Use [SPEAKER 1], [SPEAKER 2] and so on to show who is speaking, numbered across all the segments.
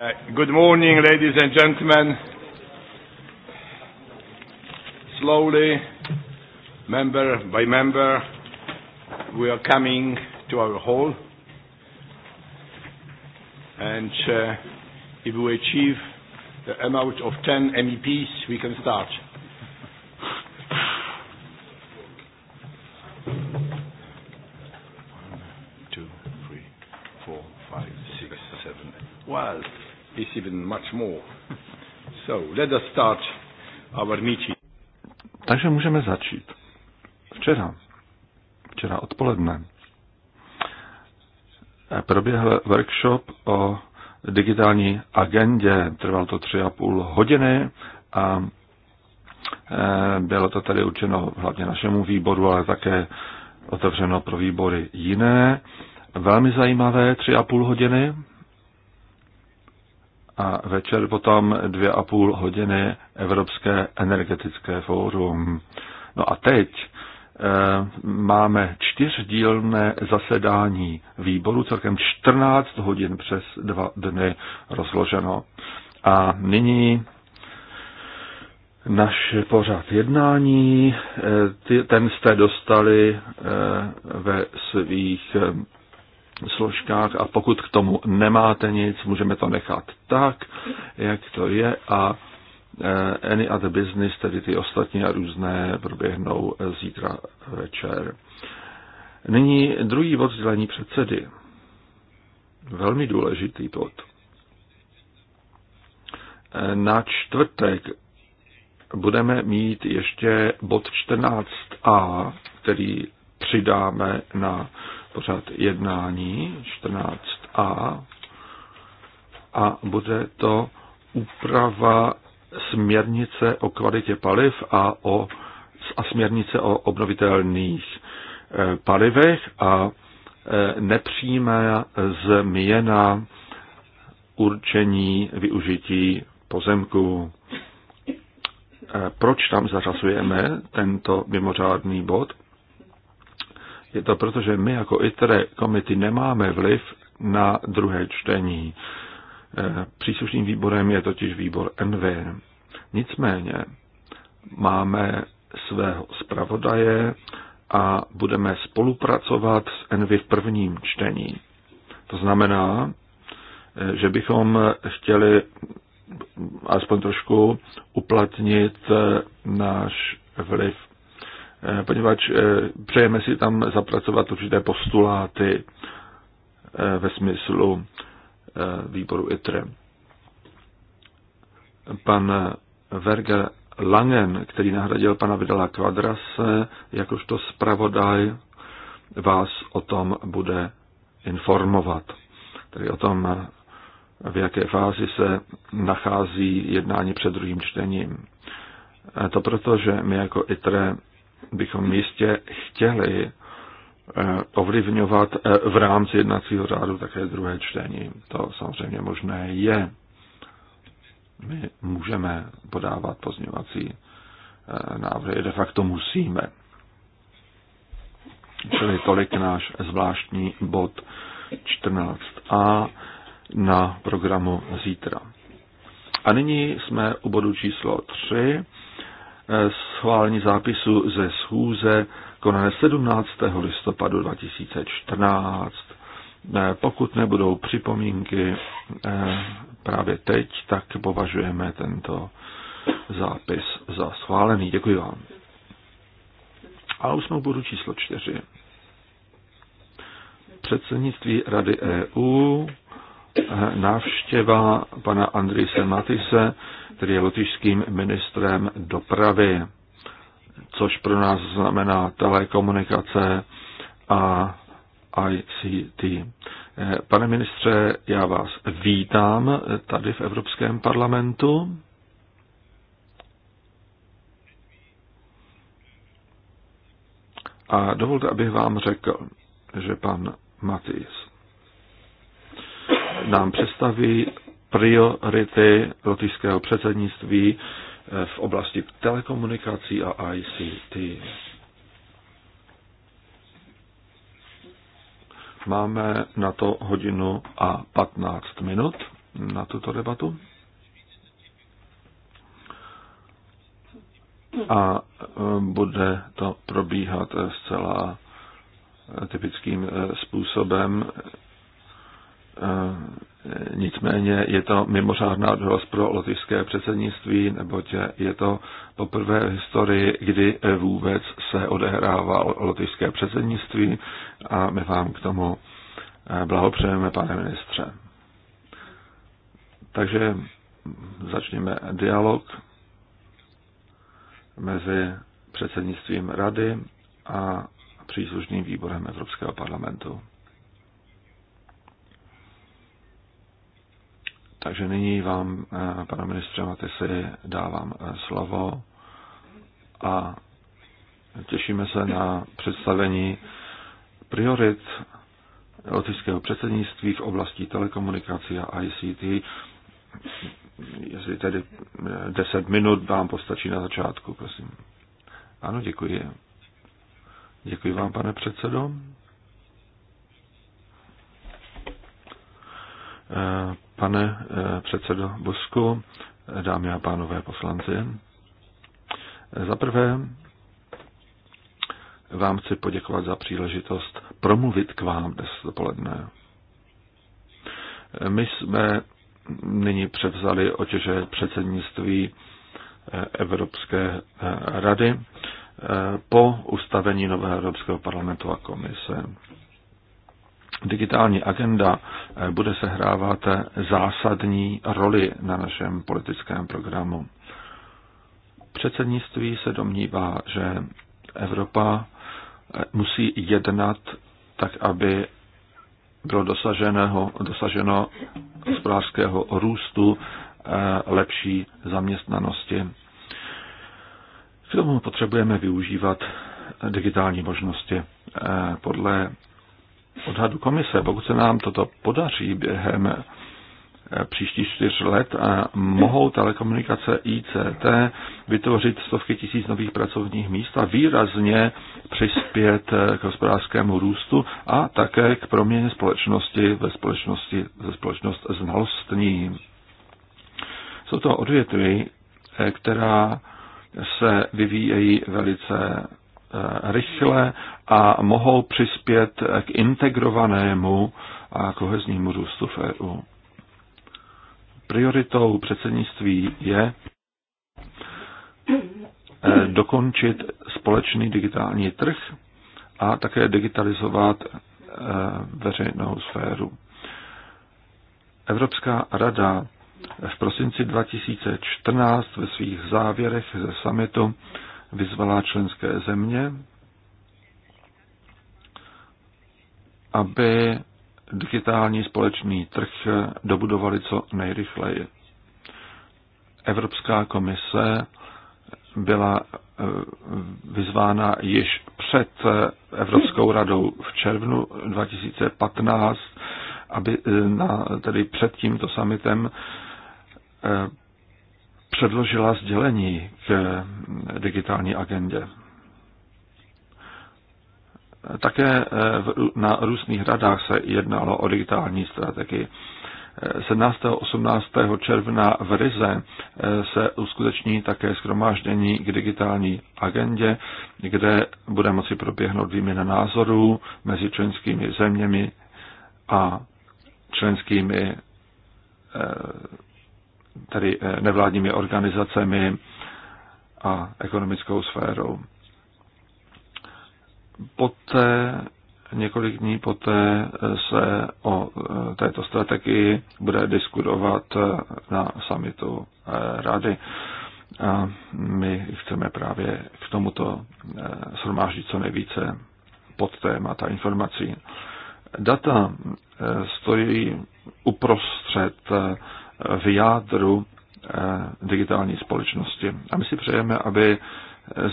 [SPEAKER 1] Uh, good morning, ladies and gentlemen.
[SPEAKER 2] Slowly, member by member, we are coming to our hall. And uh,
[SPEAKER 1] if we achieve the amount of 10 MEPs, we can start.
[SPEAKER 3] even much more. So, let us start our meeting. Takže můžeme začít. Včera, včera odpoledne, proběhl workshop o digitální agendě. Trval to tři a půl hodiny a e, bylo to tady určeno hlavně našemu výboru, ale také otevřeno pro výbory jiné. Velmi zajímavé tři a půl hodiny a večer potom dvě a půl hodiny Evropské energetické fórum. No a teď eh, máme čtyřdílné zasedání výboru, celkem 14 hodin přes dva dny rozloženo. A nyní naše pořád jednání, eh, ten jste dostali eh, ve svých složkách a pokud k tomu nemáte nic, můžeme to nechat tak, jak to je a eh, any other business, tedy ty ostatní a různé, proběhnou zítra večer. Nyní druhý bod sdělení předsedy. Velmi důležitý bod. Eh, na čtvrtek budeme mít ještě bod 14a, který přidáme na pořád jednání 14a a bude to úprava směrnice o kvalitě paliv a, o, a směrnice o obnovitelných eh, palivech a eh, nepřímá změna určení využití pozemku. Eh, proč tam zařazujeme tento mimořádný bod? Je to proto, že my jako ITRE komity nemáme vliv na druhé čtení. E, příslušným výborem je totiž výbor NV. Nicméně máme svého zpravodaje a budeme spolupracovat s NV v prvním čtení. To znamená, e, že bychom chtěli aspoň trošku uplatnit e, náš vliv Eh, poněvadž eh, přejeme si tam zapracovat určité postuláty eh, ve smyslu výboru ITRE. Pan Verger Langen, který nahradil pana Vidala Kvadrase, jakožto zpravodaj, vás o tom bude informovat. Tedy o tom, v jaké fázi se nachází jednání před druhým čtením. To proto, že my jako ITRE bychom jistě chtěli eh, ovlivňovat eh, v rámci jednacího řádu také druhé čtení. To samozřejmě možné je. My můžeme podávat pozměňovací eh, návrhy, de facto musíme. Čili tolik náš zvláštní bod 14a na programu zítra. A nyní jsme u bodu číslo 3 Eh, schválení zápisu ze schůze konané 17. listopadu 2014. Eh, pokud nebudou připomínky eh, právě teď, tak považujeme tento zápis za schválený. Děkuji vám. A už jsme budu číslo čtyři. Předsednictví Rady EU návštěva pana Andrise Matise, který je lotyšským ministrem dopravy, což pro nás znamená telekomunikace a ICT. Pane ministře, já vás vítám tady v Evropském parlamentu. A dovolte, abych vám řekl, že pan Matis nám představí priority lotyšského předsednictví eh, v oblasti telekomunikací a ICT. Máme na to hodinu a 15 minut na tuto debatu. A eh, bude to probíhat eh, zcela typickým způsobem, Eh, nicméně je to mimořádná dohoda pro lotyšské předsednictví, neboť je to poprvé v historii, kdy eh, vůbec se odehrává lotyšské předsednictví a my vám k tomu eh, blahopřejeme, pane ministře. Takže začněme dialog mezi předsednictvím Rady a příslušným výborem Evropského parlamentu. Takže nyní vám, eh, pane ministře Matysi, dávám eh, slovo a těšíme se na představení priorit lotyšského předsednictví v oblasti telekomunikací a ICT. Jestli tedy 10 eh, minut vám postačí na začátku, prosím. Ano, děkuji. Děkuji vám, pane předsedo. Pane eh, předsedo Bosku, eh, dámy a pánové poslanci, eh, za prvé vám chci poděkovat za příležitost promluvit k vám dnes dopoledne. My jsme nyní převzali otěže předsednictví Evropské rady po ustavení nového Evropského parlamentu a komise digitální agenda eh, bude sehrávat zásadní roli na našem politickém programu. Předsednictví se domnívá, že Evropa eh, musí jednat tak, aby bylo dosaženého, dosaženo hospodářského růstu, eh, lepší zaměstnanosti. K tomu potřebujeme využívat digitální možnosti. Podle odhadu komise, pokud se nám toto podaří během eh, příští čtyř let a mohou telekomunikace ICT vytvořit stovky tisíc nových pracovních míst a výrazně přispět eh, k hospodářskému růstu a také k proměně společnosti ve společnosti ze společnost znalostní. Jsou to odvětví, eh, která se vyvíjejí velice Eh, rychle a mohou přispět k integrovanému a koheznímu růstu v EU. Prioritou předsednictví je
[SPEAKER 2] eh,
[SPEAKER 3] dokončit společný digitální trh a také digitalizovat eh, veřejnou sféru. Evropská rada v prosinci 2014 ve svých závěrech ze summitu vyzvala členské země, aby digitální společný trh dobudovali co nejrychleji. Evropská komise byla eh, vyzvána již před eh, Evropskou radou v červnu 2015, aby eh, na, tedy před tímto summitem předložila sdělení k digitální agendě. Také eh, na různých radách se jednalo o digitální strategii. 17. Eh, a 18. června v Rize eh, se uskuteční také schromáždění k digitální agendě, kde bude moci proběhnout výměna názorů mezi členskými zeměmi a členskými tedy eh, nevládními organizacemi a ekonomickou sférou. Poté, několik dní poté se o eh, této strategii bude diskutovat eh, na samitu rady. A my chceme právě k tomuto shromáždit co nejvíce pod témata informací. Data stojí uprostřed v jádru eh, digitální společnosti. A my si přejeme, aby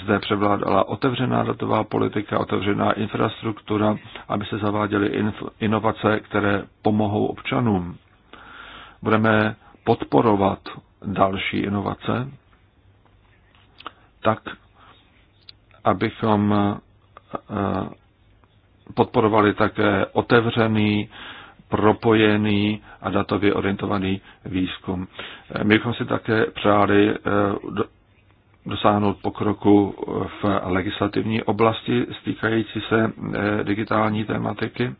[SPEAKER 3] zde převládala otevřená datová politika, otevřená infrastruktura, aby se zaváděly inovace, které pomohou občanům. Budeme podporovat další inovace, tak, abychom eh, podporovali také otevřený propojený a datově orientovaný výzkum. Eh, my bychom si také přáli eh, dosáhnout pokroku v legislativní oblasti stýkající se eh, digitální tematiky,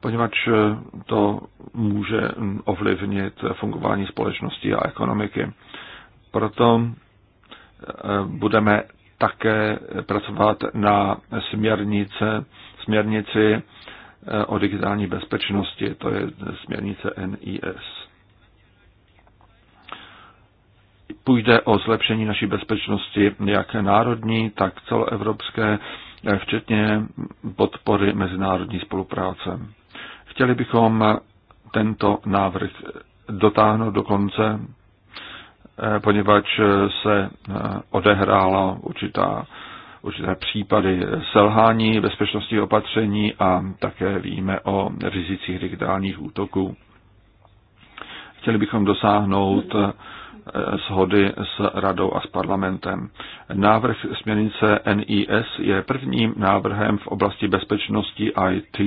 [SPEAKER 3] poněvadž to může ovlivnit fungování společnosti a ekonomiky. Proto budeme také pracovat na směrnice, směrnici o digitální bezpečnosti, to je směrnice NIS. Půjde o zlepšení naší bezpečnosti jak národní, tak celoevropské, včetně podpory mezinárodní spolupráce. Chtěli bychom tento návrh dotáhnout do konce, eh, poněvadž se eh, odehrála určitá určité případy selhání bezpečnostních opatření a také víme o rizicích digitálních útoků. Chtěli bychom dosáhnout eh, shody s radou a s parlamentem. Návrh směrnice NIS je prvním návrhem v oblasti bezpečnosti IT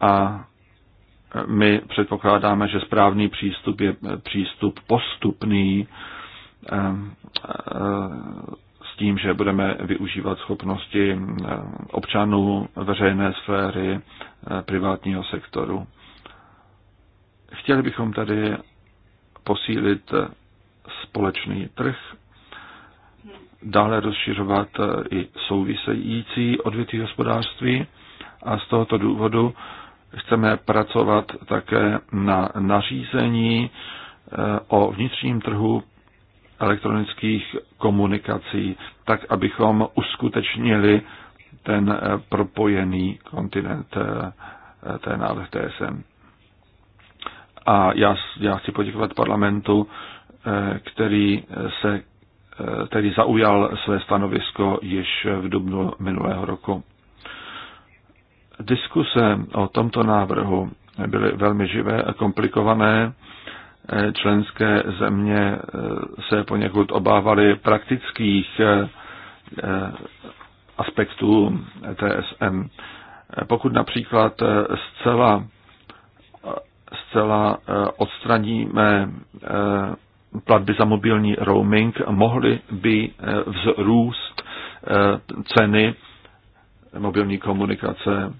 [SPEAKER 3] a my předpokládáme, že správný přístup je přístup postupný eh, eh, tím, že budeme využívat schopnosti eh, občanů, veřejné sféry, eh, privátního sektoru. Chtěli bychom tady posílit eh, společný trh, dále rozšiřovat i související odvětví hospodářství a z tohoto důvodu chceme pracovat také na nařízení o vnitřním trhu elektronických komunikací, tak abychom uskutečnili ten eh, propojený kontinent, eh, eh, ten návrh TSM. A já, já chci poděkovat parlamentu, který se který zaujal své stanovisko již v dubnu minulého roku. Diskuse o tomto návrhu byly velmi živé a komplikované členské země eh, se poněkud obávaly praktických eh, eh, aspektů TSM. Pokud například zcela, zcela odstraníme platby za mobilní roaming, mohly by vzrůst ceny mobilní komunikace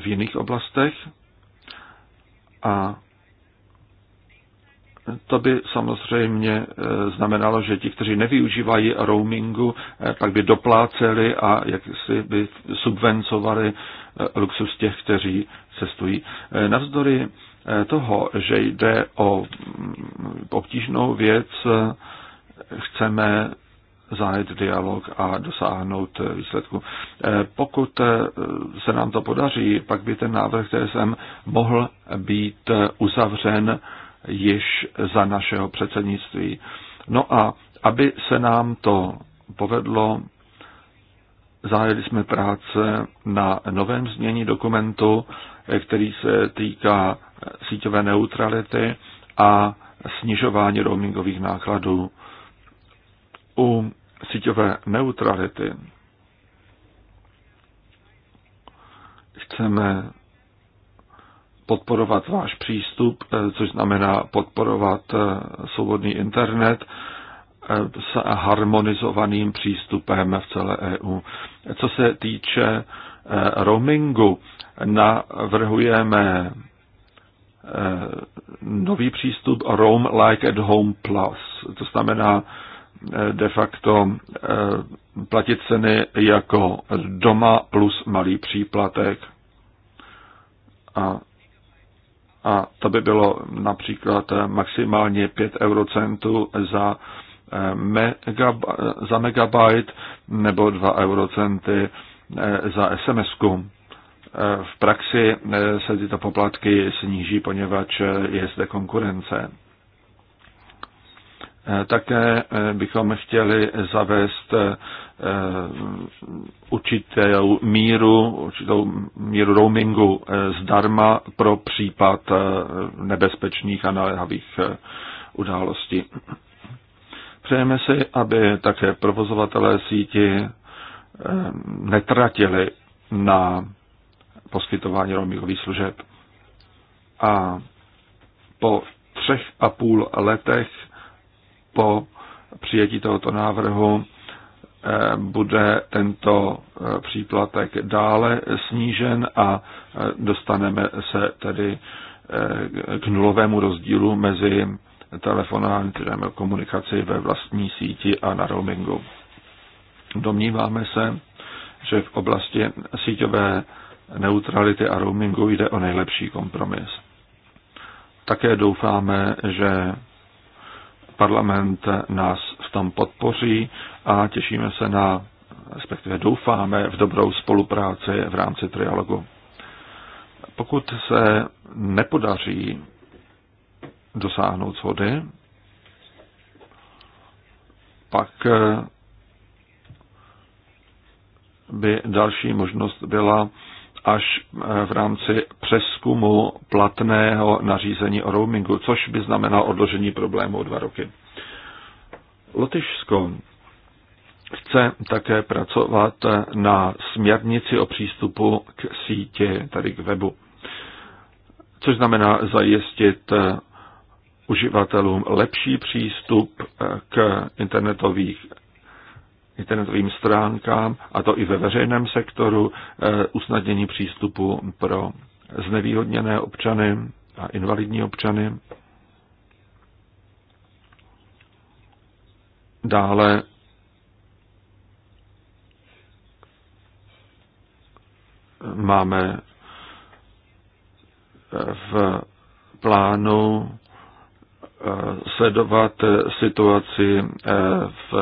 [SPEAKER 3] v jiných oblastech. A to by samozřejmě eh, znamenalo, že ti, kteří nevyužívají roamingu, eh, tak by dopláceli a jaksi by subvencovali eh, luxus těch, kteří cestují. Navzdory toho, že jde o mm, obtížnou věc, chceme zahájit dialog a dosáhnout eh, výsledku. Eh, pokud eh, se nám to podaří, pak by ten návrh TSM mohl být uzavřen již za našeho předsednictví. No a aby se nám to povedlo, zahájili jsme práce na novém změní dokumentu, který se týká síťové neutrality a snižování roamingových nákladů. U síťové neutrality chceme podporovat váš přístup, eh, což znamená podporovat eh, svobodný internet eh, s harmonizovaným přístupem v celé EU. Co se týče roamingu, navrhujeme nový přístup Roam Like at Home Plus. To znamená Eh, de facto eh, platit ceny jako doma plus malý příplatek. A, a to by bylo například maximálně 5 eurocentů za, eh, megab, za megabyte nebo 2 eurocenty za sms -ku. V praxi se tyto poplatky sníží, poněvadž je zde konkurence. Eh, také eh, bychom chtěli zavést eh, určitou míru, určitou míru roamingu zdarma pro případ nebezpečných a naléhavých událostí. Přejeme si, aby také provozovatelé síti netratili na poskytování roamingových služeb. A po třech a půl letech po přijetí tohoto návrhu eh, bude tento eh, příplatek dále snížen a eh, dostaneme se tedy k nulovému rozdílu mezi telefonální komunikaci ve vlastní síti a na roamingu. Domníváme se, že v oblasti síťové neutrality a roamingu jde o nejlepší kompromis. Také doufáme, že Parlament nás v tom podpoří a těšíme se na, respektive doufáme, v dobrou spolupráci v rámci trialogu. Pokud se nepodaří dosáhnout shody, pak eh, by další možnost byla až eh, v rámci přeskumu platného nařízení o roamingu, což by znamenalo odložení problému o dva roky. Lotyšsko chce také pracovat na směrnici o přístupu k síti, tady k webu, což znamená zajistit eh, uživatelům lepší přístup eh, k internetových internetovým stránkám, a to i ve veřejném sektoru, eh, usnadnění přístupu pro znevýhodněné občany a invalidní občany. Dále máme eh, v plánu eh, sledovat situaci v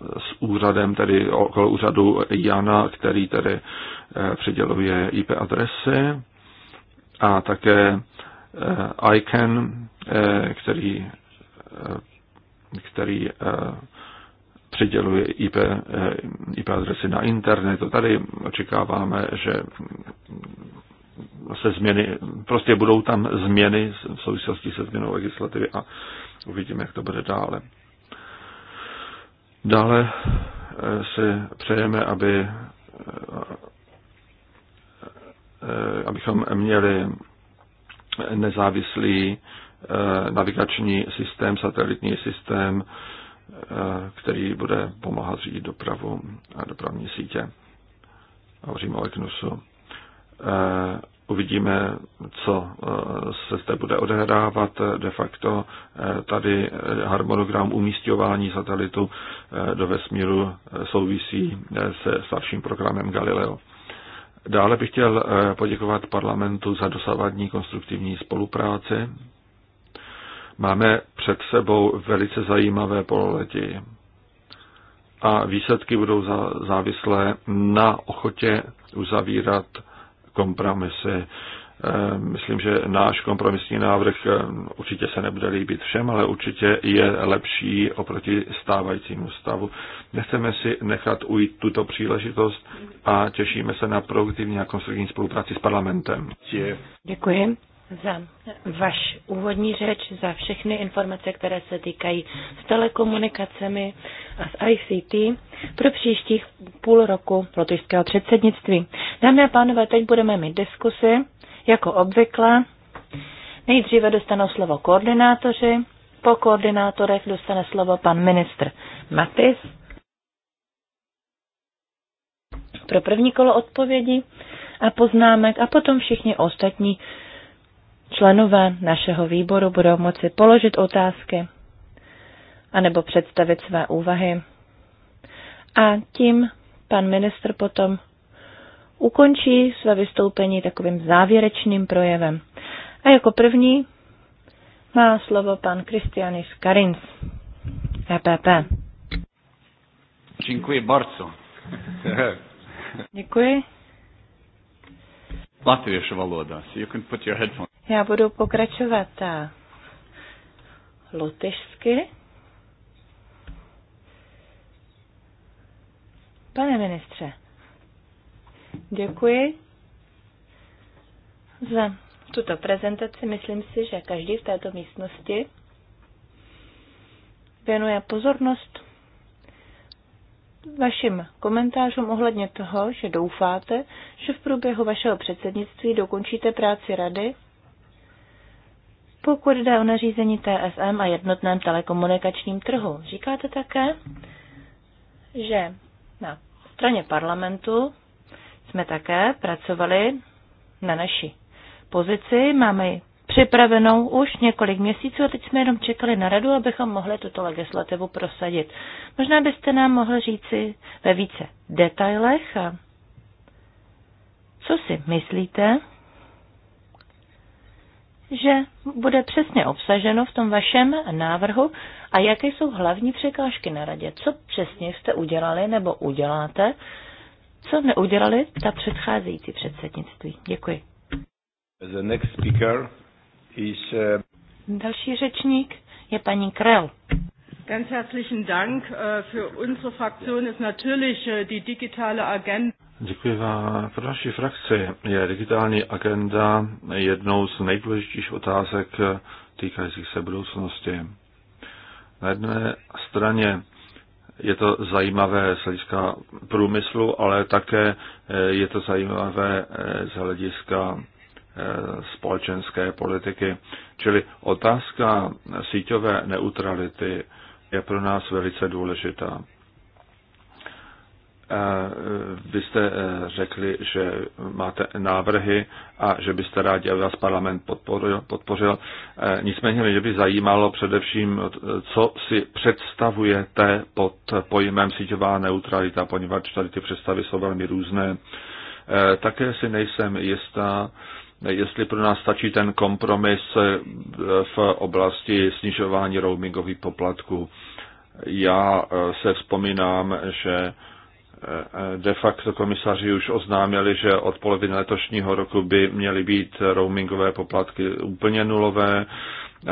[SPEAKER 3] s úřadem, tedy okolo úřadu Jana, který tedy eh, přiděluje IP adresy a také eh, ICANN, eh, který, který přiděluje IP, IP adresy na internetu. Tady očekáváme, že se změny, prostě budou tam změny v souvislosti se změnou legislativy a uvidíme, jak to bude dále. Dále eh, si přejeme, aby, eh, eh, abychom měli nezávislý navigační systém, satelitní systém, který bude pomáhat řídit dopravu a dopravní sítě. Hovoříme o Eknusu. Uvidíme, co eh, se zde bude odehrávat. De facto eh, tady eh, harmonogram umístěvání satelitu do vesmíru souvisí se starším programem Galileo. Dále bych chtěl poděkovat parlamentu za dosavadní konstruktivní spolupráci. Máme před sebou velice zajímavé pololetí a výsledky budou závislé na ochotě uzavírat kompromisy. Eh, myslím, že náš kompromisní návrh eh, určitě se nebude líbit všem, ale určitě je lepší oproti stávajícímu stavu. Nechceme si nechat ujít tuto příležitost a těšíme se na produktivní a konstruktivní spolupráci s parlamentem.
[SPEAKER 2] Děkuji za vaš úvodní řeč, za všechny informace, které se týkají s telekomunikacemi a s ICT pro příštích půl roku lotyšského předsednictví. Dámy a pánové, teď budeme mít diskusy, jako obvykle. Nejdříve dostanou slovo koordinátoři, po koordinátorech dostane slovo pan ministr Matis. Pro první kolo odpovědi a poznámek a potom všichni ostatní členové našeho výboru budou moci položit otázky anebo představit své úvahy. A tím pan ministr potom ukončí své vystoupení takovým závěrečným projevem. A jako první má slovo pan Kristianis Karins, EPP. Děkuji bardzo. Děkuji. Latviešu valodā. So you can put your headphones. Já budu pokračovat eh, lotyšsky. Pane ministře, děkuji za tuto prezentaci. Myslím si, že každý v této místnosti věnuje pozornost vašim komentářům ohledně toho, že doufáte, že v průběhu vašeho předsednictví dokončíte práci rady pokud jde o nařízení TSM a jednotném telekomunikačním trhu. Říkáte také, že na straně parlamentu jsme také pracovali na naší pozici, máme připravenou už několik měsíců a teď jsme jenom čekali na radu, abychom mohli tuto legislativu prosadit. Možná byste nám mohli říci ve více detailech, a co si myslíte že bude přesně obsaženo v tom vašem návrhu a jaké jsou hlavní překážky na radě. Co přesně jste udělali nebo uděláte, co neudělali ta předcházející předsednictví. Děkuji.
[SPEAKER 1] The next speaker is, uh...
[SPEAKER 2] Další řečník je paní Krell. Ganz herzlichen Dank. Äh, für unsere Fraktion ist natürlich äh, die digitale
[SPEAKER 4] Agenda.
[SPEAKER 3] Děkuji vám. Pro naši frakci je digitální agenda jednou z nejdůležitějších otázek týkajících se budoucnosti. Na jedné straně je to zajímavé z hlediska průmyslu, ale také eh, je to zajímavé eh, z hlediska eh, společenské politiky. Čili otázka síťové neutrality je pro nás velice důležitá. Vy e, jste e, řekli, že máte návrhy a že byste rádi, aby vás parlament podporil. podpořil. E, nicméně mě by zajímalo především, co si představujete pod pojmem síťová neutralita, poněvadž tady ty představy jsou velmi různé. Také si nejsem jistá, jestli pro nás stačí ten kompromis v oblasti snižování roamingových poplatků. Já se vzpomínám, že De facto komisaři už oznámili, že od poloviny letošního roku by měly být roamingové poplatky úplně nulové.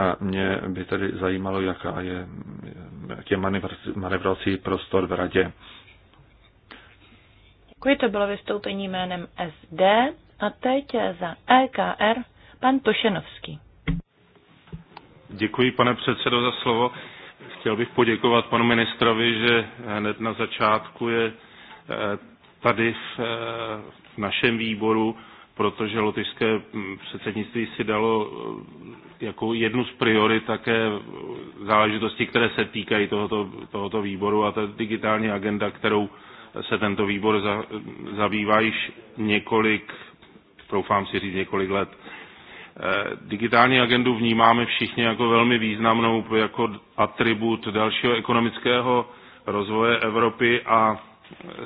[SPEAKER 3] A mě by tedy zajímalo, jaká je, jak je manevrací prostor v radě.
[SPEAKER 2] Děkuji, to bylo vystoupení jménem SD a teď za EKR pan Tošenovský.
[SPEAKER 1] Děkuji, pane předsedo, za slovo. Chtěl bych poděkovat panu ministrovi, že hned na začátku je Eh, tady v, eh, v našem výboru, protože lotyšské hm, předsednictví si dalo eh, jako jednu z priorit také záležitosti, které se týkají tohoto, tohoto výboru a ta digitální agenda, kterou se tento výbor za, zabývá již několik, doufám si říct několik let. Digitální agendu vnímáme všichni jako velmi významnou, jako atribut dalšího ekonomického rozvoje Evropy a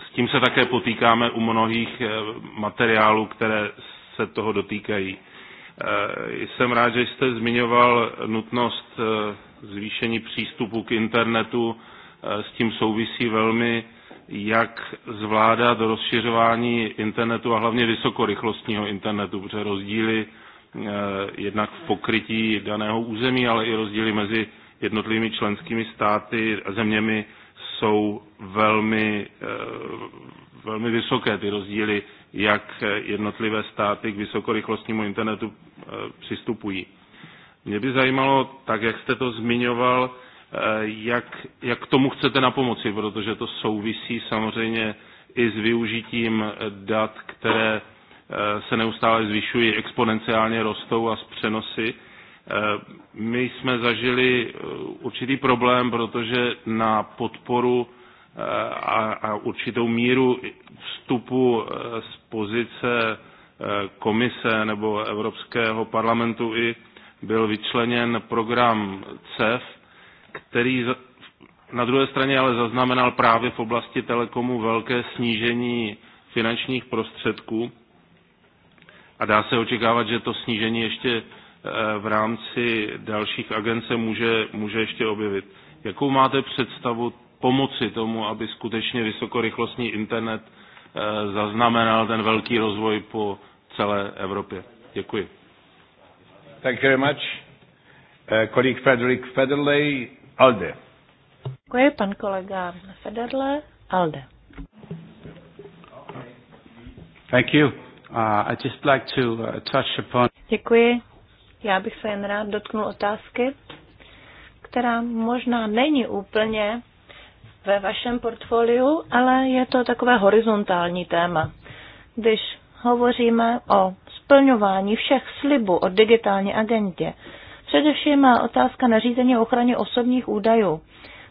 [SPEAKER 1] s tím se také potýkáme u mnohých eh, materiálů, které se toho dotýkají. Eh, jsem rád, že jste zmiňoval nutnost eh, zvýšení přístupu k internetu. S tím souvisí velmi, jak zvládat rozšiřování internetu a hlavně vysokorychlostního internetu, protože rozdíly jednak v pokrytí daného území, ale i rozdíly mezi jednotlivými členskými státy a zeměmi jsou velmi, eh, velmi vysoké ty rozdíly, jak eh, jednotlivé státy k vysokorychlostnímu internetu eh, přistupují. Mě by zajímalo, tak jak jste to zmiňoval, jak, jak tomu chcete na pomoci, protože to souvisí samozřejmě i s využitím dat, které se neustále zvyšují, exponenciálně rostou a s přenosy. Eh, my jsme zažili eh, určitý problém, protože na podporu eh, a, a určitou míru vstupu z pozice komise nebo Evropského parlamentu i byl vyčleněn program CEF, který na druhé straně ale zaznamenal právě v oblasti telekomu velké snížení finančních prostředků a dá se očekávat, že to snížení ještě Eh, v rámci dalších agence může, může ještě objevit. Jakou máte představu pomoci tomu, aby skutečně vysokorychlostní internet eh, zaznamenal ten velký rozvoj po celé Evropě? Děkuji.
[SPEAKER 2] Thank you very much. Uh, Frederik Frederick Federley, ALDE. Děkuji, pan kolega Federle,
[SPEAKER 1] ALDE. Thank you. Uh, I just like to uh, touch upon... Děkuji.
[SPEAKER 2] Já bych se jen rád dotknul otázky, která možná není úplně ve vašem portfoliu, ale je to takové horizontální téma. Když hovoříme o splňování všech slibů o digitální agentě, především otázka na řízení ochrany osobních údajů.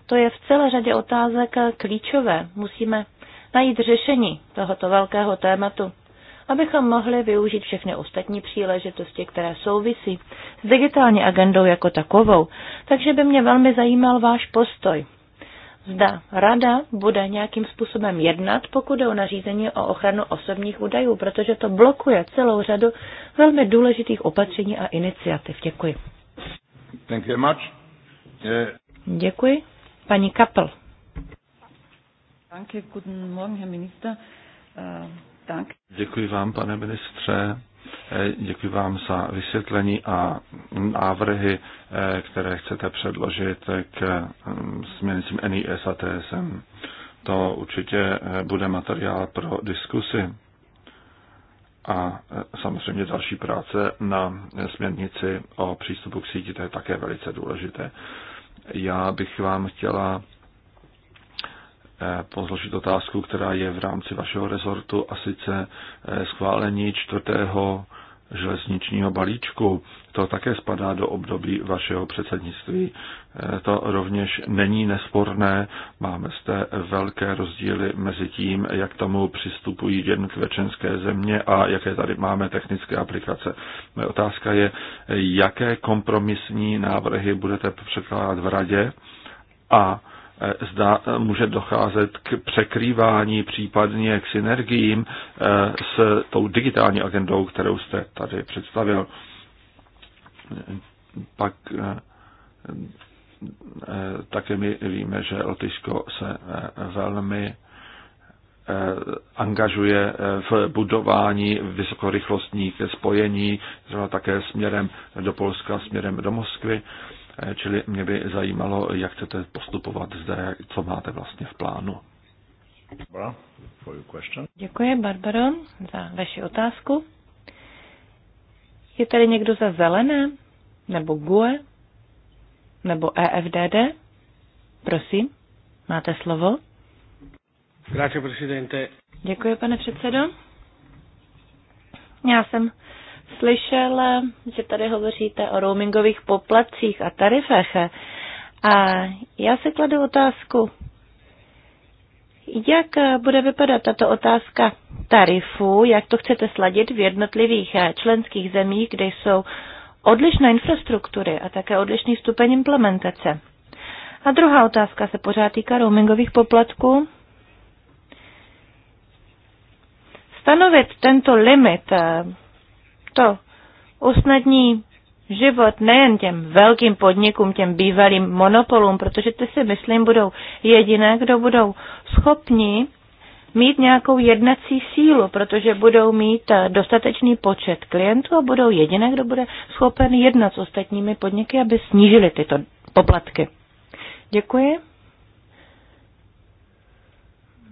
[SPEAKER 2] To je v celé řadě otázek klíčové. Musíme najít řešení tohoto velkého tématu abychom mohli využít všechny ostatní příležitosti, které souvisí s digitální agendou jako takovou. Takže by mě velmi zajímal váš postoj. Zda rada bude nějakým způsobem jednat, pokud je o nařízení o ochranu osobních údajů, protože to blokuje celou řadu velmi důležitých opatření a iniciativ. Děkuji.
[SPEAKER 1] Thank you much. Yeah.
[SPEAKER 2] Děkuji. Paní Kapl. Danke, guten Morgen, Herr Minister.
[SPEAKER 3] Eh, tak. Děkuji vám, pane ministře. Eh, děkuji vám za vysvětlení a návrhy, eh, které chcete předložit k mm, směrnicím NIS a TSM. To určitě eh, bude materiál pro diskusy a samozřejmě další práce na směrnici o přístupu k síti, to je také velice důležité. Já bych vám chtěla položit otázku, která je v rámci vašeho rezortu a sice eh, schválení čtvrtého železničního balíčku. To také spadá do období vašeho předsednictví. Eh, to rovněž není nesporné. Máme zde velké rozdíly mezi tím, jak tomu přistupují jednotlivé členské země a jaké tady máme technické aplikace. Moje otázka je, jaké kompromisní návrhy budete předkládat v radě a Eh, zda eh, může docházet k překrývání, případně k synergiím eh, s tou digitální agendou, kterou jste tady představil. Pak také my víme, že Lotyšsko se velmi angažuje v budování vysokorychlostních spojení, třeba také směrem do Polska, směrem do Moskvy. Eh, čili mě by zajímalo, jak chcete postupovat zde, co máte vlastně v plánu.
[SPEAKER 2] Děkuji, Barbaro, za vaši otázku. Je tady někdo za zelené? Nebo GUE? Nebo EFDD? Prosím, máte slovo. Děkuji, pane předsedo. Já jsem slyšel, že tady hovoříte o roamingových poplacích a tarifech. A já se kladu otázku, jak bude vypadat tato otázka tarifu, jak to chcete sladit v jednotlivých členských zemích, kde jsou odlišné infrastruktury a také odlišný stupeň implementace. A druhá otázka se pořád týká roamingových poplatků. Stanovit tento limit to usnadní život nejen těm velkým podnikům, těm bývalým monopolům, protože ty si myslím budou jediné, kdo budou schopni mít nějakou jednací sílu, protože budou mít eh, dostatečný počet klientů a budou jediné, kdo bude schopen jednat s ostatními podniky, aby snížili tyto poplatky. Děkuji.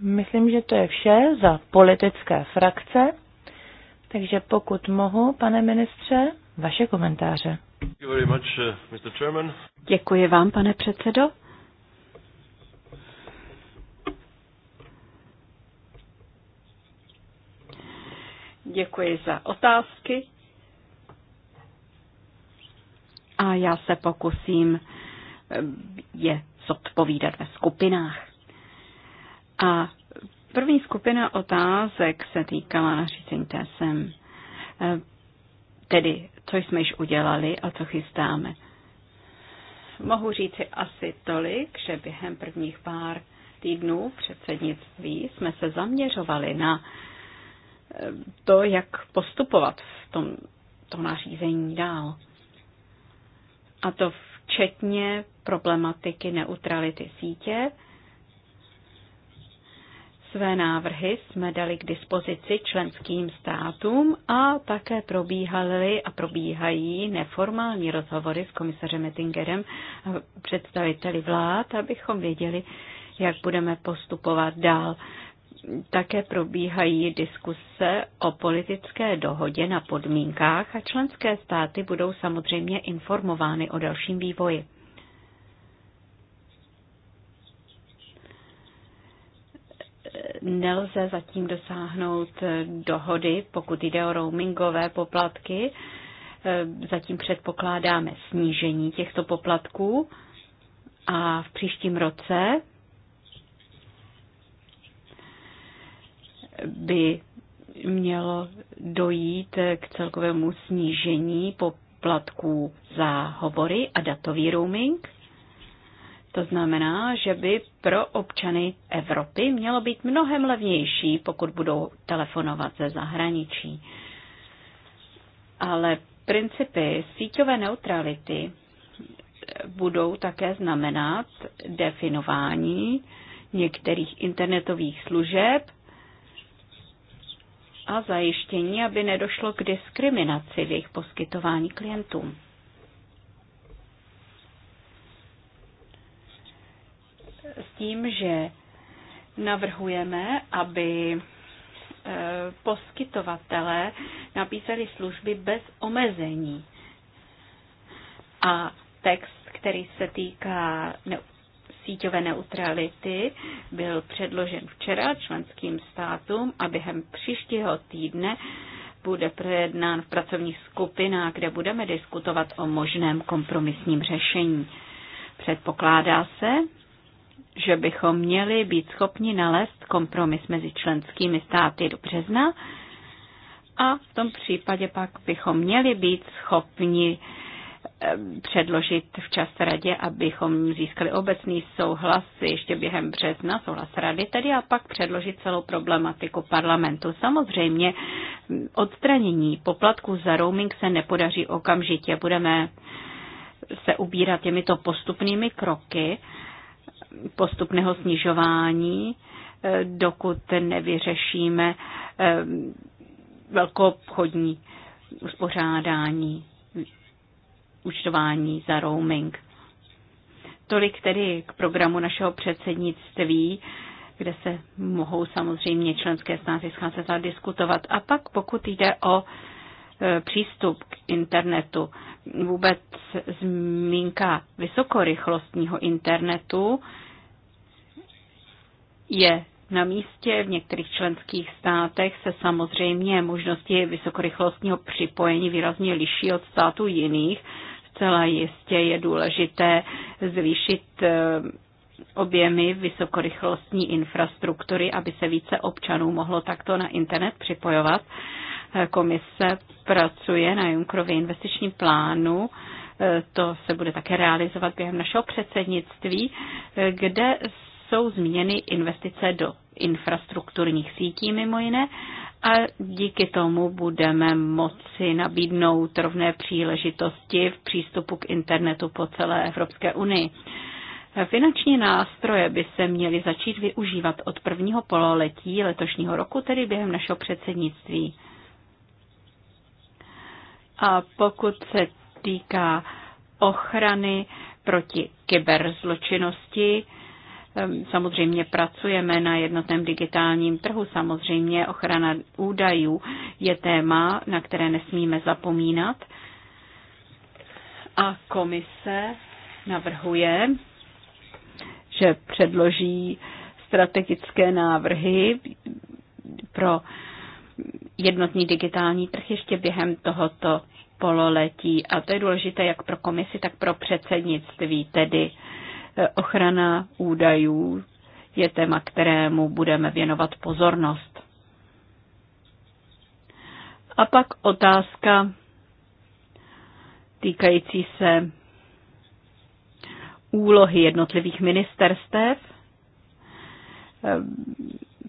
[SPEAKER 2] Myslím, že to je vše za politické frakce. Takže pokud mohu, pane ministře, vaše komentáře. Uh, Děkuji vám, pane předsedo.
[SPEAKER 4] Děkuji za otázky. A já se pokusím eh, je zodpovídat ve skupinách. A První skupina otázek se týkala nařízení TSM, eh, tedy co jsme již udělali a co chystáme. Mohu říci asi tolik, že během prvních pár týdnů předsednictví jsme se zaměřovali na eh, to, jak postupovat v tom to nařízení dál. A to včetně problematiky neutrality sítě, své návrhy jsme dali k dispozici členským státům a také probíhaly a probíhají neformální rozhovory s komisařem Ettingerem a představiteli vlád, abychom věděli, jak budeme postupovat dál. Také probíhají diskuse o politické dohodě na podmínkách a členské státy budou samozřejmě informovány o dalším vývoji. nelze zatím dosáhnout dohody, pokud jde o roamingové poplatky. E, zatím předpokládáme snížení těchto poplatků a v příštím roce by mělo dojít k celkovému snížení poplatků za hovory a datový roaming to znamená, že by pro občany Evropy mělo být mnohem levnější, pokud budou telefonovat ze zahraničí. Ale principy síťové neutrality budou také znamenat definování některých internetových služeb a zajištění, aby nedošlo k diskriminaci v jejich poskytování klientům. s tím, že navrhujeme, aby eh, poskytovatelé napísali služby bez omezení. A text, který se týká síťové neutrality, byl předložen včera členským státům a během příštího týdne bude projednán v pracovních skupinách, kde budeme diskutovat o možném kompromisním řešení. Předpokládá se, že bychom měli být schopni nalézt kompromis mezi členskými státy do března a v tom případě pak bychom měli být schopni eh, předložit včas radě, abychom získali obecný souhlas ještě během března, souhlas rady tedy, a pak předložit celou problematiku parlamentu. Samozřejmě mm, odstranění poplatků za roaming se nepodaří okamžitě. Budeme se ubírat těmito postupnými kroky postupného snižování, eh, dokud nevyřešíme eh, velkoobchodní uspořádání účtování za roaming. Tolik tedy k programu našeho předsednictví, kde se mohou samozřejmě členské státy scházet a diskutovat. A pak pokud jde o eh, přístup k internetu, vůbec zmínka vysokorychlostního internetu, je na místě v některých členských státech se samozřejmě možnosti vysokorychlostního připojení výrazně liší od států jiných. Zcela jistě je důležité zvýšit eh, objemy vysokorychlostní infrastruktury, aby se více občanů mohlo takto na internet připojovat. Eh, komise pracuje na Junkerově investičním plánu, eh, to se bude také realizovat během našeho předsednictví, kde jsou zmíněny investice do infrastrukturních sítí mimo jiné a díky tomu budeme moci nabídnout rovné příležitosti v přístupu k internetu po celé Evropské unii. Finanční nástroje by se měly začít využívat od prvního pololetí letošního roku, tedy během našeho předsednictví. A pokud se týká ochrany proti kyberzločinnosti, Ehm, samozřejmě pracujeme na jednotném digitálním trhu, samozřejmě ochrana údajů je téma, na které nesmíme zapomínat. A komise navrhuje, že předloží strategické návrhy pro jednotný digitální trh ještě během tohoto pololetí. A to je důležité jak pro komisi, tak pro předsednictví, tedy Eh, ochrana údajů je téma, kterému budeme věnovat pozornost. A pak otázka týkající se úlohy jednotlivých ministerstev eh,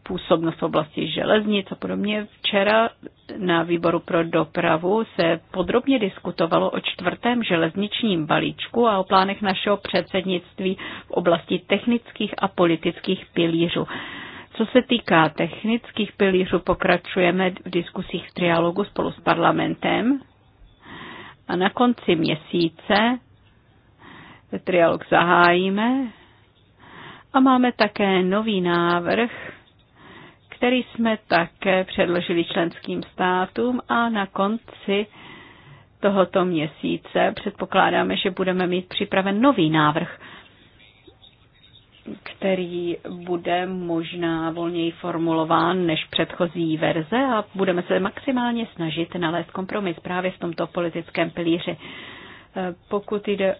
[SPEAKER 4] působnost v oblasti železnic a podobně. Včera na výboru pro dopravu se podrobně diskutovalo o čtvrtém železničním balíčku a o plánech našeho předsednictví v oblasti technických a politických pilířů. Co se týká technických pilířů, pokračujeme v diskusích v trialogu spolu s parlamentem a na konci měsíce trialog zahájíme a máme také nový návrh který jsme také předložili členským státům a na konci tohoto měsíce předpokládáme, že budeme mít připraven nový návrh, který bude možná volněji formulován než předchozí verze a budeme se maximálně snažit nalézt kompromis právě v tomto politickém pilíři. Eh, pokud jde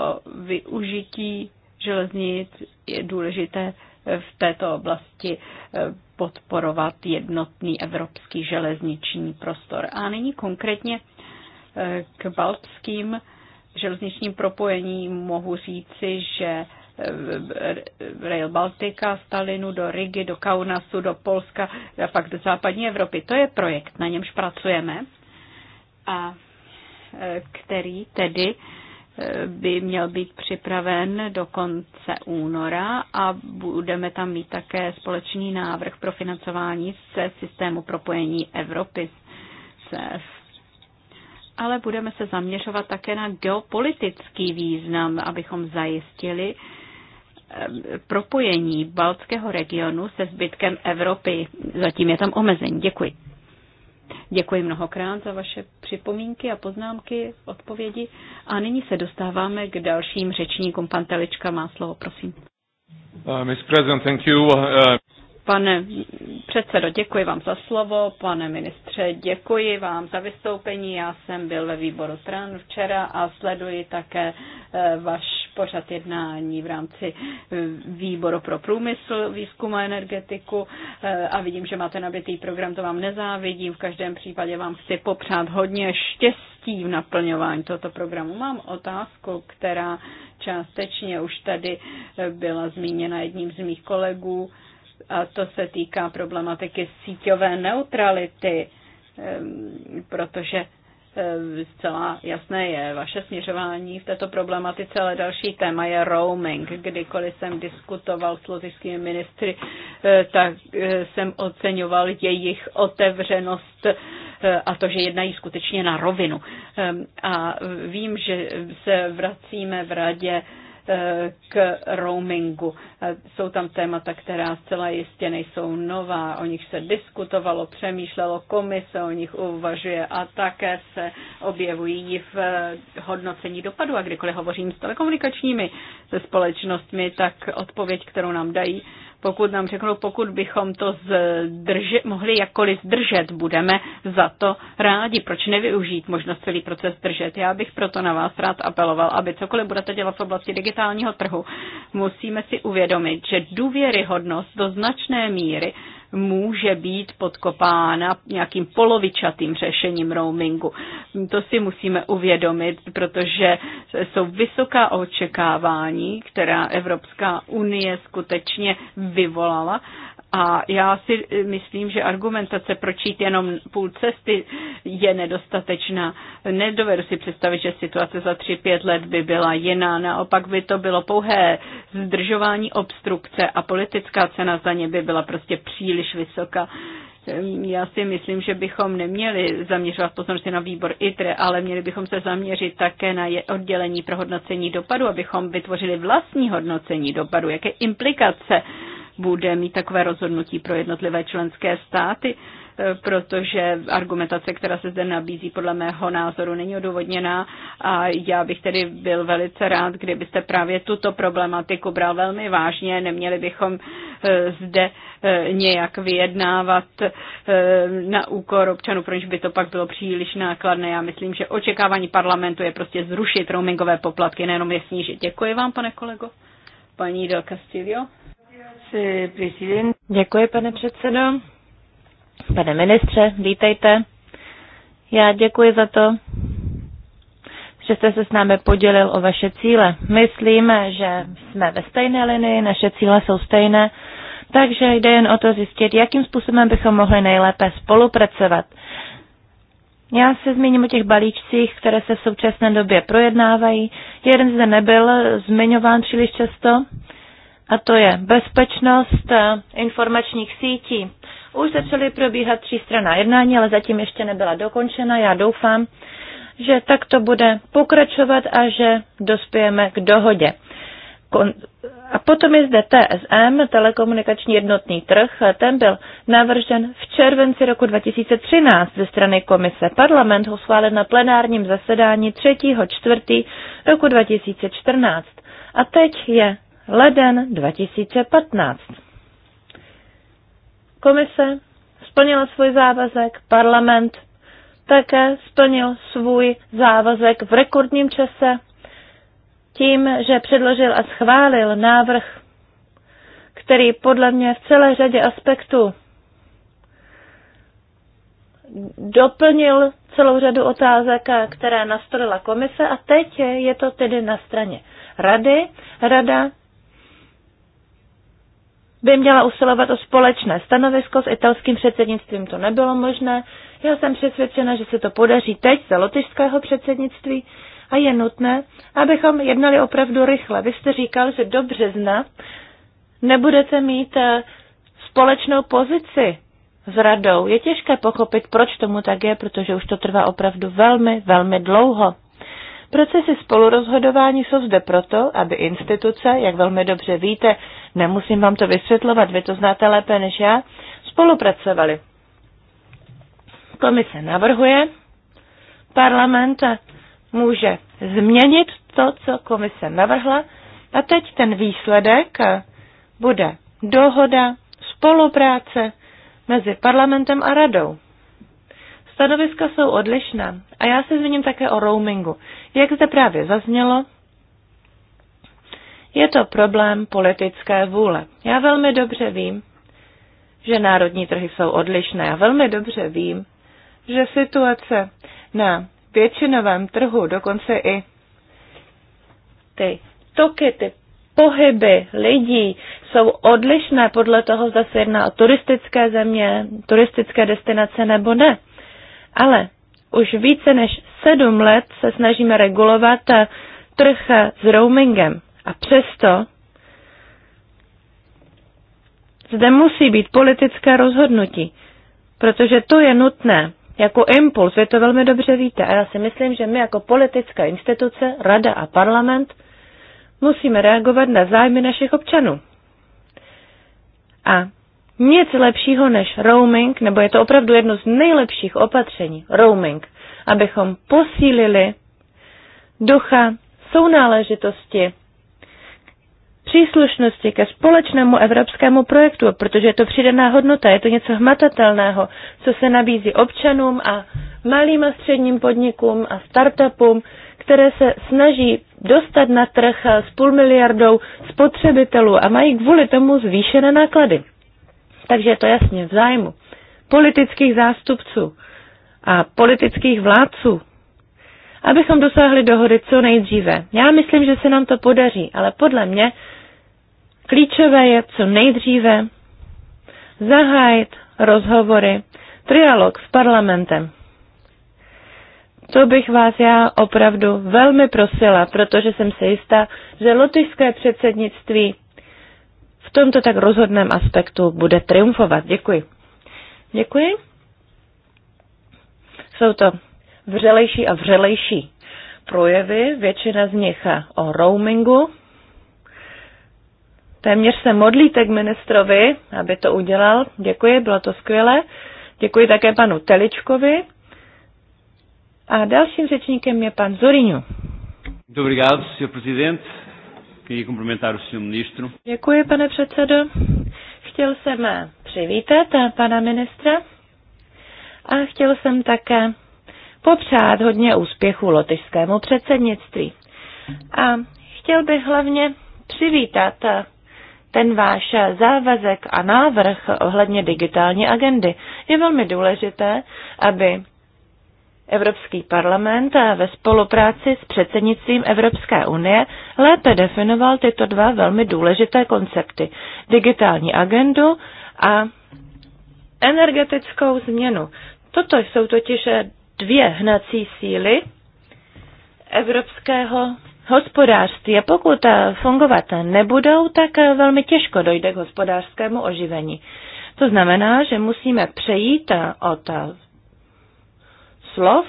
[SPEAKER 4] o využití železnic, je důležité v této oblasti eh, podporovat jednotný evropský železniční prostor. A nyní konkrétně eh, k baltským železničním propojením mohu říci, že eh, Rail Baltica, Stalinu, do Rigi, do Kaunasu, do Polska a pak do západní Evropy. To je projekt, na němž pracujeme a eh, který tedy by měl být připraven do konce února a budeme tam mít také společný návrh pro financování se systému propojení Evropy CEF ale budeme se zaměřovat také na geopolitický význam, abychom zajistili eh, propojení baltského regionu se zbytkem Evropy. Zatím je tam omezení. Děkuji. Děkuji mnohokrát za vaše připomínky a poznámky, odpovědi. A nyní se dostáváme k dalším řečníkům. Pan Telička má slovo, prosím.
[SPEAKER 1] Uh, President, thank you. Uh...
[SPEAKER 4] Pane předsedo, děkuji vám za slovo. Pane ministře, děkuji vám za vystoupení. Já jsem byl ve výboru stran včera a sleduji také eh, vaš pořad jednání v rámci eh, výboru pro průmysl, výzkum a energetiku eh, a vidím, že máte nabitý program, to vám nezávidím. V každém případě vám chci popřát hodně štěstí v naplňování tohoto programu. Mám otázku, která částečně už tady eh, byla zmíněna jedním z mých kolegů a to se týká problematiky síťové neutrality, protože E, zcela jasné je vaše směřování v této problematice, ale další téma je roaming. Kdykoliv jsem diskutoval s lotyšskými ministry, e, tak e, jsem oceňoval jejich otevřenost a to, že jednají skutečně na rovinu. A vím, že se vracíme v radě k roamingu. Jsou tam témata, která zcela jistě nejsou nová, o nich se diskutovalo, přemýšlelo komise, o nich uvažuje a také se objevují v hodnocení dopadu. A kdykoliv hovořím s telekomunikačními společnostmi, tak odpověď, kterou nám dají, pokud nám řeknou, pokud bychom to zdrže, mohli jakkoliv zdržet, budeme za to rádi. Proč nevyužít možnost celý proces zdržet? Já bych proto na vás rád apeloval, aby cokoliv budete dělat v oblasti digitálního trhu, musíme si uvědomit, že důvěryhodnost do značné míry může být podkopána nějakým polovičatým řešením roamingu. To si musíme uvědomit, protože jsou vysoká očekávání, která Evropská unie skutečně vyvolala a já si e, myslím, že argumentace proč jenom půl cesty je nedostatečná. Nedovedu si představit, že situace za tři pět let by byla jiná. Naopak by to bylo pouhé zdržování obstrukce a politická cena za ně by byla prostě příliš vysoká já si myslím, že bychom neměli zaměřovat pozornost na výbor ITRE, ale měli bychom se zaměřit také na oddělení pro hodnocení dopadu, abychom vytvořili vlastní hodnocení dopadu, jaké implikace bude mít takové rozhodnutí pro jednotlivé členské státy, e, protože argumentace, která se zde nabízí, podle mého názoru není odůvodněná a já bych tedy byl velice rád, kdybyste právě tuto problematiku bral velmi vážně. Neměli bychom e, zde e, nějak vyjednávat na úkor občanů, proč by to pak bylo příliš nákladné. Já myslím, že očekávání parlamentu je prostě zrušit roamingové poplatky, nejenom je snížit. Děkuji vám, pane kolego. Paní Del
[SPEAKER 2] Castillo. Děkuji, pane předsedo. Pane ministře, vítejte. Já děkuji za to, že jste se s námi podělil o vaše cíle. Myslíme, že jsme ve stejné linii, naše cíle jsou stejné, takže jde jen o to zjistit, jakým způsobem bychom mohli nejlépe spolupracovat. Já se zmíním o těch balíčcích, které se v současné době projednávají. Jeden zde nebyl zmiňován příliš často, a to je bezpečnost eh, informačních sítí. Už začaly probíhat třístraná jednání, ale zatím ještě nebyla dokončena. Já doufám, že tak to bude pokračovat a že dospějeme k dohodě. A potom je zde TSM, telekomunikační jednotný trh. Ten byl navržen v červenci roku 2013 ze strany komise. Parlament ho schválil na plenárním zasedání 3. 4. roku 2014. A teď je leden 2015. Komise splnila svůj závazek, parlament také splnil svůj závazek v rekordním čase tím, že předložil a schválil návrh, který podle mě v celé řadě aspektů doplnil celou řadu otázek, které nastolila komise a teď je to tedy na straně rady. Rada by měla usilovat o společné stanovisko. S italským předsednictvím to nebylo možné. Já jsem přesvědčena, že se to podaří teď za lotyšského předsednictví a je nutné, abychom jednali opravdu rychle. Vy jste říkal, že do března nebudete mít eh, společnou pozici s radou. Je těžké pochopit, proč tomu tak je, protože už to trvá opravdu velmi, velmi dlouho. Procesy spolurozhodování jsou zde proto, aby instituce, jak velmi dobře víte, nemusím vám to vysvětlovat, vy to znáte lépe než já, spolupracovali. Komise navrhuje, parlament může změnit to, co komise navrhla, a teď ten výsledek bude dohoda, spolupráce mezi parlamentem a radou. Stanoviska jsou odlišná a já se zmíním také o roamingu. Jak zde právě zaznělo, je to problém politické vůle. Já velmi dobře vím, že národní trhy jsou odlišné. Já velmi dobře vím, že situace na většinovém trhu, dokonce i ty toky, ty pohyby lidí jsou odlišné podle toho, zda se jedná o turistické země, turistické destinace nebo ne. Ale už více než sedm let se snažíme regulovat eh, trh eh, s roamingem a přesto zde musí být politické rozhodnutí, protože to je nutné jako impuls, vy to velmi dobře víte. A já si myslím, že my jako politická instituce, rada a parlament musíme reagovat na zájmy našich občanů. A nic lepšího než roaming, nebo je to opravdu jedno z nejlepších opatření, roaming, abychom posílili ducha sounáležitosti, příslušnosti ke společnému evropskému projektu, protože je to přidaná hodnota, je to něco hmatatelného, co se nabízí občanům a malým a středním podnikům a startupům, které se snaží dostat na trh s půl miliardou spotřebitelů a mají kvůli tomu zvýšené náklady. Takže je to jasně v zájmu politických zástupců a politických vládců, abychom dosáhli dohody co nejdříve. Já myslím, že se nám to podaří, ale podle mě klíčové je co nejdříve zahájit rozhovory, trialog s parlamentem. To bych vás já opravdu velmi prosila, protože jsem se jistá, že lotyšské předsednictví tomto tak rozhodném aspektu bude triumfovat. Děkuji. Děkuji. Jsou to vřelejší a vřelejší projevy, většina z nich o roamingu. Téměř se modlíte k ministrovi, aby to udělal. Děkuji, bylo to skvělé. Děkuji také panu Teličkovi. A dalším řečníkem je pan Zoriňu.
[SPEAKER 5] Dobrý den,
[SPEAKER 2] Děkuji, pane předsedo. Chtěl jsem přivítat pana ministra a chtěl jsem také popřát hodně úspěchu lotyšskému předsednictví. A chtěl bych hlavně přivítat ten váš závazek a návrh ohledně digitální agendy. Je velmi důležité, aby Evropský parlament ve spolupráci s předsednictvím Evropské unie lépe definoval tyto dva velmi důležité koncepty digitální agendu a energetickou změnu. Toto jsou totiž dvě hnací síly evropského hospodářství. A pokud fungovat nebudou, tak velmi těžko dojde k hospodářskému oživení. To znamená, že musíme přejít od slov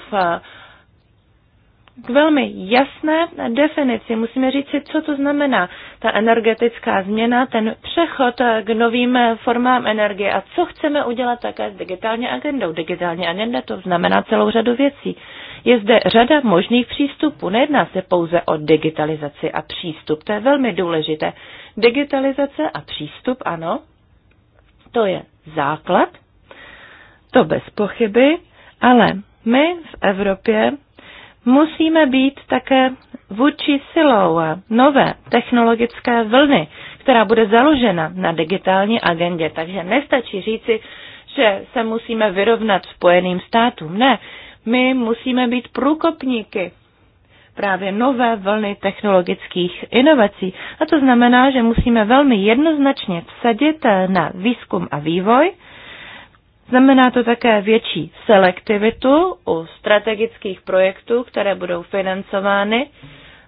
[SPEAKER 2] k velmi jasné definici. Musíme říct si, co to znamená ta energetická změna, ten přechod k novým formám energie a co chceme udělat také s digitální agendou. Digitální agenda to znamená celou řadu věcí. Je zde řada možných přístupů. Nejedná se pouze o digitalizaci a přístup. To je velmi důležité. Digitalizace a přístup, ano, to je základ, to bez pochyby, ale my v Evropě musíme být také vůči silou nové technologické vlny, která bude založena na digitální agendě. Takže nestačí říci, že se musíme vyrovnat Spojeným státům. Ne, my musíme být průkopníky právě nové vlny technologických inovací. A to znamená, že musíme velmi jednoznačně vsadit na výzkum a vývoj, Znamená to také větší selektivitu u strategických projektů, které budou financovány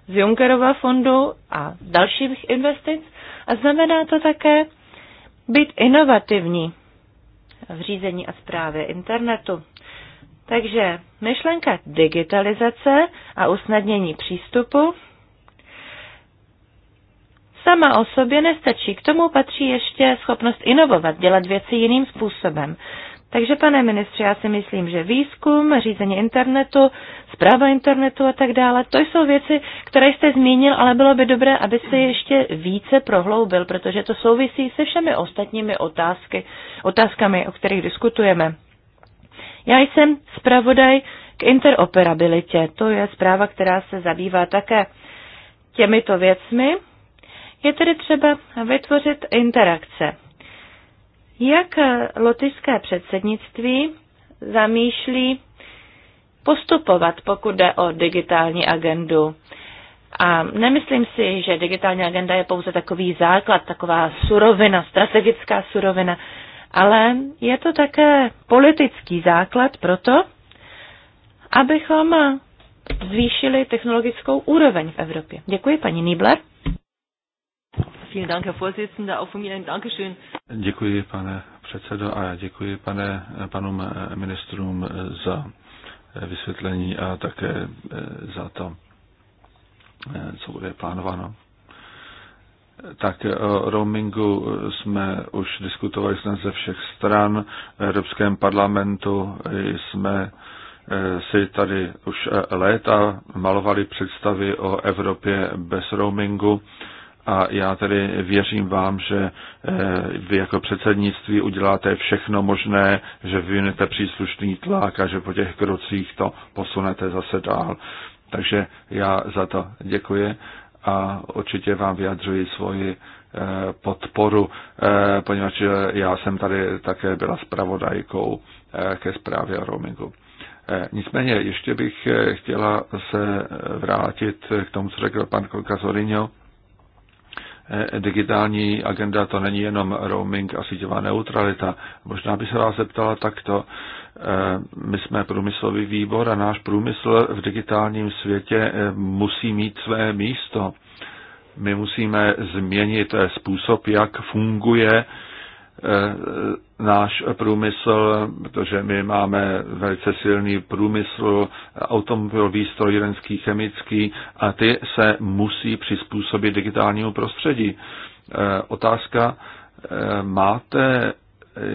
[SPEAKER 2] z Junckerova fondu a dalších investic. A znamená to také být inovativní v řízení a zprávě internetu. Takže myšlenka digitalizace a usnadnění přístupu sama o sobě nestačí. K tomu patří ještě schopnost inovovat, dělat věci jiným způsobem. Takže, pane ministře, já si myslím, že výzkum, řízení internetu, zpráva internetu a tak dále, to jsou věci, které jste zmínil, ale bylo by dobré, aby se ještě více prohloubil, protože to souvisí se všemi ostatními otázky, otázkami, o kterých diskutujeme. Já jsem zpravodaj k interoperabilitě. To je zpráva, která se zabývá také těmito věcmi je tedy třeba vytvořit interakce. Jak lotyšské předsednictví zamýšlí postupovat, pokud jde o digitální agendu? A nemyslím si, že digitální agenda je pouze takový základ, taková surovina, strategická surovina, ale je to také politický základ pro to, abychom zvýšili technologickou úroveň v Evropě. Děkuji, paní Nýbler. Vielen Dank, Herr Vorsitzender. Auch von mir ein Dankeschön.
[SPEAKER 3] Děkuji, pane předsedo, a děkuji pane, panu eh, ministrům eh, za eh, vysvětlení a také za to, co bude plánováno. Tak o roamingu jsme už diskutovali snad ze všech stran. V Evropském parlamentu jsme si tady už léta malovali představy o Evropě bez roamingu a já tedy věřím vám, že eh, vy jako předsednictví uděláte všechno možné, že vyvinete příslušný tlak a že po těch krocích to posunete zase dál. Takže já za to děkuji a určitě vám vyjadřuji svoji eh, podporu, eh, poněvadž já jsem tady také byla zpravodajkou ke zprávě o roamingu. Nicméně ještě bych chtěla se vrátit k tomu, co řekl pan Kolka Zorinho Eh, digitální agenda to není jenom roaming a síťová neutralita. Možná by se vás zeptala takto. Eh, my jsme průmyslový výbor a náš průmysl v digitálním světě eh, musí mít své místo. My musíme změnit způsob, jak funguje Eh, náš průmysl, protože my máme velice silný průmysl, automobilový, strojírenský, chemický a ty se musí přizpůsobit digitálnímu prostředí. Eh, otázka, eh, máte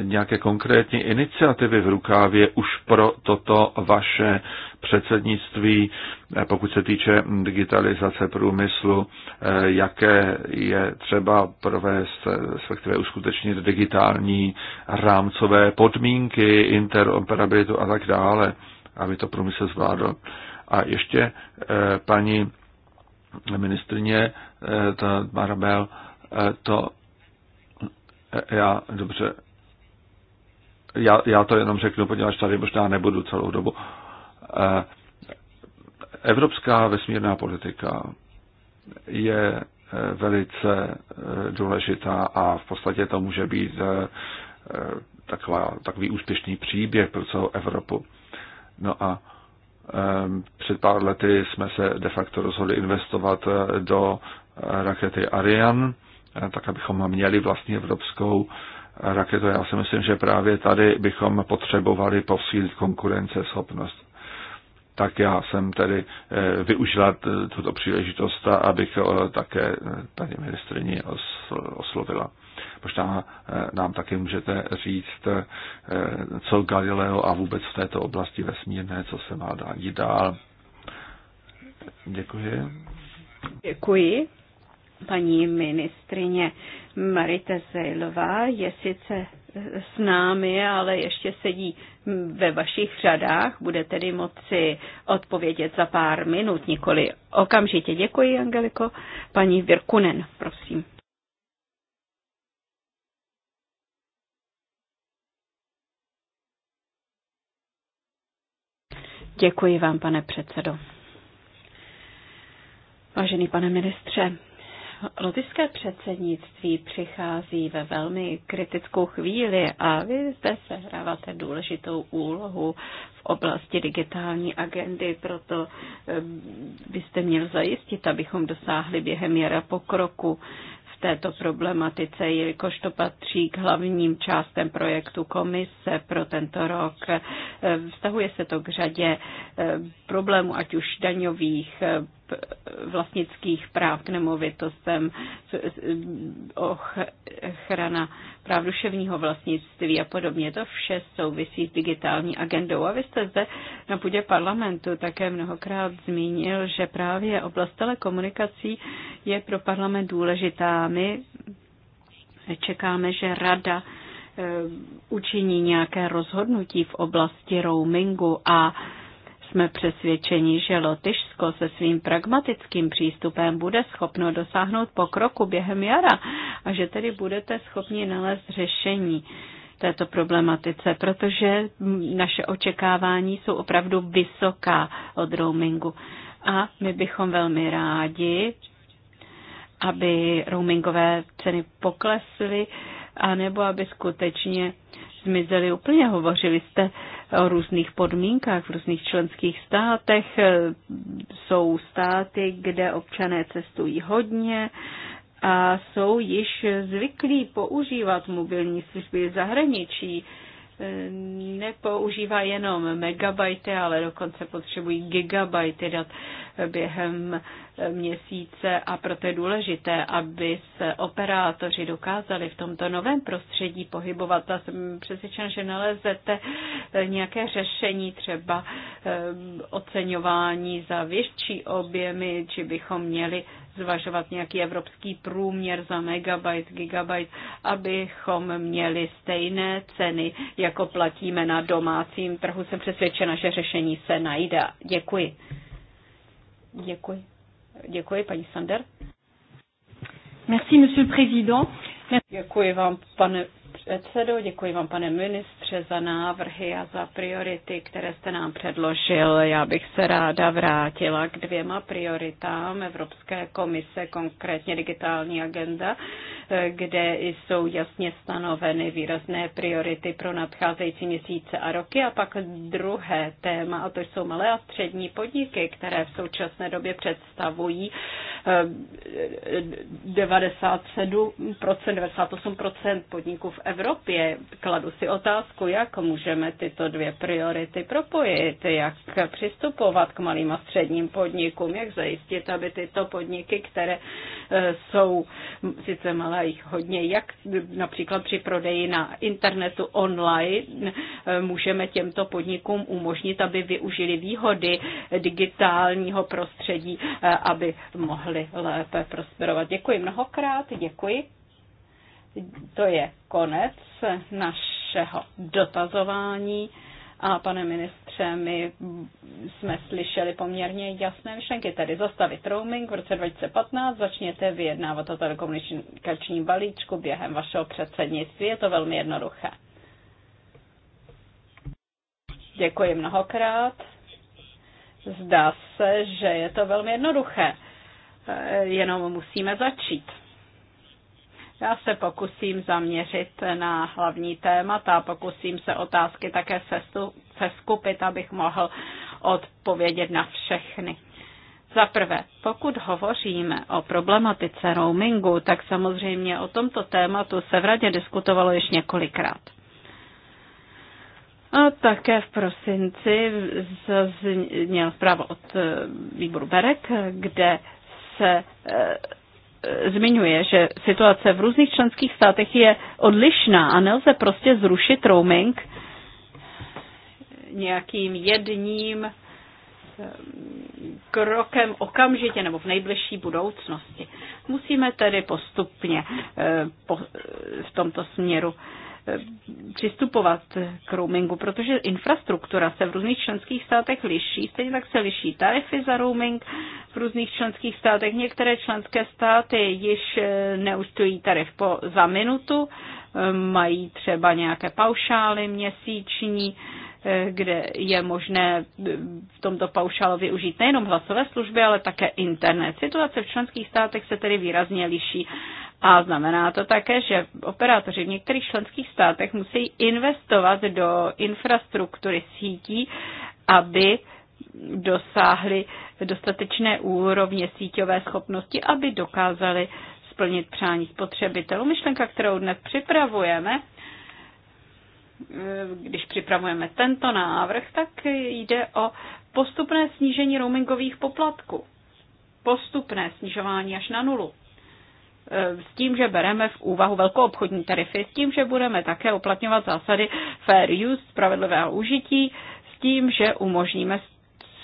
[SPEAKER 3] nějaké konkrétní iniciativy v rukávě už pro toto vaše předsednictví, eh, pokud se týče digitalizace průmyslu, eh, jaké je třeba provést, eh, respektive uskutečnit digitální rámcové podmínky, interoperabilitu a tak dále, aby to průmysl zvládl. A ještě paní ministrně Marabel, to já dobře já, já to jenom řeknu, poněvadž tady možná nebudu celou dobu. Eh, evropská vesmírná politika je eh, velice eh, důležitá a v podstatě to může být taková, takový úspěšný příběh pro celou Evropu. No a ehm, před pár lety jsme se de facto rozhodli investovat do rakety Ariane, tak abychom měli vlastně evropskou raketu. Já si myslím, že právě tady bychom potřebovali posílit konkurenceschopnost. Tak já jsem tedy eh, využila tuto příležitost, abych eh, také eh, paní ministrině oslovila. Možná nám taky můžete říct, co Galileo a vůbec v této oblasti vesmírné, co se má dát dál. Děkuji.
[SPEAKER 4] Děkuji, paní ministrině Marita Zejlová je sice s námi, ale ještě sedí ve vašich řadách, bude tedy moci odpovědět za pár minut, nikoli okamžitě. Děkuji, Angeliko. Paní Virkunen, prosím. Děkuji vám, pane předsedo. Vážený pane ministře, Lotyšské předsednictví přichází ve velmi kritickou chvíli a vy zde sehráváte důležitou úlohu v oblasti digitální agendy, proto eh, byste měl zajistit, abychom dosáhli během jara pokroku v této problematice, jelikož to patří k hlavním částem projektu komise pro tento rok. Eh, vztahuje se to k řadě eh, problémů, ať už daňových, vlastnických práv k nemovitostem, ochrana práv duševního vlastnictví a podobně. To vše souvisí s digitální agendou. A vy jste zde na půdě parlamentu také mnohokrát zmínil, že právě oblast telekomunikací je pro parlament důležitá. My čekáme, že rada eh, učiní nějaké rozhodnutí v oblasti roamingu a jsme přesvědčeni, že Lotyšsko se svým pragmatickým přístupem bude schopno dosáhnout pokroku během jara a že tedy budete schopni nalézt řešení této problematice, protože naše očekávání jsou opravdu vysoká od roamingu. A my bychom velmi rádi, aby roamingové ceny poklesly, anebo aby skutečně zmizely úplně. Hovořili jste o různých podmínkách v různých členských státech. Jsou státy, kde občané cestují hodně a jsou již zvyklí používat mobilní služby zahraničí nepoužívá jenom megabajty, ale dokonce potřebují gigabajty dat během měsíce a proto je důležité, aby se operátoři dokázali v tomto novém prostředí pohybovat. A jsem přesvědčen, že nalezete nějaké řešení, třeba ehm, oceňování za větší objemy, či bychom měli zvažovat nějaký evropský průměr za megabyte, gigabyte, abychom měli stejné ceny, jako platíme na domácím trhu. Jsem přesvědčena, že řešení se najde. Děkuji. Děkuji. Děkuji, paní Sander. Merci, monsieur le président. Děkuji vám, pane předsedo, děkuji vám, pane ministře, za návrhy a za priority, které jste nám předložil. Já bych se ráda vrátila k dvěma prioritám Evropské komise, konkrétně digitální agenda, kde jsou jasně stanoveny výrazné priority pro nadcházející měsíce a roky. A pak druhé téma, a to jsou malé a střední podniky, které v současné době představují 97%, eh, 98% podniků v Evropě. Kladu si otázku, jak můžeme tyto dvě priority propojit, jak přistupovat k malým a středním podnikům, jak zajistit, aby tyto podniky, které eh, jsou sice malé jich hodně, jak například při prodeji na internetu online eh, můžeme těmto podnikům umožnit, aby využili výhody digitálního prostředí, aby mohli mohli lépe prosperovat. Děkuji mnohokrát, děkuji. To je konec našeho dotazování. A pane ministře, my jsme slyšeli poměrně jasné myšlenky, tedy zastavit roaming v roce 2015, začněte vyjednávat o telekomunikačním balíčku během vašeho předsednictví, je to velmi jednoduché. Děkuji mnohokrát. Zdá se, že je to velmi jednoduché. Eh, jenom musíme začít. Já se pokusím zaměřit na hlavní témata, pokusím se otázky také seskupit, abych mohl odpovědět na všechny. Za prvé, pokud hovoříme o problematice roamingu, tak samozřejmě o tomto tématu se v radě diskutovalo již několikrát. A také v prosinci zazněl zpráva od eh, výboru Berek, kde se eh, zmiňuje, že situace v různých členských státech je odlišná a nelze prostě zrušit roaming nějakým jedním eh, krokem okamžitě nebo v nejbližší budoucnosti. Musíme tedy postupně eh, v tomto směru přistupovat k roamingu, protože infrastruktura se v různých členských státech liší, stejně tak se liší tarify za roaming v různých členských státech. Některé členské státy již eh, neúčtují tarif po, za minutu, eh, mají třeba nějaké paušály měsíční, eh, kde je možné v tomto paušálu využít nejenom hlasové služby, ale také internet. Situace v členských státech se tedy výrazně liší a znamená to také, že operátoři v některých členských státech musí investovat do infrastruktury sítí, aby dosáhli dostatečné úrovně síťové schopnosti, aby dokázali splnit přání spotřebitelů. Myšlenka, kterou dnes připravujeme, eh, když připravujeme tento návrh, tak jde o postupné snížení roamingových poplatků. Postupné snižování až na nulu. Eh, s tím, že bereme v úvahu velkoobchodní tarify, s tím, že budeme také uplatňovat zásady fair use, spravedlivého užití, s tím, že umožníme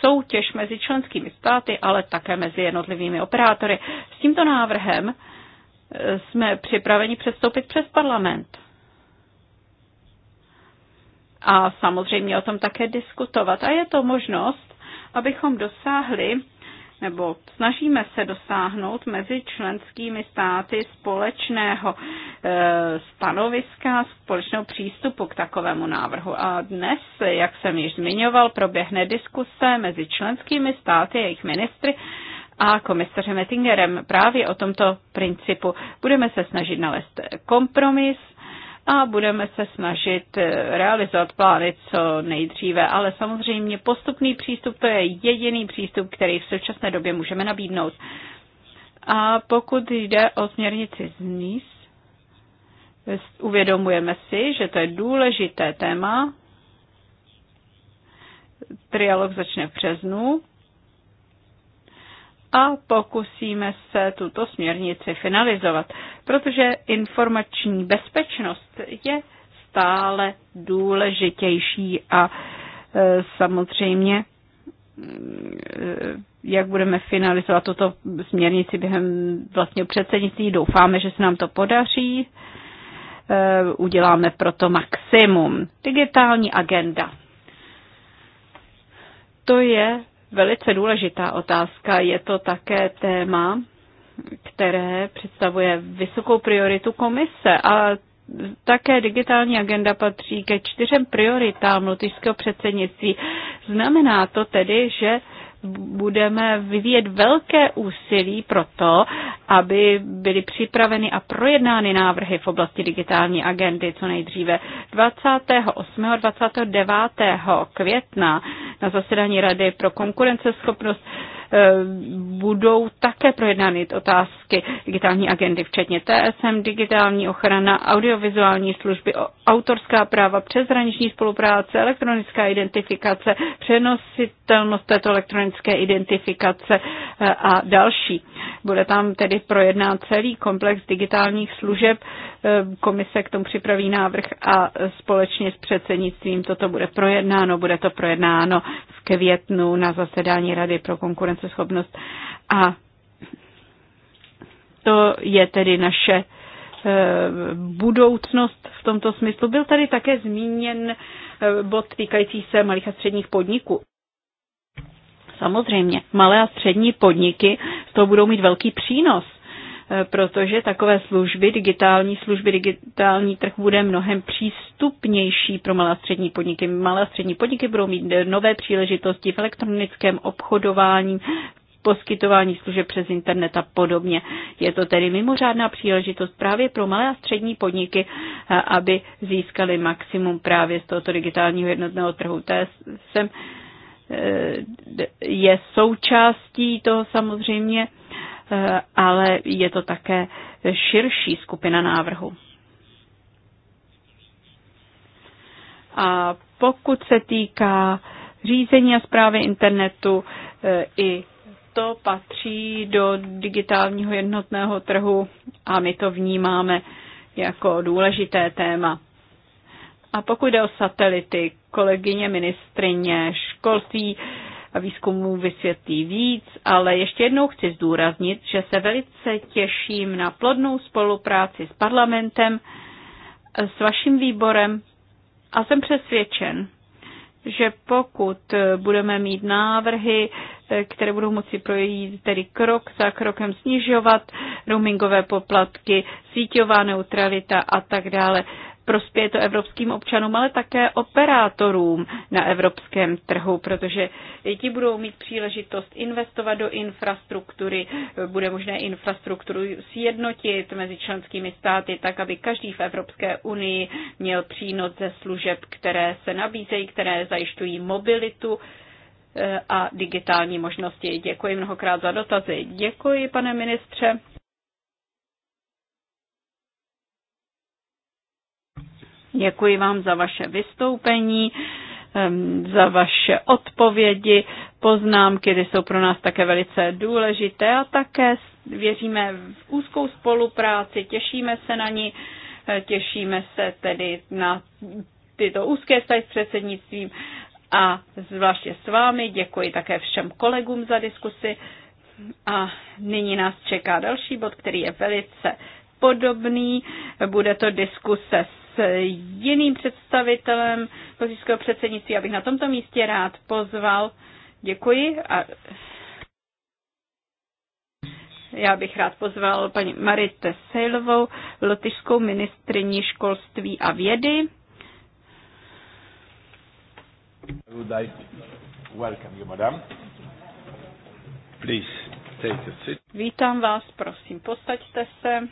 [SPEAKER 4] soutěž mezi členskými státy, ale také mezi jednotlivými operátory. S tímto návrhem eh, jsme připraveni přestoupit přes parlament. A samozřejmě o tom také diskutovat. A je to možnost, abychom dosáhli nebo snažíme se dosáhnout mezi členskými státy společného eh, stanoviska, společného přístupu k takovému návrhu. A dnes, jak jsem již zmiňoval, proběhne diskuse mezi členskými státy a jejich ministry a komisařem Ettingerem právě o tomto principu. Budeme se snažit nalézt kompromis, a budeme se snažit eh, realizovat plány co nejdříve, ale samozřejmě postupný přístup to je jediný přístup, který v současné době můžeme nabídnout. A pokud jde o směrnici z NIS, uvědomujeme si, že to je důležité téma. Trialog začne v březnu a pokusíme se tuto směrnici finalizovat, protože informační bezpečnost je stále důležitější a e, samozřejmě e, jak budeme finalizovat tuto směrnici během vlastního předsednictví. Doufáme, že se nám to podaří. E, uděláme proto maximum. Digitální agenda. To je velice důležitá otázka. Je to také téma, které představuje vysokou prioritu komise a také digitální agenda patří ke čtyřem prioritám lotyšského předsednictví. Znamená to tedy, že budeme vyvíjet velké úsilí pro to, aby byly připraveny a projednány návrhy v oblasti digitální agendy co nejdříve. 28. a 29. května na zasedání Rady pro konkurenceschopnost Eh, budou také projednány otázky digitální agendy, včetně TSM, digitální ochrana, audiovizuální služby, autorská práva, přeshraniční spolupráce, elektronická identifikace, přenositelnost této elektronické identifikace eh, a další. Bude tam tedy projednán celý komplex digitálních služeb. Eh, komise k tomu připraví návrh a společně s předsednictvím toto bude projednáno. Bude to projednáno v květnu na zasedání Rady pro konkurenci konkurenceschopnost. A to je tedy naše eh, budoucnost v tomto smyslu. Byl tady také zmíněn eh, bod týkající se malých a středních podniků. Samozřejmě, malé a střední podniky z toho budou mít velký přínos Eh, protože takové služby, digitální služby, digitální trh bude mnohem přístupnější pro malé a střední podniky. Malé a střední podniky budou mít nové příležitosti v elektronickém obchodování, poskytování služeb přes internet a podobně. Je to tedy mimořádná příležitost právě pro malé a střední podniky, eh, aby získali maximum právě z tohoto digitálního jednotného trhu. To je eh, součástí toho samozřejmě Eh, ale je to také širší skupina návrhu. A pokud se týká řízení a zprávy internetu, eh, i to patří do digitálního jednotného trhu a my to vnímáme jako důležité téma. A pokud jde o satelity, kolegyně ministrině školství výzkumů vysvětlí víc, ale ještě jednou chci zdůraznit, že se velice těším na plodnou spolupráci s parlamentem, s vaším výborem a jsem přesvědčen, že pokud budeme mít návrhy, které budou moci projít tedy krok za krokem snižovat roamingové poplatky, síťová neutralita a tak dále, prospěje to evropským občanům, ale také operátorům na evropském trhu, protože ti budou mít příležitost investovat do infrastruktury, bude možné infrastrukturu sjednotit mezi členskými státy, tak aby každý v Evropské unii měl přínos ze služeb, které se nabízejí, které zajišťují mobilitu eh, a digitální možnosti. Děkuji mnohokrát za dotazy. Děkuji, pane ministře. Děkuji vám za vaše vystoupení, za vaše odpovědi, poznámky, které jsou pro nás také velice důležité a také věříme v úzkou spolupráci, těšíme se na ní, e, těšíme se tedy na tyto úzké vztahy s předsednictvím a zvláště s vámi. Děkuji také všem kolegům za diskusi. A nyní nás čeká další bod, který je velice podobný. Bude to diskuse s jiným představitelem pozijského předsednictví, abych na tomto místě rád pozval. Děkuji a já bych rád pozval paní Marite Sejlovou, lotyšskou
[SPEAKER 1] ministrní
[SPEAKER 4] školství a vědy. Vítám vás, prosím, posaďte se.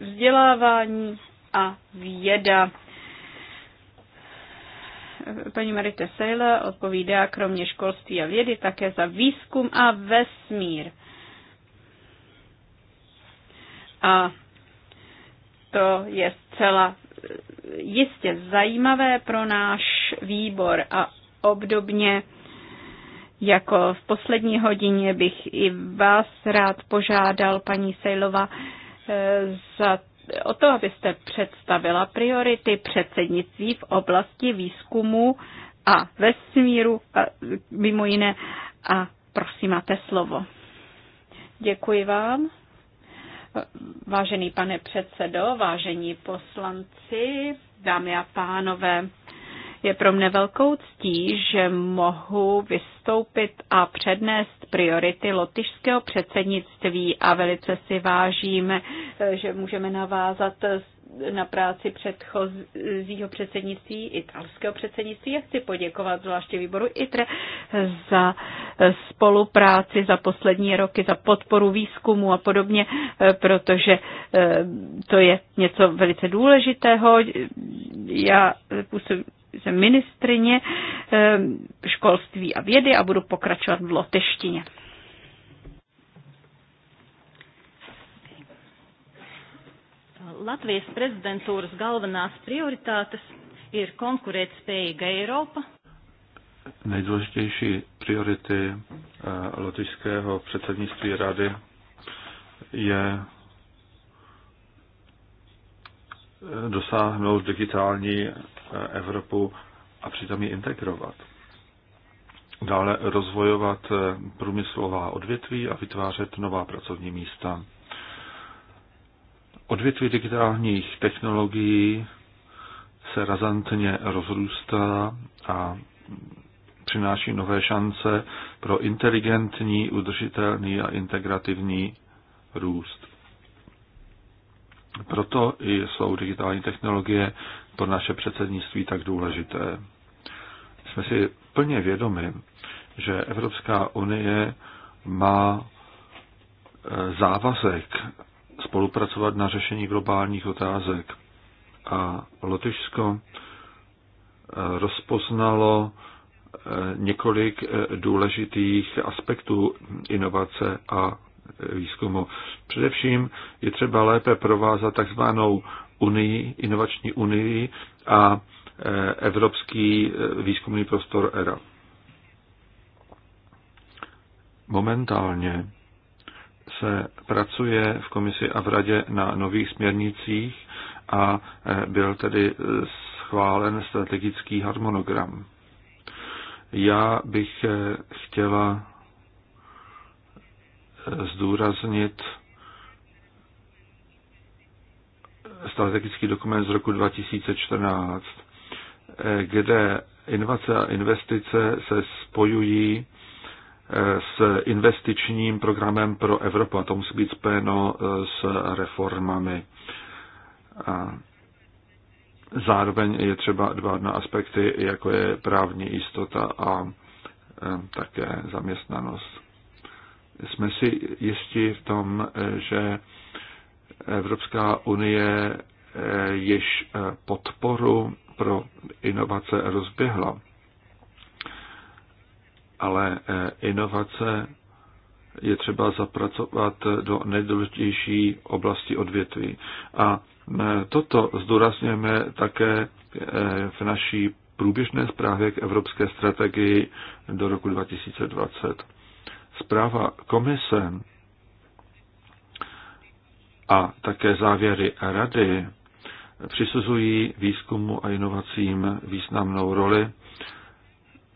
[SPEAKER 4] Vzdělávání a věda. Paní Marita Sejla odpovídá kromě školství a vědy také za výzkum a vesmír. A to je zcela jistě zajímavé pro náš výbor a obdobně jako v poslední hodině bych i vás rád požádal, paní Sejlova, eh, za o to, abyste představila priority předsednictví v oblasti výzkumu a vesmíru, a mimo jiné. A prosím, máte slovo. Děkuji vám. Vážený pane předsedo, vážení poslanci, dámy a pánové, je pro mne velkou ctí, že mohu vystoupit a přednést priority lotyšského předsednictví a velice si vážím, eh, že můžeme navázat na práci předchozího předsednictví, italského předsednictví Já chci poděkovat zvláště výboru ITRE za eh, spolupráci za poslední roky, za podporu výzkumu a podobně, eh, protože to je něco velice důležitého. Já působím jsem ministrině eh, školství a vědy a budu pokračovat v loteštině.
[SPEAKER 2] Latvijas prezidentūras galvenās prioritātes ir konkurētspējīga Eiropa.
[SPEAKER 3] Nejdůležitější priority eh, lotyšského předsednictví rady je eh, dosáhnout digitální Eh, Evropu a přitom ji integrovat. Dále rozvojovat eh, průmyslová odvětví a vytvářet nová pracovní místa. Odvětví digitálních technologií se razantně rozrůstá a přináší nové šance pro inteligentní, udržitelný a integrativní růst. Proto i jsou digitální technologie pro naše předsednictví tak důležité. Jsme si plně vědomi, že Evropská unie má eh, závazek spolupracovat na řešení globálních otázek. A Lotyšsko eh, rozpoznalo eh, několik důležitých aspektů inovace a výzkumu. Především je třeba lépe provázat takzvanou unii, inovační unii a e, evropský e, výzkumný prostor ERA. Momentálně se pracuje v komisi a v radě na nových směrnicích a e, byl tedy schválen strategický harmonogram. Já bych chtěla zdůraznit strategický dokument z roku 2014, kde inovace a investice se spojují eh, s investičním programem pro Evropu a to musí být spojeno eh, s reformami. A zároveň je třeba dbát na aspekty, jako je právní jistota a eh, také zaměstnanost. Jsme si jistí v tom, že Evropská unie eh, již eh, podporu pro inovace rozběhla. Ale eh, inovace je třeba zapracovat do nejdůležitější oblasti odvětví. A toto zdůrazněme také v naší průběžné zprávě k Evropské strategii do roku 2020. Zpráva komise a také závěry rady přisuzují výzkumu a inovacím významnou roli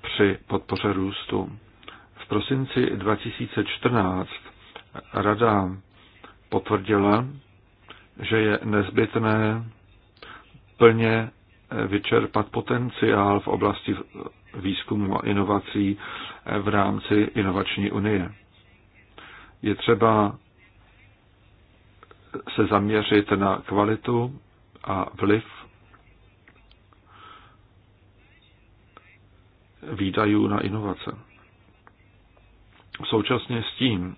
[SPEAKER 3] při podpoře růstu. V prosinci 2014 rada potvrdila, že je nezbytné plně vyčerpat potenciál v oblasti výzkumu a inovací v rámci inovační unie. Je třeba se zaměřit na kvalitu a vliv výdajů na inovace. Současně s tím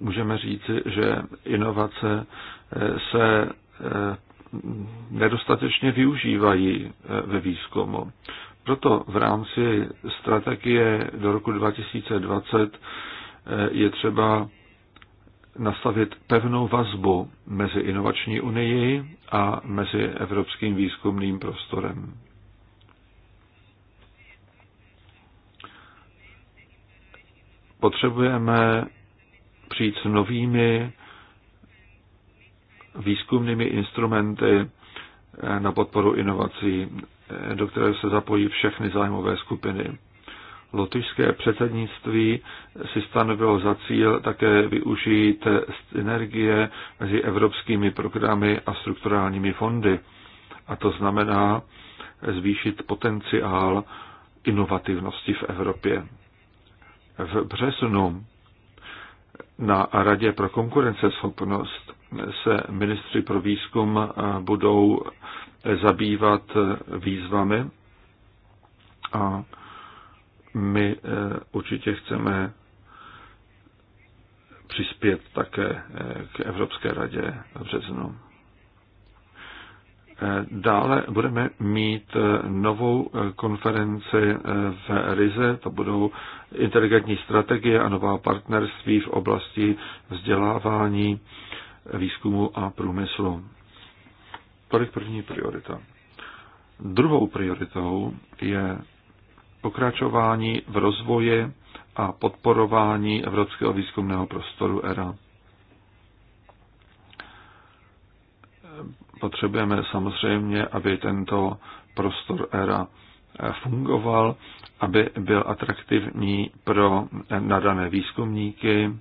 [SPEAKER 3] můžeme říci, že inovace eh, se eh, nedostatečně využívají eh, ve výzkumu. Proto v rámci strategie do roku 2020 je třeba nastavit pevnou vazbu mezi inovační unii a mezi evropským výzkumným prostorem. Potřebujeme přijít s novými výzkumnými instrumenty na podporu inovací, do které se zapojí všechny zájmové skupiny. Lotyšské předsednictví si stanovilo za cíl také využít synergie mezi evropskými programy a strukturálními fondy. A to znamená zvýšit potenciál inovativnosti v Evropě. V březnu na Radě pro konkurenceschopnost se ministři pro výzkum budou zabývat výzvami a my eh, určitě chceme přispět také eh, k Evropské radě v březnu. Eh, dále budeme mít novou konferenci v Rize, to budou inteligentní strategie a nová partnerství v oblasti vzdělávání, výzkumu a průmyslu. Tolik první priorita. Druhou prioritou je pokračování v rozvoji a podporování Evropského výzkumného prostoru ERA. Potřebujeme samozřejmě, aby tento prostor ERA fungoval, aby byl atraktivní pro nadané výzkumníky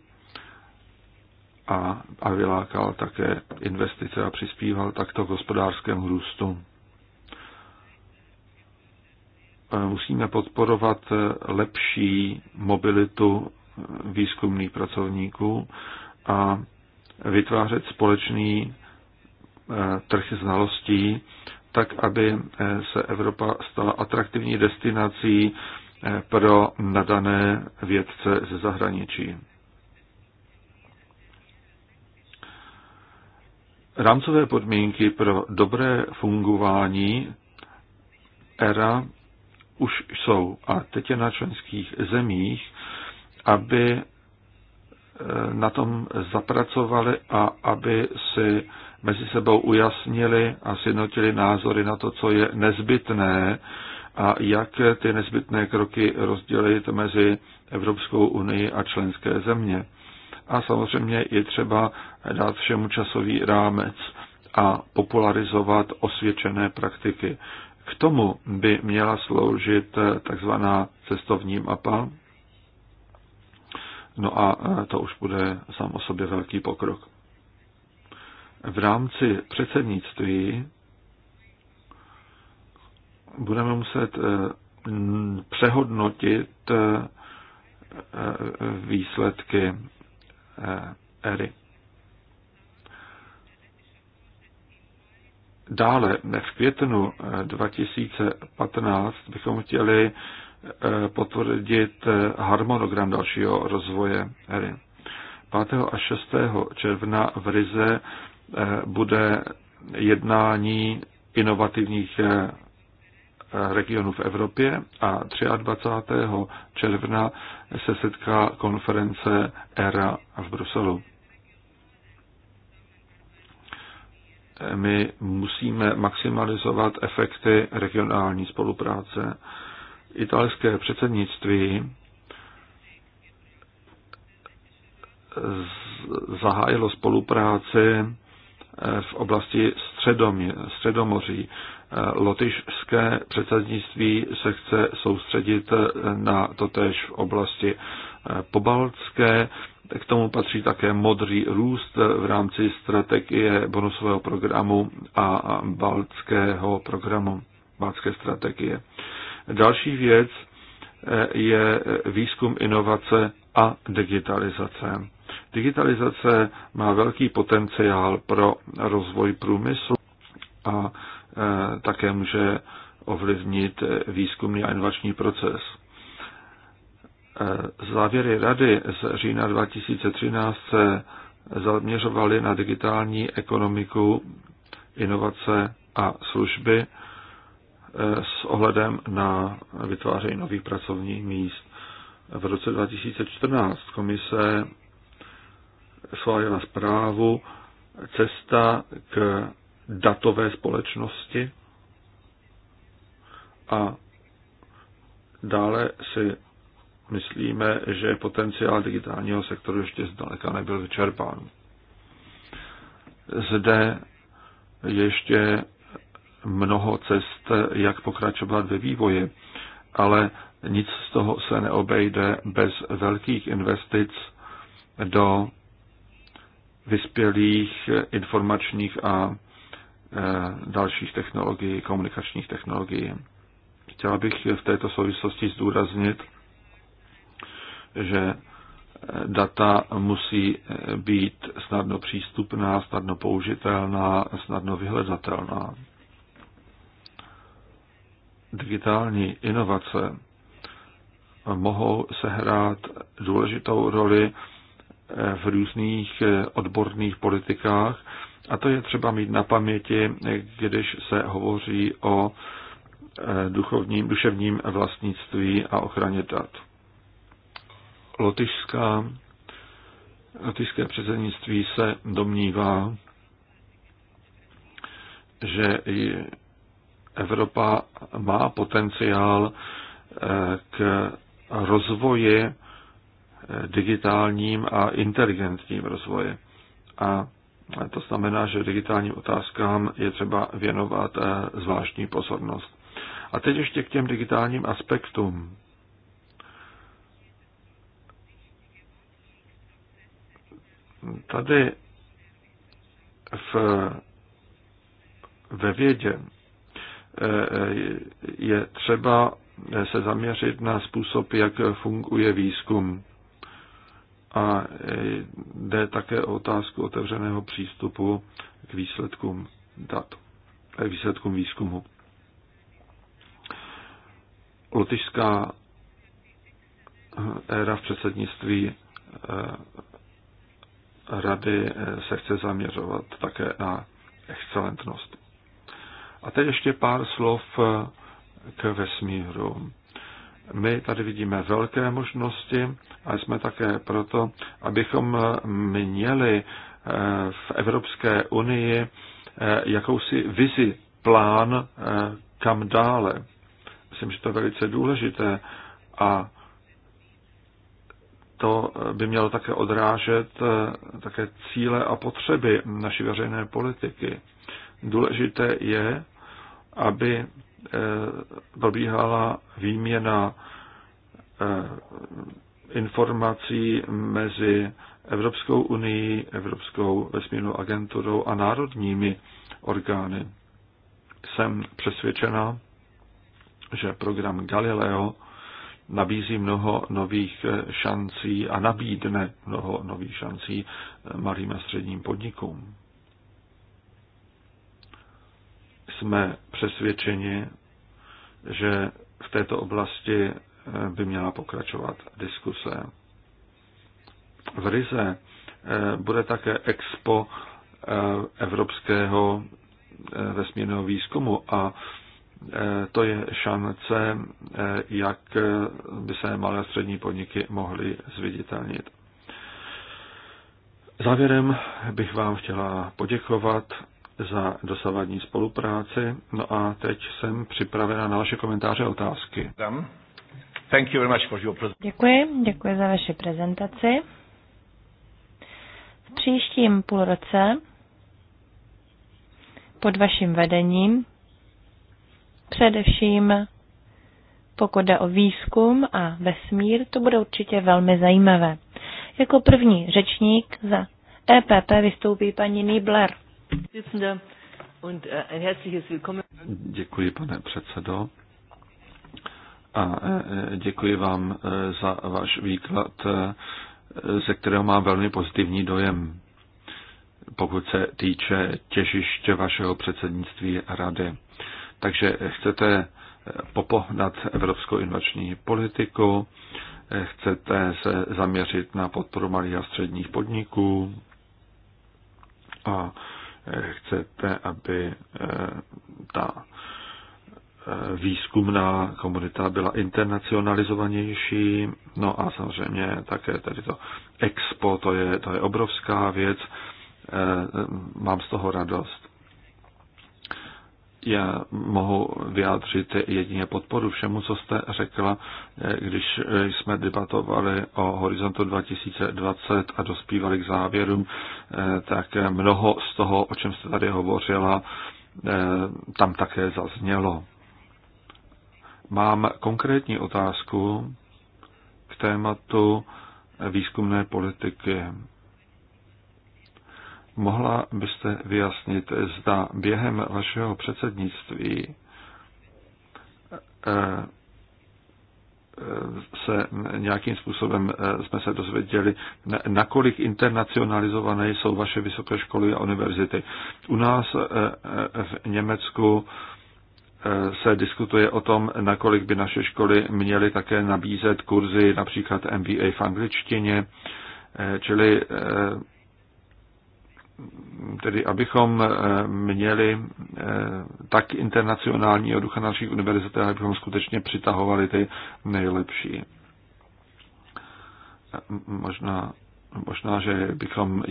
[SPEAKER 3] a vylákal také investice a přispíval takto k hospodářskému růstu musíme podporovat lepší mobilitu výzkumných pracovníků a vytvářet společný eh, trh znalostí, tak aby eh, se Evropa stala atraktivní destinací eh, pro nadané vědce ze zahraničí. Rámcové podmínky pro dobré fungování ERA už jsou a teď je na členských zemích, aby eh, na tom zapracovali a aby si mezi sebou ujasnili a sjednotili názory na to, co je nezbytné a jak ty nezbytné kroky rozdělit mezi Evropskou unii a členské země. A samozřejmě je třeba dát všemu časový rámec a popularizovat osvědčené praktiky. K tomu by měla sloužit eh, takzvaná cestovní mapa. No a eh, to už bude sám o sobě velký pokrok. V rámci předsednictví budeme muset eh, přehodnotit výsledky ERY. Dále v květnu 2015 eh, bychom chtěli eh, potvrdit eh, harmonogram dalšího rozvoje ERY. 5. a 6. června v Rize bude jednání inovativních regionů v Evropě a 23. června se setká konference ERA v Bruselu. my musíme maximalizovat efekty regionální spolupráce. Italské předsednictví zahájilo spolupráci eh, v oblasti středomě, Středomoří. Eh, lotyšské předsednictví se chce soustředit eh, na totéž v oblasti Eh, pobaltské. K tomu patří také modrý růst v rámci strategie bonusového programu a baltského programu, baltské strategie. Další věc eh, je výzkum inovace a digitalizace. Digitalizace má velký potenciál pro rozvoj průmyslu a eh, také může ovlivnit výzkumný a inovační proces. Eh, závěry rady z října 2013 se zaměřovaly na digitální ekonomiku, inovace a služby eh, s ohledem na vytváření nových pracovních míst. V roce 2014 komise schválila zprávu Cesta k datové společnosti a dále si myslíme, že potenciál digitálního sektoru ještě zdaleka nebyl vyčerpán. Zde ještě mnoho cest, jak pokračovat ve vývoji, ale nic z toho se neobejde bez velkých investic do vyspělých informačních a e, dalších technologií, komunikačních technologií. Chtěla bych v této souvislosti zdůraznit, že eh, data musí eh, být snadno přístupná, snadno použitelná, snadno vyhledatelná. Digitální inovace mohou sehrát důležitou roli eh, v různých odborných politikách a to je třeba mít na paměti, když se hovoří o duchovním, duševním vlastnictví a ochraně dat. Lotyšská, lotyšské předsednictví se domnívá, že i Evropa má potenciál eh, k rozvoji eh, digitálním a inteligentním rozvoji. A to znamená, že digitálním otázkám je třeba věnovat eh, zvláštní pozornost. A teď ještě k těm digitálním aspektům. Tady v, ve vědě eh, eh, je třeba se zaměřit na způsob, jak funguje výzkum. A eh, jde také o otázku otevřeného přístupu k výsledkům dat, k výsledkům výzkumu. Lotyšská éra v předsednictví rady eh, se chce zaměřovat také na excelentnost. A teď ještě pár slov eh, k vesmíru. My tady vidíme velké možnosti a jsme také proto, abychom eh, měli v Evropské unii jakousi vizi, plán, kam dále. Myslím, že to je velice důležité a to eh, by mělo také odrážet eh, také cíle a potřeby naší veřejné politiky. Důležité je, aby eh, probíhala výměna informací mezi Evropskou unii, Evropskou vesmírnou agenturou a národními orgány. Jsem přesvědčena, že program Galileo nabízí mnoho nových eh, šancí a nabídne mnoho nových šancí eh, malým a středním podnikům. Jsme přesvědčeni, že v této oblasti eh, by měla pokračovat diskuse. V Rize bude také expo evropského vesmírného výzkumu a Eh, to je šance, eh, jak eh, by se malé a střední podniky mohly zviditelnit. Závěrem bych vám chtěla poděkovat za dosavadní spolupráci. No a teď jsem připravena na vaše komentáře a otázky. Thank you very much for your
[SPEAKER 2] děkuji, děkuji za vaši prezentaci. V příštím půlroce pod vaším vedením Především pokud jde o výzkum a vesmír, to bude určitě velmi zajímavé. Jako první řečník za EPP vystoupí paní Niebler. Äh,
[SPEAKER 3] děkuji, pane předsedo. A e, e, děkuji vám e, za váš výklad, ze kterého mám velmi pozitivní dojem, pokud se týče těžiště vašeho předsednictví rady. Takže chcete popohnat evropskou inovační politiku, chcete se zaměřit na podporu malých a středních podniků a chcete, aby eh, ta eh, výzkumná komunita byla internacionalizovanější. No a samozřejmě také tady to expo, to je, to je obrovská věc. Eh, mám z toho radost já mohu vyjádřit jedině podporu všemu, co jste řekla, když jsme debatovali o horizontu 2020 a dospívali k závěrům, tak mnoho z toho, o čem jste tady hovořila, tam také zaznělo. Mám konkrétní otázku k tématu výzkumné politiky. Mohla byste vyjasnit, zda během vašeho předsednictví eh, eh, se nějakým způsobem eh, jsme se dozvěděli, nakolik internacionalizované jsou vaše vysoké školy a univerzity. U nás v Německu se diskutuje o tom, nakolik by naše školy měly také nabízet kurzy, například MBA v angličtině, čili tedy abychom eh, měli eh, tak internacionální ducha na našich univerzitách, abychom skutečně přitahovali ty nejlepší. Eh, možná, možná, že bychom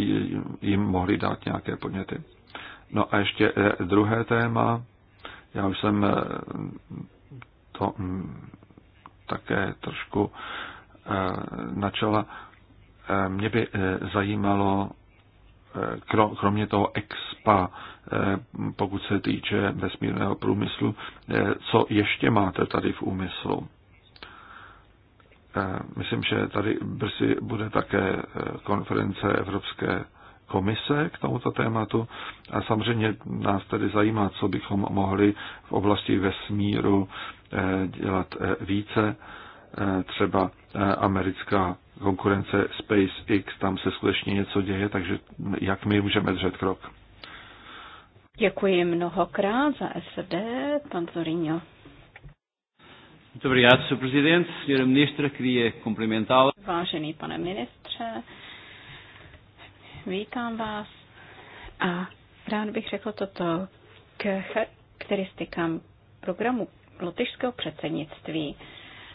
[SPEAKER 3] jim mohli dát nějaké podněty. No a ještě druhé téma. Já už jsem to hm, také trošku načala. Mě by zajímalo, kromě toho EXPA, eh, pokud se týče vesmírného průmyslu, eh, co ještě máte tady v úmyslu? Eh, myslím, že tady brzy bude také konference Evropské komise k tomuto tématu a samozřejmě nás tady zajímá, co bychom mohli v oblasti vesmíru dělat více. Třeba americká konkurence SpaceX, tam se skutečně něco děje, takže jak my můžeme držet krok?
[SPEAKER 4] Děkuji mnohokrát za SD, pan Zorinho.
[SPEAKER 5] Muito obrigado, Sr. Ministra, queria cumprimentá
[SPEAKER 4] Vážený pane ministře, vítám vás a rád bych řekl toto k charakteristikám programu lotyšského předsednictví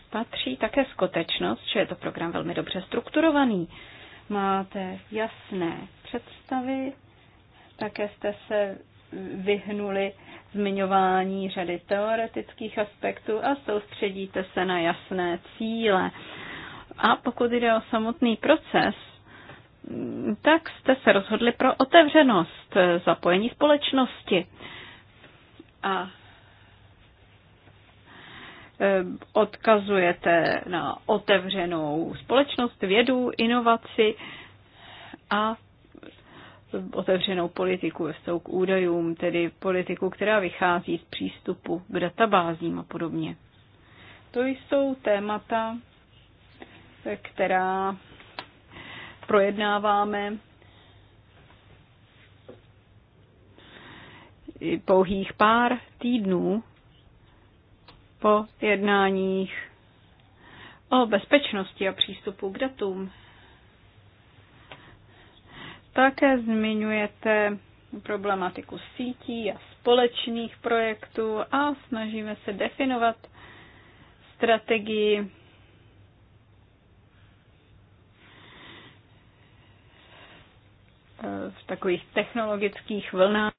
[SPEAKER 4] patří také skutečnost, že je to program velmi dobře strukturovaný. Máte jasné představy, také jste se vyhnuli zmiňování řady teoretických aspektů a soustředíte se na jasné cíle. A pokud jde o samotný proces, tak jste se rozhodli pro otevřenost, zapojení společnosti. A Eh, odkazujete na otevřenou společnost, vědu, inovaci a otevřenou politiku ve vztahu k údajům, tedy politiku, která vychází z přístupu k databázím a podobně. To jsou témata, která projednáváme pouhých pár týdnů po jednáních o bezpečnosti a přístupu k datům. Také zmiňujete problematiku sítí a společných projektů a snažíme se definovat strategii v takových technologických vlnách.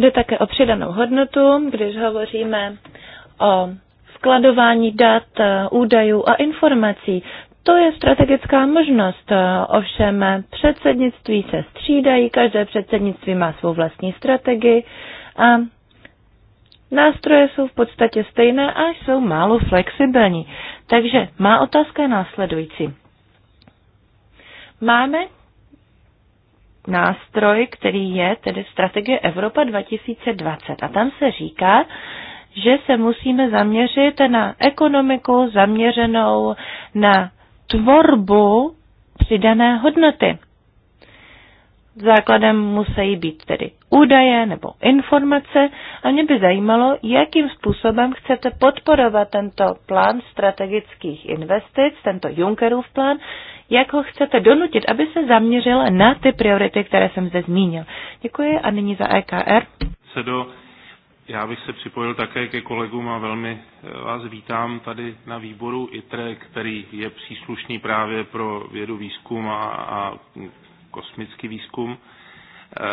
[SPEAKER 2] Jde také o přidanou hodnotu, když hovoříme o skladování dat, údajů a informací. To je strategická možnost, ovšem předsednictví se střídají, každé předsednictví má svou vlastní strategii a nástroje jsou v podstatě stejné a jsou málo flexibilní. Takže má otázka je následující. Máme nástroj, který je tedy strategie Evropa 2020. A tam se říká, že se musíme zaměřit na ekonomiku zaměřenou na tvorbu přidané hodnoty. Základem musí být tedy údaje nebo informace a mě by zajímalo, jakým způsobem chcete podporovat tento plán strategických investic, tento Junckerův plán, jak ho chcete donutit, aby se zaměřil na ty priority, které jsem zde zmínil. Děkuji a nyní za EKR.
[SPEAKER 1] Sedo, já bych se připojil také ke kolegům a velmi eh, vás vítám tady na výboru ITRE, který je příslušný právě pro vědu výzkum a, a kosmický výzkum. Eh,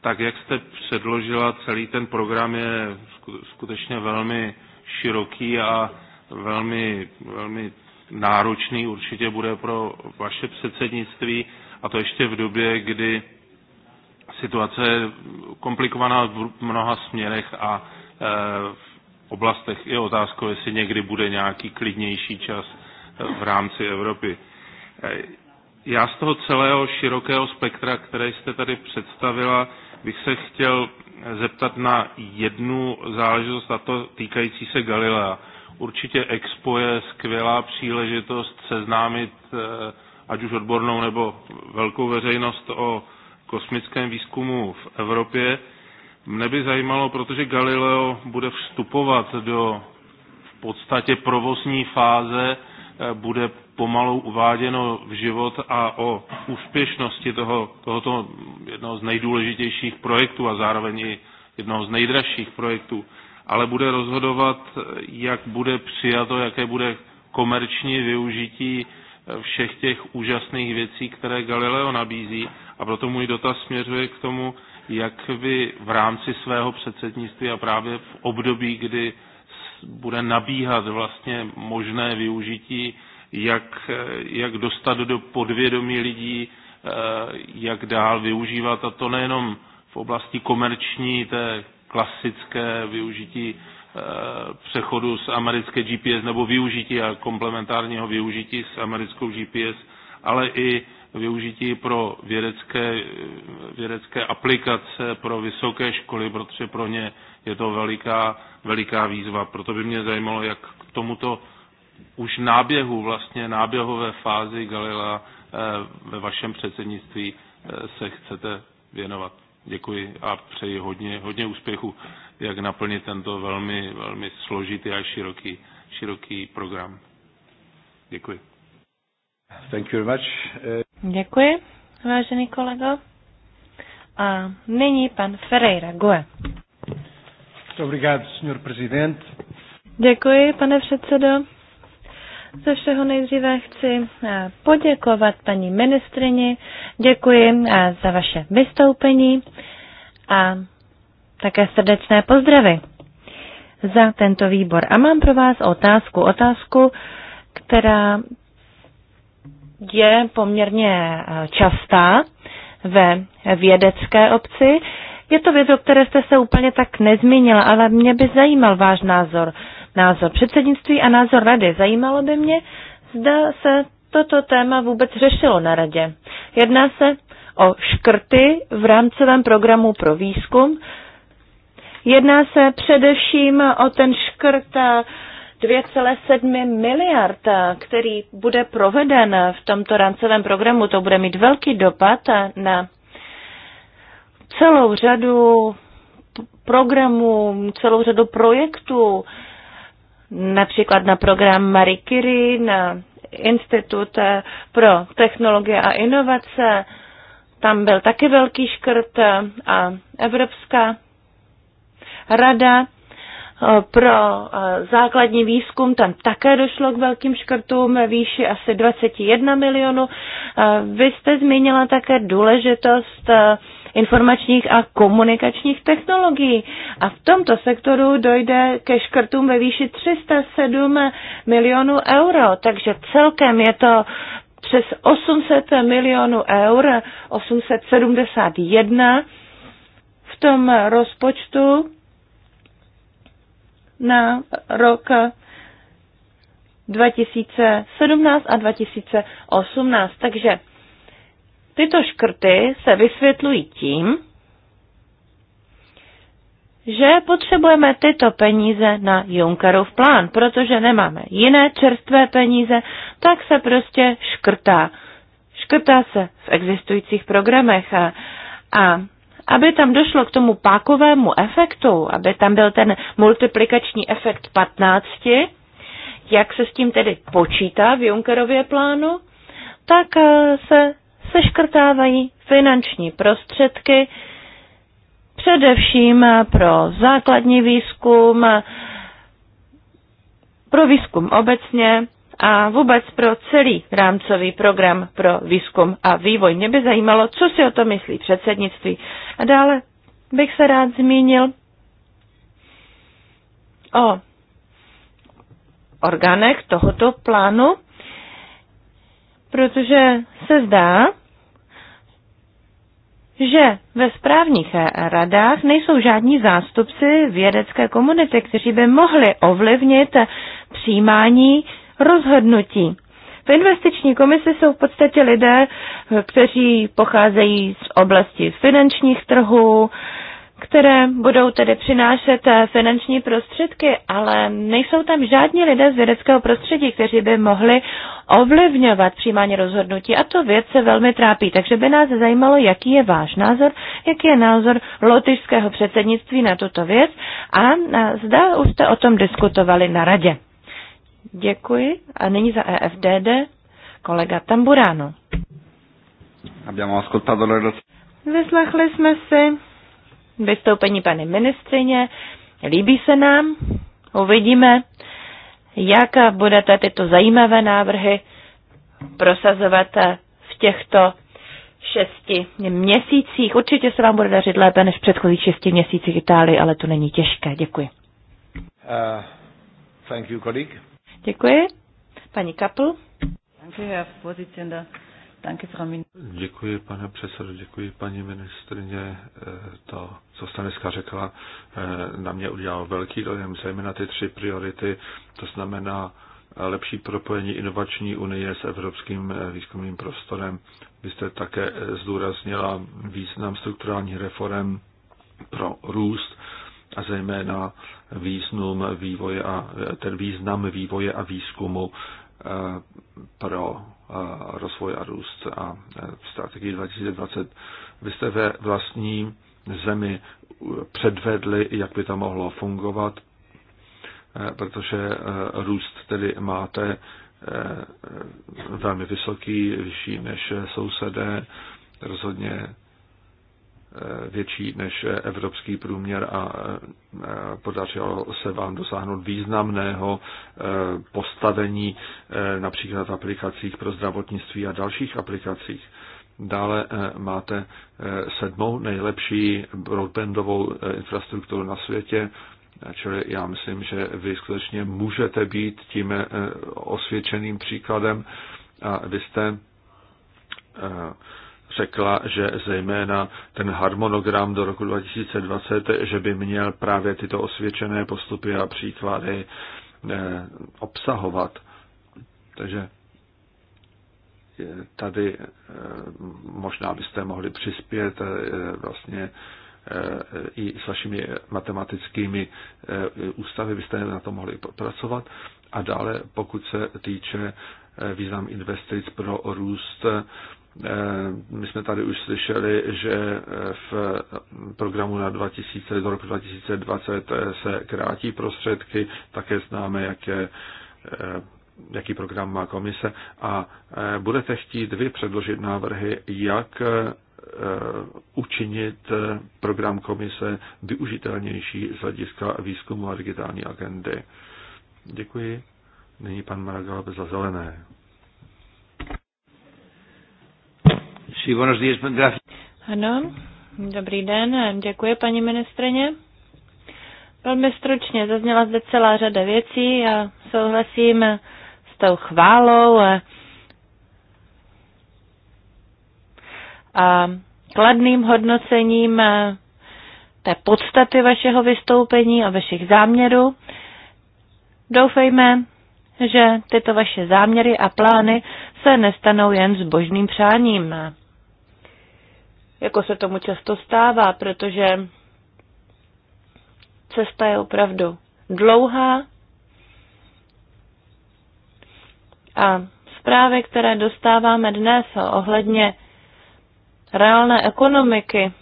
[SPEAKER 1] tak jak jste předložila, celý ten program je skutečně velmi široký a velmi, velmi náročný určitě bude pro vaše předsednictví a to ještě v době, kdy situace je komplikovaná v mnoha směrech a eh, v oblastech je otázka, jestli někdy bude nějaký klidnější čas eh, v rámci Evropy. Eh, já z toho celého širokého spektra, které jste tady představila, bych se chtěl zeptat na jednu záležitost, a to týkající se Galilea. Určitě Expo je skvělá příležitost seznámit eh, ať už odbornou nebo velkou veřejnost o kosmickém výzkumu v Evropě. Mne by zajímalo, protože Galileo bude vstupovat do v podstatě provozní fáze, eh, bude pomalu uváděno v život a o úspěšnosti toho, tohoto jednoho z nejdůležitějších projektů a zároveň i jednoho z nejdražších projektů ale bude rozhodovat, jak bude přijato, jaké bude komerční využití eh, všech těch úžasných věcí, které Galileo nabízí. A proto můj dotaz směřuje k tomu, jak vy v rámci svého předsednictví a právě v období, kdy bude nabíhat vlastně možné využití, jak, eh, jak dostat do podvědomí lidí, eh, jak dál využívat, a to nejenom v oblasti komerční, té klasické využití eh, přechodu z americké GPS nebo využití a komplementárního využití s americkou GPS, ale i využití pro vědecké, vědecké aplikace, pro vysoké školy, protože pro ně je to veliká, veliká výzva. Proto by mě zajímalo, jak k tomuto už náběhu, vlastně náběhové fázi Galila eh, ve vašem předsednictví eh, se chcete věnovat děkuji a přeji hodně, hodně úspěchu, jak naplnit tento velmi, velmi složitý a široký, široký program. Děkuji.
[SPEAKER 3] Thank you very much.
[SPEAKER 2] Eh, děkuji, vážený kolego. A nyní pan Ferreira Goe.
[SPEAKER 5] Obrigado, senhor presidente.
[SPEAKER 2] Děkuji, pane předsedo. Ze všeho nejdříve chci eh, poděkovat paní ministrině. Děkuji eh, za vaše vystoupení a také srdečné pozdravy za tento výbor. A mám pro vás otázku. Otázku, která je poměrně eh, častá ve vědecké obci. Je to věc, o které jste se úplně tak nezmínila, ale mě by zajímal váš názor názor předsednictví a názor rady. Zajímalo by mě, zda se toto téma vůbec řešilo na radě. Jedná se o škrty v rámcovém programu pro výzkum. Jedná se především o ten škrt 2,7 miliard, který bude proveden v tomto rámcovém programu. To bude mít velký dopad na celou řadu programů, celou řadu projektů, například na program Marie Curie, na Institut eh, pro technologie a inovace. Tam byl taky velký škrt eh, a Evropská rada eh, pro základní výzkum, tam také došlo k velkým škrtům ve výši asi 21 milionů. Vy jste zmínila také důležitost informačních a komunikačních technologií. A v tomto sektoru dojde ke škrtům ve výši 307 milionů euro, takže celkem je to přes 800 milionů eur, 871 v tom rozpočtu na rok 2017 a 2018. Takže Tyto škrty se vysvětlují tím, že potřebujeme tyto peníze na Junckerův plán, protože nemáme jiné čerstvé peníze, tak se prostě škrtá. Škrtá se v existujících programech a, a aby tam došlo k tomu pákovému efektu, aby tam byl ten multiplikační efekt 15, jak se s tím tedy počítá v Junckerově plánu, tak eh, se seškrtávají finanční prostředky především pro základní výzkum, pro výzkum obecně a vůbec pro celý rámcový program pro výzkum a vývoj. Mě by zajímalo, co si o to myslí předsednictví. A dále bych se rád zmínil o orgánech tohoto plánu protože se zdá, že ve správních radách nejsou žádní zástupci vědecké komunity, kteří by mohli ovlivnit přijímání rozhodnutí. V investiční komisi jsou v podstatě lidé, kteří pocházejí z oblasti finančních trhů, které budou tedy přinášet eh, finanční prostředky, ale nejsou tam žádní lidé z vědeckého prostředí, kteří by mohli ovlivňovat přijímání rozhodnutí a to věc se velmi trápí. Takže by nás zajímalo, jaký je váš názor, jaký je názor lotyšského předsednictví na tuto věc a eh, zda už jste o tom diskutovali na radě. Děkuji a nyní za EFDD kolega Tamburano. Vyslechli jsme si vystoupení paní ministrině. Líbí se nám, uvidíme, jak budete tyto zajímavé návrhy prosazovat v těchto šesti měsících. Určitě se vám bude dařit lépe než v předchozích šesti měsících Itálii, ale to není těžké. Děkuji.
[SPEAKER 4] Uh, thank you, colleague.
[SPEAKER 2] Děkuji. Paní Kapl. Děkuji,
[SPEAKER 4] Děkuji, pane
[SPEAKER 3] předsedo, děkuji, paní ministrině. Eh, to, co jste dneska řekla, eh, na mě udělalo velký dojem, zejména ty tři priority, to znamená lepší propojení inovační unie s evropským eh, výzkumným prostorem. Vy jste také zdůraznila význam strukturálních reform pro růst a zejména význam vývoje a, ten význam vývoje a výzkumu pro rozvoj a růst a e, strategii 2020. Vy jste ve vlastní zemi předvedli, jak by to mohlo fungovat, e, protože e, růst tedy máte velmi vysoký, vyšší než sousedé, rozhodně Eh, větší než evropský průměr a eh, podařilo se vám dosáhnout významného eh, postavení například v aplikacích pro zdravotnictví a dalších aplikacích. Dále máte sedmou nejlepší broadbandovou infrastrukturu na světě, čili já myslím, že vy skutečně můžete být tím osvědčeným příkladem a vy jste řekla, že zejména ten harmonogram do roku 2020, že by měl právě tyto osvědčené postupy a příklady eh, obsahovat. Takže tady eh, možná byste mohli přispět eh, vlastně i s vašimi matematickými ústavy byste na to mohli pracovat. A dále, pokud se týče význam investic pro růst, Eh, my jsme tady už slyšeli, že eh, v programu na 2000 do roku 2020 eh, se krátí prostředky, také známe, jaké jaký program má komise a budete chtít vy předložit návrhy, jak učinit program komise využitelnější z hlediska výzkumu a digitální agendy. Děkuji. Nyní pan Maragal za zelené. Sí, buenos días, gracias.
[SPEAKER 2] Ano, dobrý den, děkuji paní ministrině. Velmi stručně, zazněla zde celá řada věcí a souhlasím s tou chválou a, a kladným hodnocením té podstaty vašeho vystoupení a vašich záměrů. Doufejme, že tyto vaše záměry a plány se nestanou jen zbožným přáním jako se tomu často stává, protože cesta je opravdu dlouhá a zprávy, které dostáváme dnes ohledně reálné ekonomiky,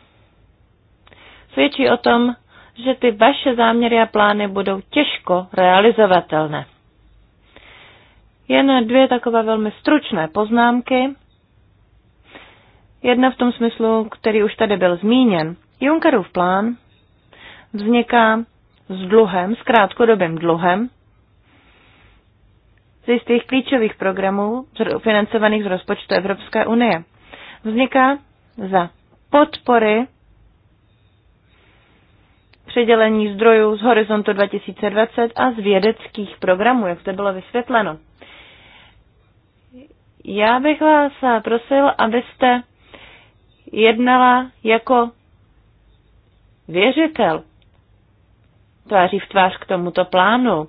[SPEAKER 2] svědčí o tom, že ty vaše záměry a plány budou těžko realizovatelné. Jen dvě takové velmi stručné poznámky Jedna v tom smyslu, který už tady byl zmíněn. Junckerův plán vzniká s dluhem, s krátkodobým dluhem, z jistých klíčových programů financovaných z rozpočtu Evropské unie. Vzniká za podpory předělení zdrojů z Horizontu 2020 a z vědeckých programů, jak to bylo vysvětleno. Já bych vás eh, prosil, abyste jednala jako věřitel tváří v tvář k tomuto plánu.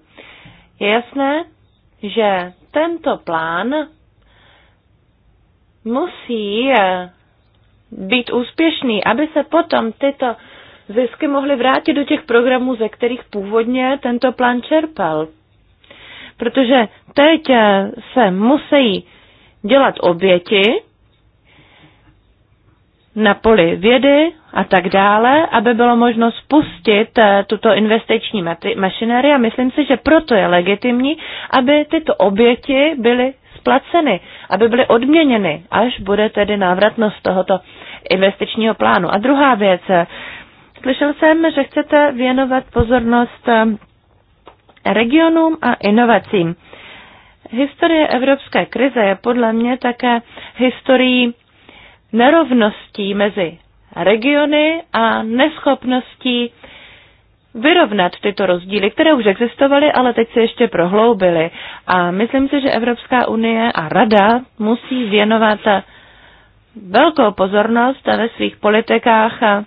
[SPEAKER 2] Je jasné, že tento plán musí eh, být úspěšný, aby se potom tyto zisky mohly vrátit do těch programů, ze kterých původně tento plán čerpal. Protože teď eh, se musí dělat oběti na poli vědy a tak dále, aby bylo možno spustit eh, tuto investiční mašinérii a myslím si, že proto je legitimní, aby tyto oběti byly splaceny, aby byly odměněny, až bude tedy návratnost tohoto investičního plánu. A druhá věc, eh, slyšel jsem, že chcete věnovat pozornost eh, regionům a inovacím. Historie evropské krize je podle mě také historií nerovností mezi regiony a neschopností vyrovnat tyto rozdíly, které už existovaly, ale teď se ještě prohloubily. A myslím si, že Evropská unie a Rada musí věnovat velkou pozornost ve svých politikách a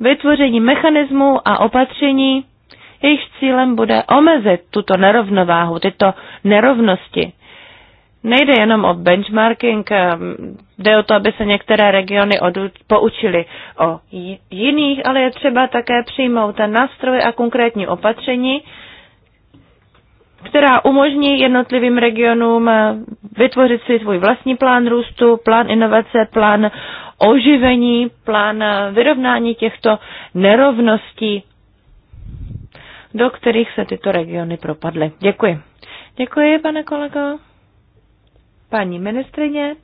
[SPEAKER 2] vytvoření mechanismů a opatření, jejich cílem bude omezit tuto nerovnováhu, tyto nerovnosti. Nejde jenom o benchmarking, ehm, jde o to, aby se některé regiony poučily o jiných, ale je třeba také přijmout ten nástroj a konkrétní opatření, která umožní jednotlivým regionům ehm, vytvořit si svůj vlastní plán růstu, plán inovace, plán oživení, plán ehm, vyrovnání těchto nerovností, do kterých se tyto regiony propadly. Děkuji. Děkuji, pane kolego. Paní ministrině,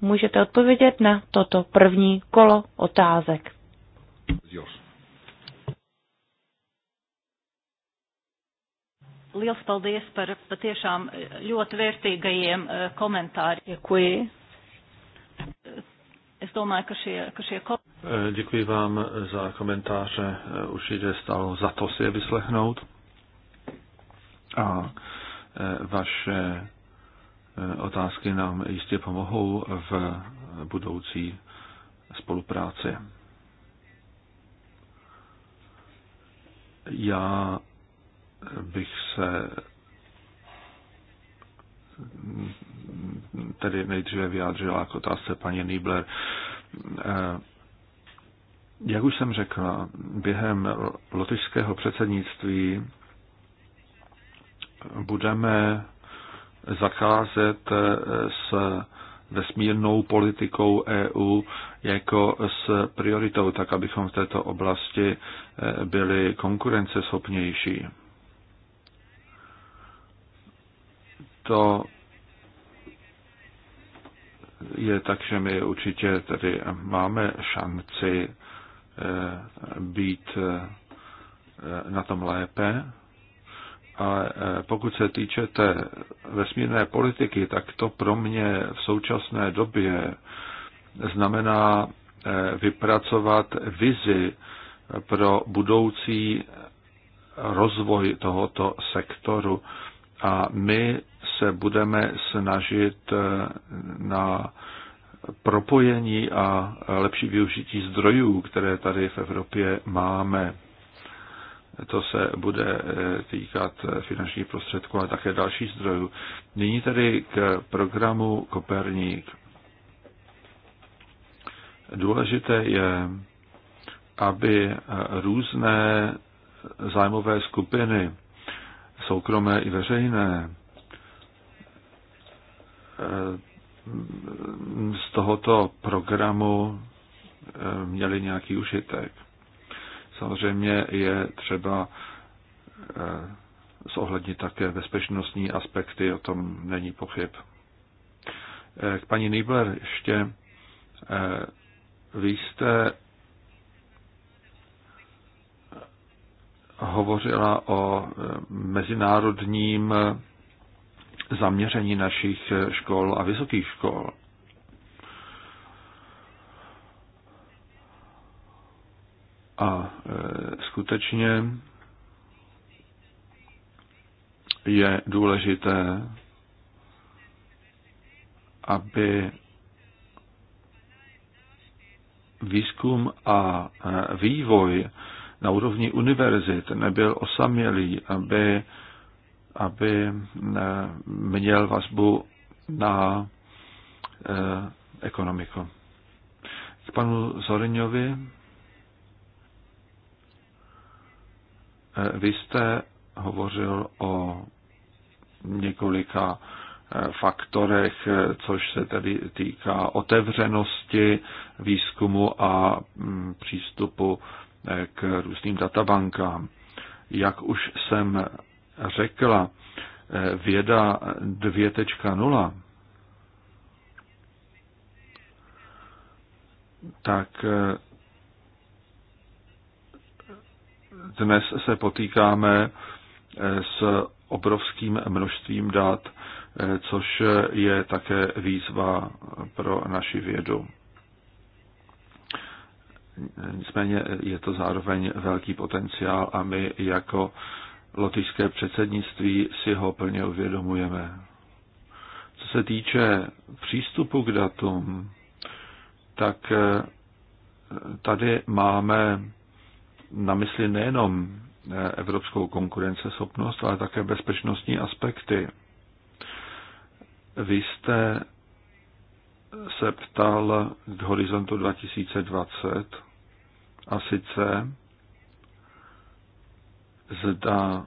[SPEAKER 2] můžete odpovědět na toto první kolo otázek. Liels paldies par patiešām ļoti vērtīgajiem eh, komentāriem. Děkuji. Eh, es domāju, ka šie, ka šie
[SPEAKER 3] eh, Děkuji vám za komentáře. Určitě stalo za to si je vyslechnout. A vaše Eh, otázky nám jistě pomohou v budoucí spolupráci. Já bych se tedy nejdříve vyjádřila k otázce paní Niebler. Eh, jak už jsem řekla, během lotyšského předsednictví budeme zacházet eh, s vesmírnou politikou EU jako s prioritou, tak abychom v této oblasti eh, byli konkurenceschopnější. To je tak, že my určitě tady máme šanci eh, být na tom lépe ale pokud se týče té vesmírné politiky, tak to pro mě v současné době znamená e, vypracovat vizi pro budoucí rozvoj tohoto sektoru. A my se budeme snažit e, na propojení a lepší využití zdrojů, které tady v Evropě máme to se bude eh, týkat eh, finančních prostředků, a také dalších zdrojů. Nyní tedy k programu Koperník. Důležité je, aby eh, různé zájmové skupiny, soukromé i veřejné, z tohoto programu měli nějaký užitek. Samozřejmě je třeba eh, zohlednit také bezpečnostní aspekty, o tom není pochyb. Eh, k paní Nibler ještě. Eh, vy jste hovořila o mezinárodním zaměření našich škol a vysokých škol. Eh, skutečně je důležité, aby výzkum a eh, vývoj na úrovni univerzit nebyl osamělý, aby, aby eh, měl vazbu na ekonomiku. K panu Zoriňovi Eh, vy jste hovořil o několika eh, faktorech, eh, což se tedy týká otevřenosti výzkumu a mm, přístupu k různým databankám. Jak už jsem řekla, věda 2.0, tak dnes se potýkáme eh, s obrovským množstvím dat, eh, což je také výzva pro naši vědu. Nicméně je to zároveň velký potenciál a my jako lotyšské předsednictví si ho plně uvědomujeme. Co se týče přístupu k datům, tak eh, tady máme na mysli nejenom eh, evropskou konkurenceschopnost, ale také bezpečnostní aspekty. Vy jste se ptal k horizontu 2020 a sice zda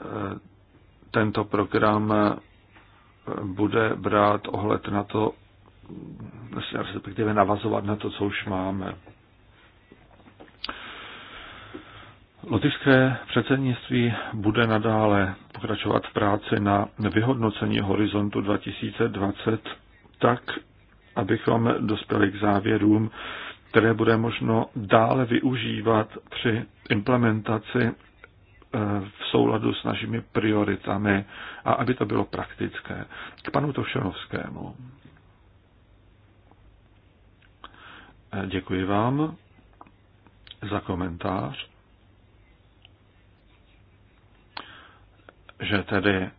[SPEAKER 3] eh, tento program bude brát ohled na to, respektive navazovat na to, co už máme. Lotyšské předsednictví bude nadále pokračovat v práci na vyhodnocení horizontu 2020 tak, abychom dospěli k závěrům, které bude možno dále využívat při implementaci eh, v souladu s našimi prioritami a aby to bylo praktické. K panu Tovšanovskému. Děkuji vám za komentář, že tedy eh,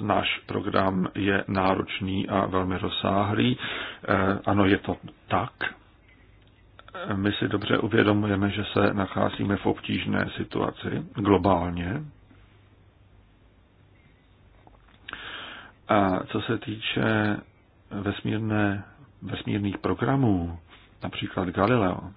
[SPEAKER 3] náš program je náročný a velmi rozsáhlý. Eh, ano, je to tak. Eh, my si dobře uvědomujeme, že se nacházíme v obtížné situaci globálně. A co se týče vesmírné vesmírných programů, například Galileo,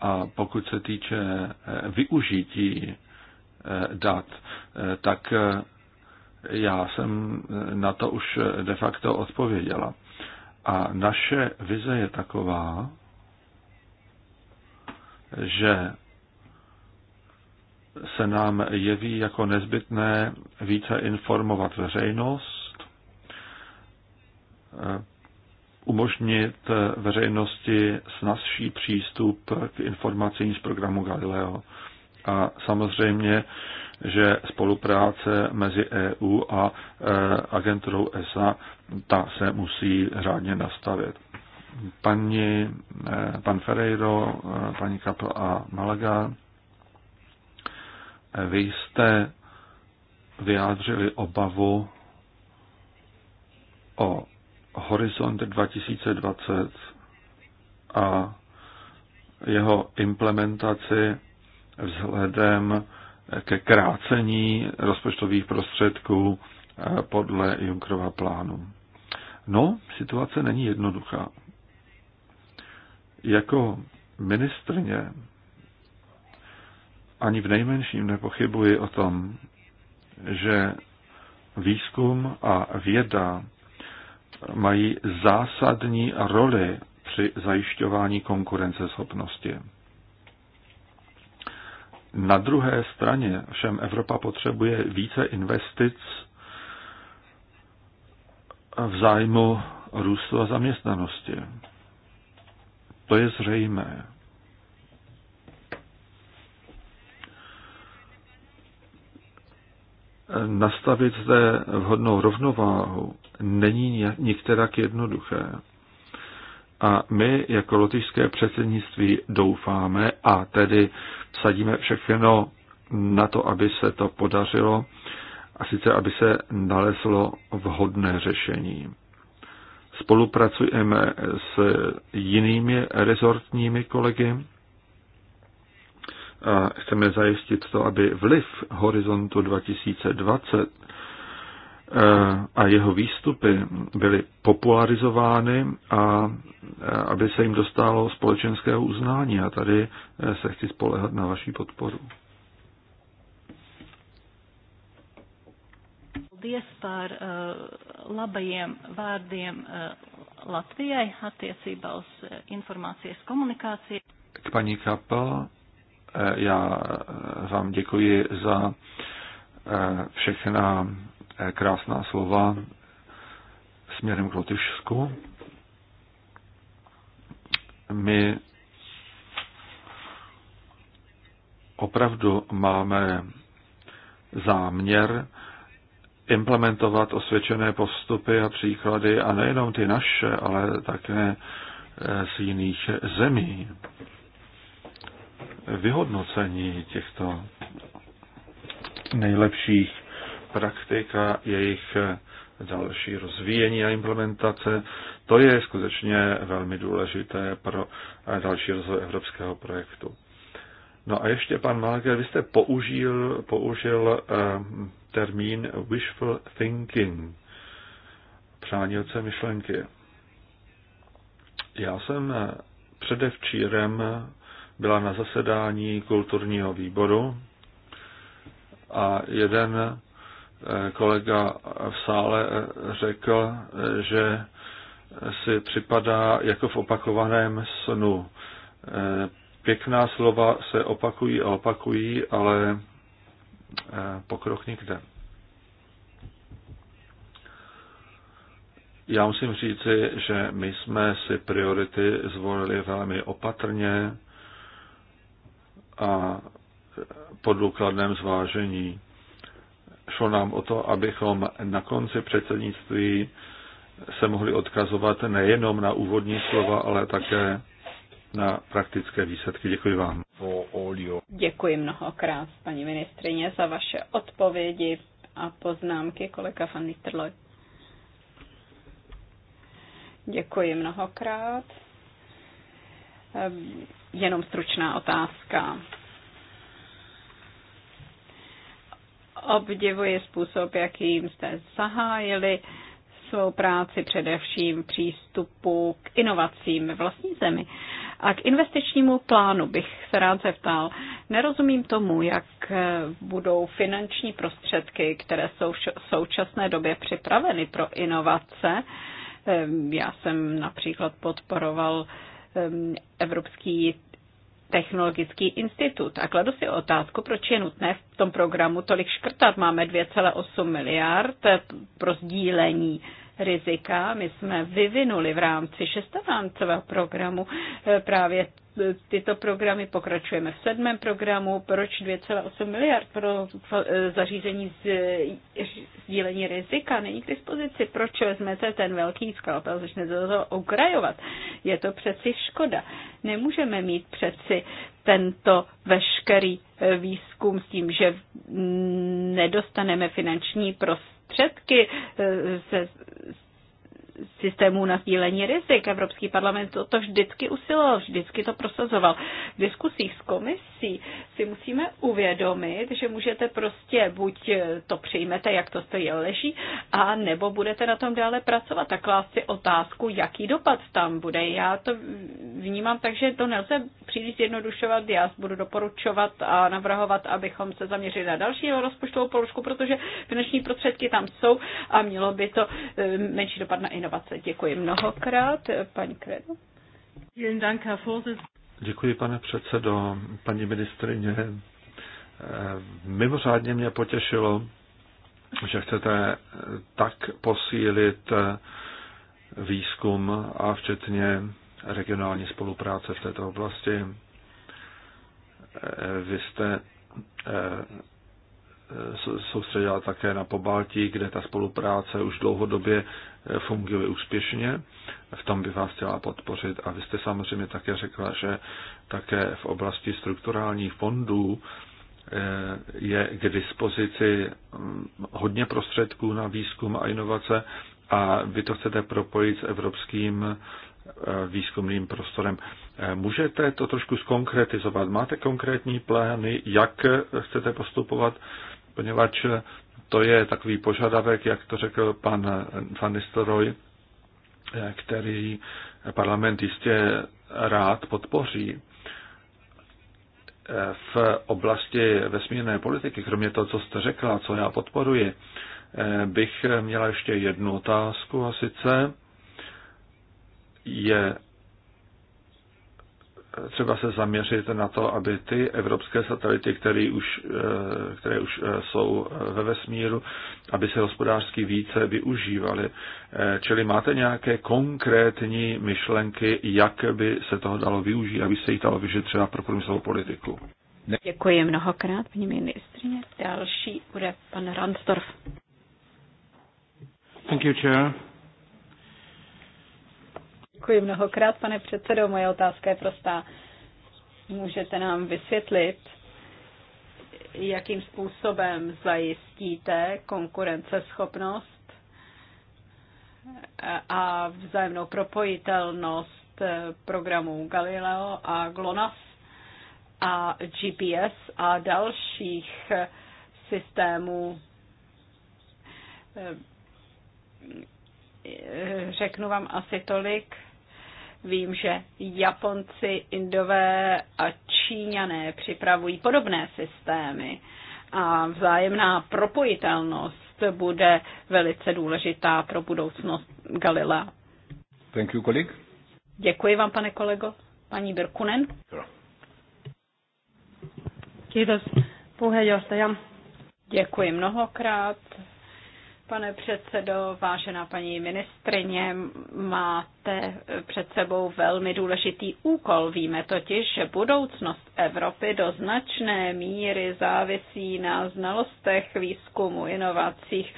[SPEAKER 3] A pokud se týče eh, využití eh, dat, eh, tak já jsem na to už de facto odpověděla. A naše vize je taková, že se nám jeví jako nezbytné více informovat veřejnost, eh, umožnit veřejnosti snazší přístup k informacím z programu Galileo. A samozřejmě, že spolupráce mezi EU a eh, agenturou ESA, ta se musí řádně nastavit. Paní, eh, pan Ferreiro, paní Kapl a Malaga vy jste vyjádřili obavu o Horizont 2020 a jeho implementaci vzhledem ke krácení rozpočtových prostředků podle Junkrova plánu. No, situace není jednoduchá. Jako ministrně ani v nejmenším nepochybuji o tom, že výzkum a věda mají zásadní roli při zajišťování konkurenceschopnosti. Na druhé straně všem Evropa potřebuje více investic v zájmu růstu a zaměstnanosti. To je zřejmé. nastavit zde vhodnou rovnováhu není nikterak jednoduché. A my jako lotyšské předsednictví doufáme a tedy sadíme všechno na to, aby se to podařilo a sice, aby se nalezlo vhodné řešení. Spolupracujeme s jinými rezortními kolegy a chceme zajistit to, aby vliv horizontu 2020 eh, a jeho výstupy byly popularizovány a eh, aby se jim dostalo společenského uznání. A tady eh, se chci spolehat na vaši podporu.
[SPEAKER 2] Paldies par uh, labajiem vārdiem uh, Latvijai attiecībā uz z informācijas komunikāciju.
[SPEAKER 3] K paní Kapela já vám děkuji za eh, všechna eh, krásná slova směrem k Lotyšsku. My opravdu máme záměr implementovat osvědčené postupy a příklady, a nejenom ty naše, ale také eh, z jiných zemí vyhodnocení těchto
[SPEAKER 1] nejlepších
[SPEAKER 3] praktik a jejich eh, další rozvíjení a implementace. To je skutečně velmi důležité pro eh, další rozvoj evropského projektu. No a ještě, pan Malger, vy jste použil, použil eh, termín wishful thinking, přánělce myšlenky. Já jsem eh, předevčírem byla na zasedání kulturního výboru a jeden eh, kolega v sále eh, řekl, eh, že si připadá jako v opakovaném snu. Pěkná slova se opakují a opakují, ale pokrok nikde. Já musím říci, že my jsme si priority zvolili velmi opatrně a po důkladném zvážení. Šlo nám o to, abychom na konci předsednictví se mohli odkazovat nejenom na úvodní slova, ale také na praktické výsledky. Děkuji vám.
[SPEAKER 4] Děkuji mnohokrát, paní ministrině, za vaše odpovědi a poznámky, kolega van Nistelrooy. Děkuji mnohokrát. Ehm, jenom stručná otázka. Obdivuji způsob, jakým jste zahájili svou práci především přístupu k inovacím ve vlastní zemi. A k investičnímu plánu bych se rád zeptal. Nerozumím tomu, jak eh, budou finanční prostředky, které jsou v současné době připraveny pro inovace. Ehm, já jsem například podporoval Evropský technologický institut. A kladu si otázku, proč je nutné v tom programu tolik škrtat. Máme 2,8 miliard eh, pro sdílení rizika. My jsme vyvinuli v rámci šestavámcového programu eh, právě tyto programy. Pokračujeme v sedmém programu. Proč 2,8 miliard pro e, zařízení sdílení rizika není k dispozici? Proč vezmete ten velký skalpel, začne to ukrajovat? Je to přeci škoda. Nemůžeme mít přeci tento veškerý e, výzkum s tím, že nedostaneme finanční prostředky e, ze systémů na sdílení rizik. Evropský parlament o to vždycky usiloval, vždycky to prosazoval. V diskusích s komisí si musíme uvědomit, že můžete prostě buď to přijmete, jak to stojí leží, a nebo budete na tom dále pracovat Tak klást si otázku, jaký dopad tam bude. Já to vnímám tak, že to nelze příliš zjednodušovat. Já budu doporučovat a navrhovat, abychom se zaměřili na další rozpočtovou položku, protože finanční prostředky tam jsou a mělo by to eh, menší dopad na inovace. Děkuji mnohokrát, paní Kredo.
[SPEAKER 3] Děkuji, pane předsedo, paní ministrině. Eh, mimořádně mě potěšilo, že chcete eh, tak posílit eh, výzkum a včetně regionální spolupráce v této oblasti. Vy jste Eh, soustředila také na Pobaltí, kde ta spolupráce už dlouhodobě eh, funguje úspěšně. V tom by vás chtěla podpořit. A vy jste samozřejmě také řekla, že také v oblasti strukturálních fondů eh, je k dispozici hm, hodně prostředků na výzkum a inovace a vy to chcete propojit s evropským výzkumným prostorem. Můžete to trošku skonkretizovat? Máte konkrétní plány, jak chcete postupovat? poněvadž to je takový požadavek, jak to řekl pan Van Nistelrooy, který parlament jistě rád podpoří. V oblasti vesmírné politiky, kromě toho, co jste řekla, co já podporuji, bych měla ještě jednu otázku a sice je třeba se zaměřit na to, aby ty evropské satelity, eh, které už, které eh, už jsou eh, ve vesmíru, aby se hospodářsky více využívaly. Čili máte nějaké konkrétní myšlenky, jak by se toho dalo využít, aby se jich dalo využít třeba pro průmyslovou politiku?
[SPEAKER 4] Děkuji mnohokrát, paní ministrině. Další bude pan Ransdorf.
[SPEAKER 3] Thank you, Chair.
[SPEAKER 4] Děkuji mnohokrát, pane předsedo. Moje otázka je prostá. Můžete nám vysvětlit, jakým způsobem zajistíte konkurenceschopnost a vzájemnou propojitelnost programů Galileo a GLONASS a GPS a dalších systémů řeknu vám asi tolik. Vím, že Japonci, Indové a Číňané připravují podobné systémy a vzájemná propojitelnost bude velice důležitá pro budoucnost Galilea.
[SPEAKER 5] Thank you, kolik.
[SPEAKER 4] Děkuji vám, pane kolego. Paní Birkunen. Kiitos, puheenjohtaja. Děkuji mnohokrát. Pane předsedo, vážená paní ministrině, máte před sebou velmi důležitý úkol. Víme totiž, že budoucnost Evropy do značné míry závisí na znalostech, výzkumu, inovacích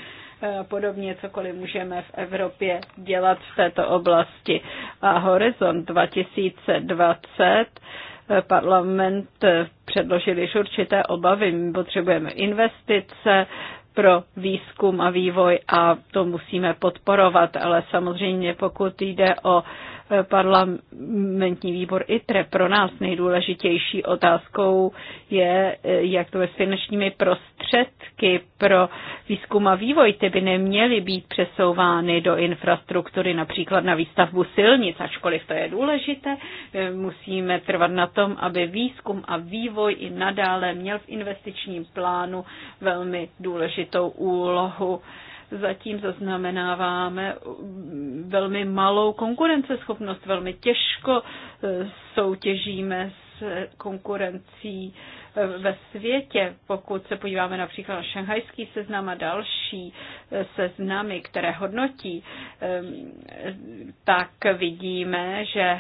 [SPEAKER 4] podobně cokoliv můžeme v Evropě dělat v této oblasti. A Horizont 2020 parlament předložil již určité obavy. My potřebujeme investice, pro výzkum a vývoj a to musíme podporovat, ale samozřejmě pokud jde o parlamentní výbor ITRE. Pro nás nejdůležitější otázkou je, jak to ve finančními prostředky pro výzkum a vývoj. Ty by neměly být přesouvány do infrastruktury, například na výstavbu silnic, ačkoliv to je důležité. Musíme trvat na tom, aby výzkum a vývoj i nadále měl v investičním plánu velmi důležitou úlohu zatím zaznamenáváme velmi malou konkurenceschopnost, velmi těžko eh, soutěžíme s konkurencí eh, ve světě. Pokud se podíváme například na šanghajský seznam a další eh, seznamy, které hodnotí, tak vidíme, že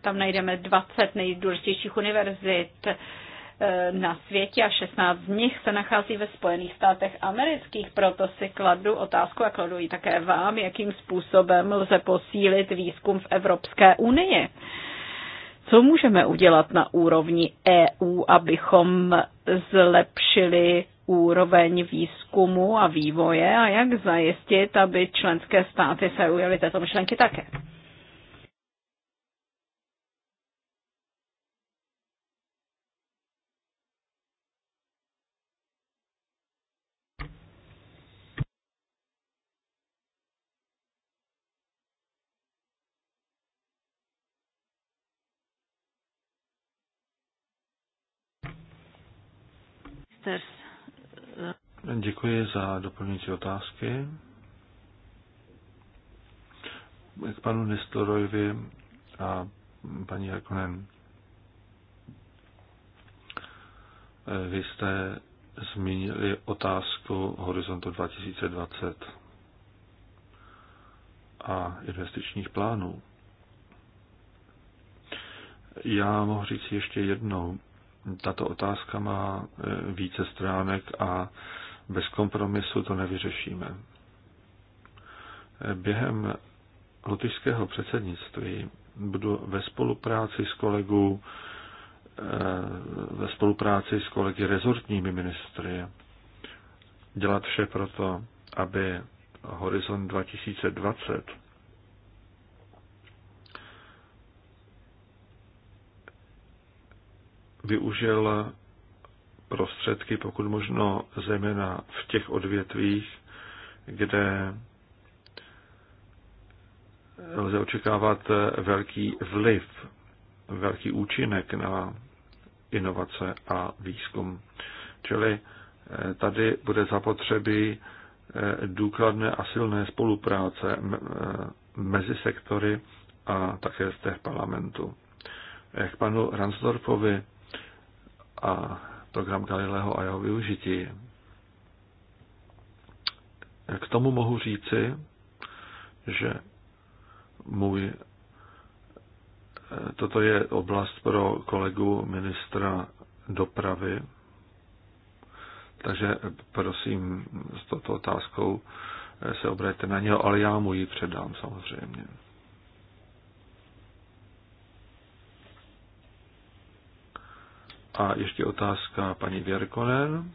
[SPEAKER 4] tam najdeme 20 nejdůležitějších univerzit, Eh, na světě a 16 z nich se nachází ve Spojených státech amerických. Proto si kladu otázku a kladu ji také vám, jakým způsobem lze posílit výzkum v Evropské unii. Co můžeme udělat na úrovni EU, abychom zlepšili úroveň výzkumu a vývoje a jak zajistit, aby členské státy se ujaly této myšlenky také?
[SPEAKER 2] ministers.
[SPEAKER 3] Děkuji za doplňující otázky. K panu Nestorovi a paní Jakonen. Vy jste zmínili otázku Horizontu 2020 a investičních plánů. Já mohu říct ještě jednou, tato otázka má e, více stránek a bez kompromisu to nevyřešíme. E, během lotyšského předsednictví budu ve spolupráci s kolegů e, ve spolupráci s kolegy rezortními ministry dělat vše proto, aby Horizon 2020 využil prostředky, pokud možno zejména v těch odvětvích, kde lze očekávat velký vliv, velký účinek na inovace a výzkum. Čili eh, tady bude zapotřebí eh, důkladné a silné spolupráce eh, mezi sektory a také z těch parlamentu. K panu Ransdorfovi a program Galileo a jeho využití. K tomu mohu říci, že můj toto je oblast pro kolegu ministra dopravy, takže prosím s touto otázkou se obrajte na něho, ale já mu ji předám samozřejmě. A ještě otázka paní Věrkonen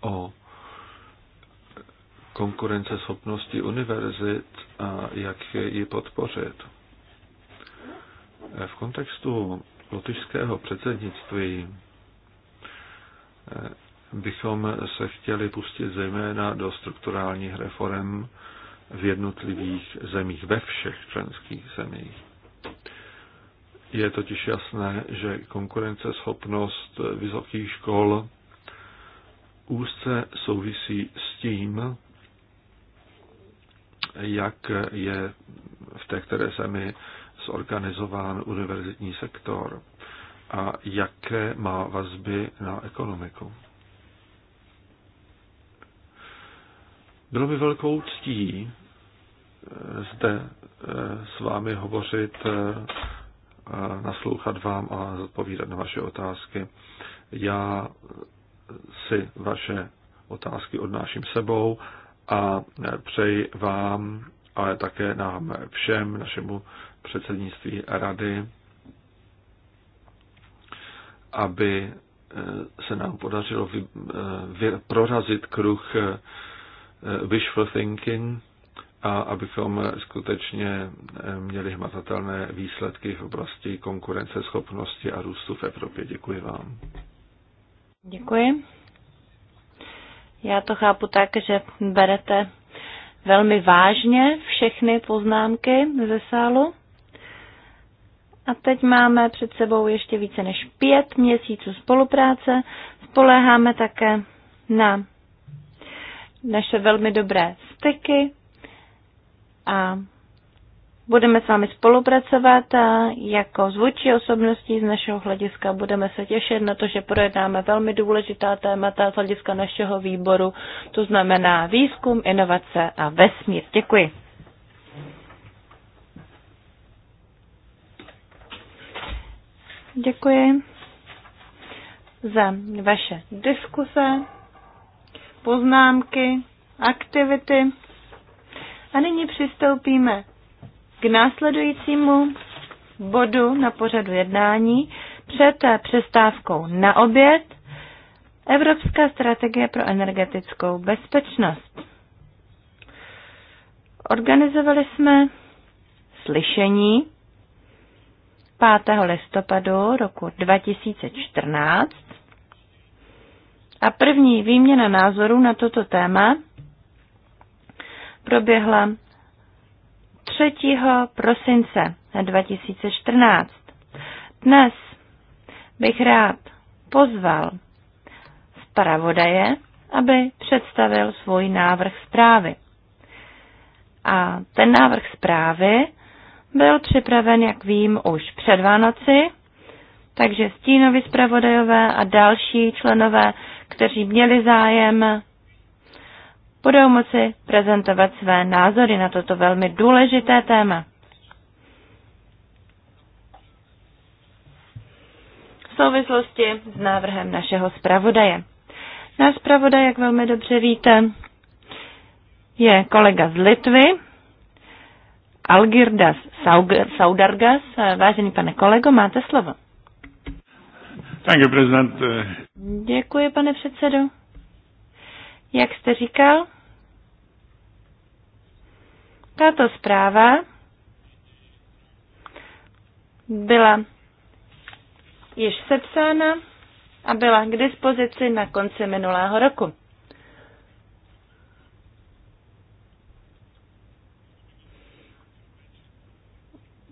[SPEAKER 3] o konkurenceschopnosti univerzit a jak ji podpořit. V kontextu lotyšského předsednictví eh, bychom se chtěli pustit zejména do strukturálních reform v jednotlivých zemích, ve všech členských zemích. Je totiž jasné, že konkurenceschopnost vysokých škol úzce souvisí s tím, jak je v té které zemi zorganizován univerzitní sektor a jaké má vazby na ekonomiku. Bylo by velkou ctí eh, zde eh, s vámi hovořit eh, naslouchat vám a odpovídat na vaše otázky. Já si vaše otázky odnáším sebou a přeji vám, ale také nám všem, našemu předsednictví rady, aby se nám podařilo vy, eh, vy, prorazit kruh eh, wishful thinking a abychom skutečně eh, měli hmatatelné výsledky v oblasti konkurenceschopnosti a růstu v Evropě. Děkuji vám.
[SPEAKER 2] Děkuji. Já to chápu tak, že berete velmi vážně všechny poznámky ze sálu. A teď máme před sebou ještě více než pět měsíců spolupráce. Spoléháme také na naše velmi dobré styky a budeme s vámi spolupracovat a jako zvučí osobností z našeho hlediska budeme se těšit na to, že projednáme velmi důležitá témata z hlediska našeho výboru, to znamená výzkum, inovace a vesmír. Děkuji. Děkuji za vaše diskuse, poznámky, aktivity. A nyní přistoupíme k následujícímu bodu na pořadu jednání před přestávkou na oběd Evropská strategie pro energetickou bezpečnost. Organizovali jsme slyšení 5. listopadu roku 2014 a první výměna názorů na toto téma proběhla 3. prosince 2014. Dnes bych rád pozval zpravodaje, aby představil svůj návrh zprávy. A ten návrh zprávy byl připraven, jak vím, už před Vánoci, takže stínovi zpravodajové a další členové, kteří měli zájem budou moci prezentovat své názory na toto velmi důležité téma. V souvislosti s návrhem našeho zpravodaje. Náš zpravodaj, jak velmi dobře víte, je kolega z Litvy, Algirdas Saudargas. Vážený pane kolego, máte slovo. Thank you, Děkuji, pane předsedo. Jak jste říkal, tato zpráva byla již sepsána a byla k dispozici na konci minulého roku.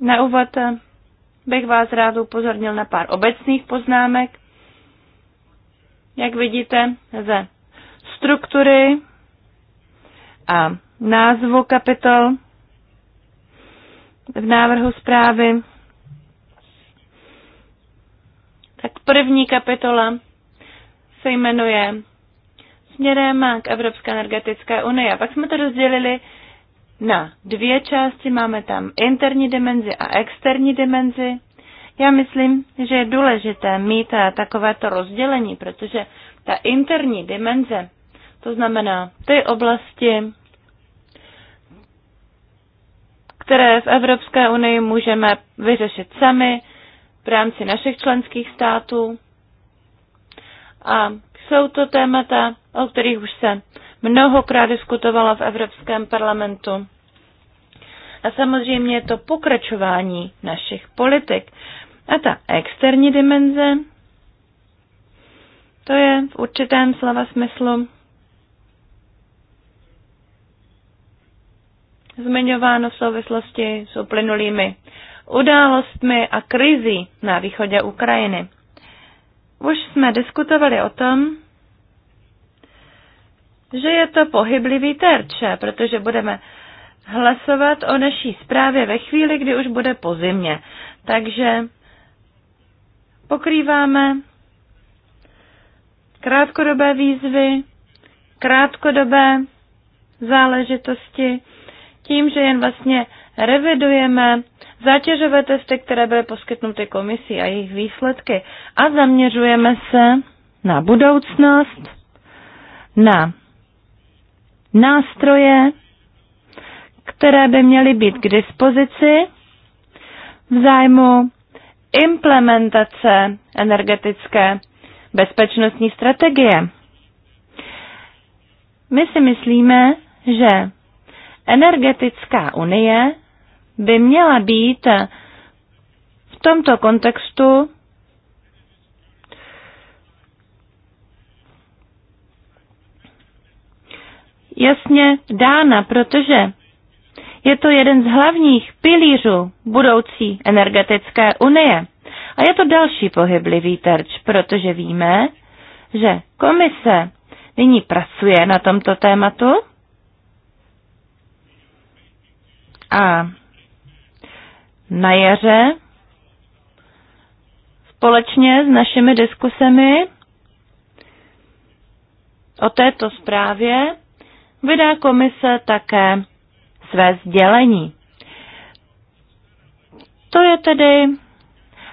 [SPEAKER 2] Na úvod bych vás rád upozornil na pár obecných poznámek. Jak vidíte ze struktury a názvu kapitol v návrhu zprávy. Tak první kapitola se jmenuje Směrem k Evropské energetické unii. A pak jsme to rozdělili na dvě části. Máme tam interní dimenzi a externí dimenzi. Já myslím, že je důležité mít takovéto rozdělení, protože ta interní dimenze to znamená, ty oblasti, které v Evropské unii můžeme vyřešit sami v rámci našich členských států. A jsou to témata, o kterých už se mnohokrát diskutovala v Evropském parlamentu. A samozřejmě je to pokračování našich politik. A ta externí dimenze, to je v určitém slova smyslu zmiňováno v souvislosti s uplynulými událostmi a krizí na východě Ukrajiny. Už jsme diskutovali o tom, že je to pohyblivý terče, protože budeme hlasovat o naší zprávě ve chvíli, kdy už bude po zimě. Takže pokrýváme krátkodobé výzvy, krátkodobé záležitosti, tím, že jen vlastně revidujeme zátěžové testy, které byly poskytnuty komisí a jejich výsledky a zaměřujeme se na budoucnost, na nástroje, které by měly být k dispozici v zájmu implementace energetické bezpečnostní strategie. My si myslíme, že Energetická unie by měla být v tomto kontextu jasně dána, protože je to jeden z hlavních pilířů budoucí energetické unie. A je to další pohyblivý terč, protože víme, že komise nyní pracuje na tomto tématu A na jaře společně s našimi diskusemi o této zprávě vydá komise také své sdělení. To je tedy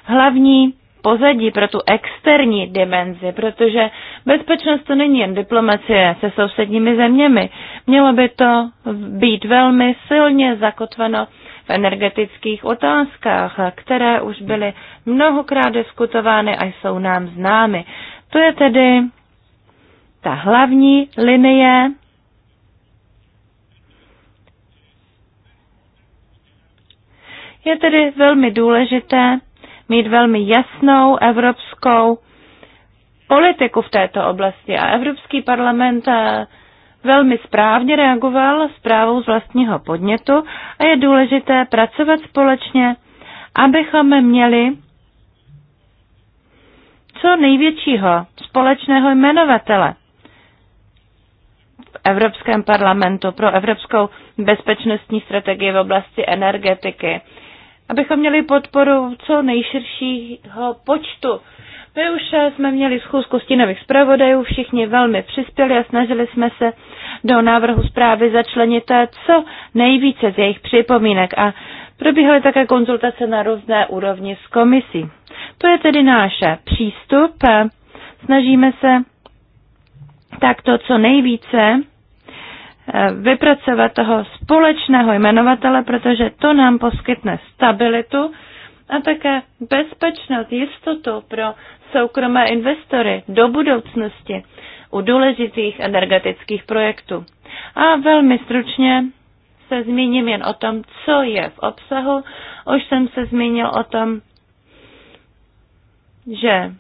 [SPEAKER 2] hlavní pozadí, pro tu externí dimenzi, protože bezpečnost to není jen diplomacie se sousedními zeměmi. Mělo by to být velmi silně zakotveno v energetických otázkách, které už byly mnohokrát diskutovány a jsou nám známy. To je tedy ta hlavní linie Je tedy velmi důležité, mít velmi jasnou evropskou politiku v této oblasti. A Evropský parlament eh, velmi správně reagoval zprávou z vlastního podnětu a je důležité pracovat společně, abychom měli co největšího společného jmenovatele v Evropském parlamentu pro Evropskou bezpečnostní strategii v oblasti energetiky abychom měli podporu co nejširšího počtu. My už jsme měli schůzku stínových zpravodajů, všichni velmi přispěli a snažili jsme se do návrhu zprávy začlenit co nejvíce z jejich připomínek a probíhaly také konzultace na různé úrovni s komisí. To je tedy náš přístup. Snažíme se takto co nejvíce Eh, vypracovat toho společného jmenovatele, protože to nám poskytne stabilitu a také bezpečnost, jistotu pro soukromé investory do budoucnosti u důležitých energetických projektů. A velmi stručně se zmíním jen o tom, co je v obsahu. Už jsem se zmínil o tom, že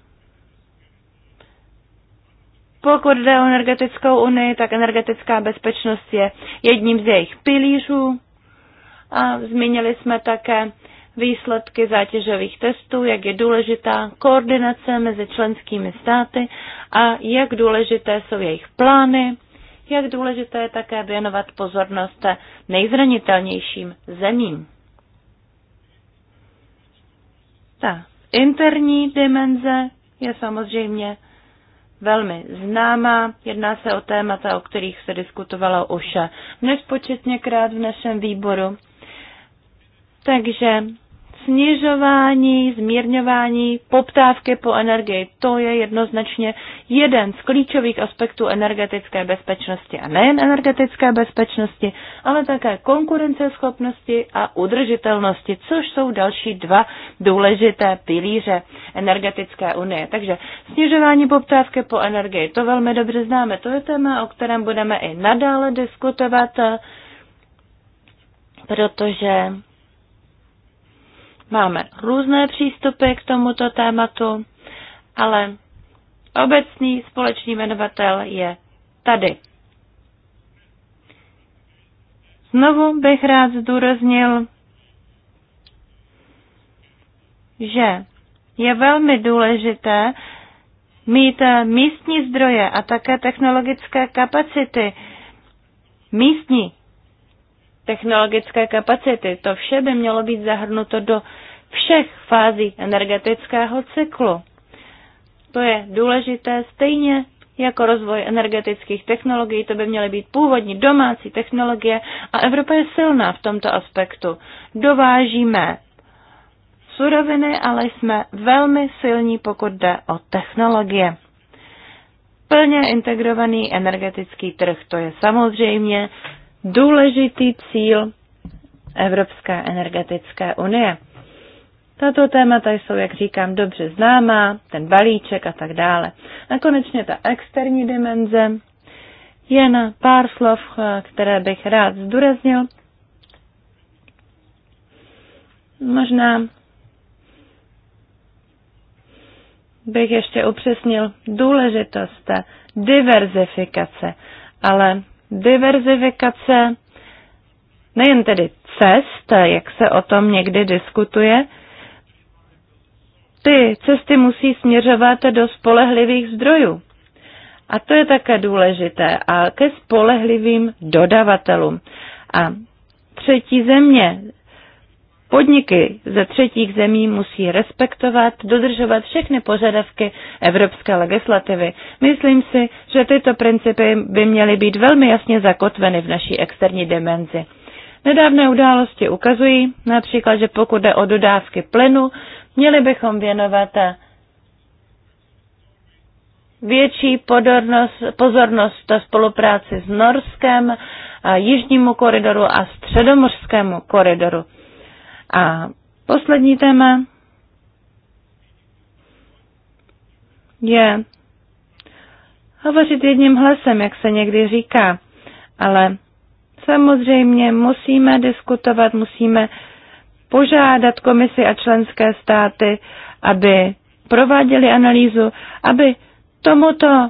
[SPEAKER 2] pokud jde o energetickou unii, tak energetická bezpečnost je jedním z jejich pilířů. A zmínili jsme také výsledky zátěžových testů, jak je důležitá koordinace mezi členskými státy a jak důležité jsou jejich plány, jak důležité je také věnovat pozornost nejzranitelnějším zemím. Ta interní dimenze je samozřejmě velmi známá. Jedná se o témata, o kterých se diskutovalo už nespočetněkrát v našem výboru. Takže snižování, zmírňování poptávky po energii. To je jednoznačně jeden z klíčových aspektů energetické bezpečnosti. A nejen energetické bezpečnosti, ale také konkurenceschopnosti a udržitelnosti, což jsou další dva důležité pilíře energetické unie. Takže snižování poptávky po energii, to velmi dobře známe. To je téma, o kterém budeme i nadále diskutovat, protože Máme různé přístupy k tomuto tématu, ale obecný společný jmenovatel je tady. Znovu bych rád zdůraznil, že je velmi důležité mít místní zdroje a také technologické kapacity, místní technologické kapacity. To vše by mělo být zahrnuto do všech fází energetického cyklu. To je důležité stejně jako rozvoj energetických technologií, to by měly být původní domácí technologie a Evropa je silná v tomto aspektu. Dovážíme suroviny, ale jsme velmi silní, pokud jde o technologie. Plně integrovaný energetický trh, to je samozřejmě důležitý cíl Evropské energetické unie. Tato témata jsou, jak říkám, dobře známá, ten balíček a tak dále. A konečně ta externí dimenze. Jen pár slov, které bych rád zdůraznil. Možná bych ještě upřesnil důležitost diverzifikace, ale diverzifikace nejen tedy cest, jak se o tom někdy diskutuje, ty cesty musí směřovat do spolehlivých zdrojů. A to je také důležité. A ke spolehlivým dodavatelům. A třetí země, Podniky ze třetích zemí musí respektovat, dodržovat všechny požadavky evropské legislativy. Myslím si, že tyto principy by měly být velmi jasně zakotveny v naší externí dimenzi. Nedávné události ukazují například, že pokud jde o dodávky plynu, měli bychom věnovat větší podornost, pozornost spolupráci s Norskem, a Jižnímu koridoru a Středomořskému koridoru. A poslední téma je hovořit jedním hlasem, jak se někdy říká, ale samozřejmě musíme diskutovat, musíme požádat komisi a členské státy, aby prováděli analýzu, aby tomuto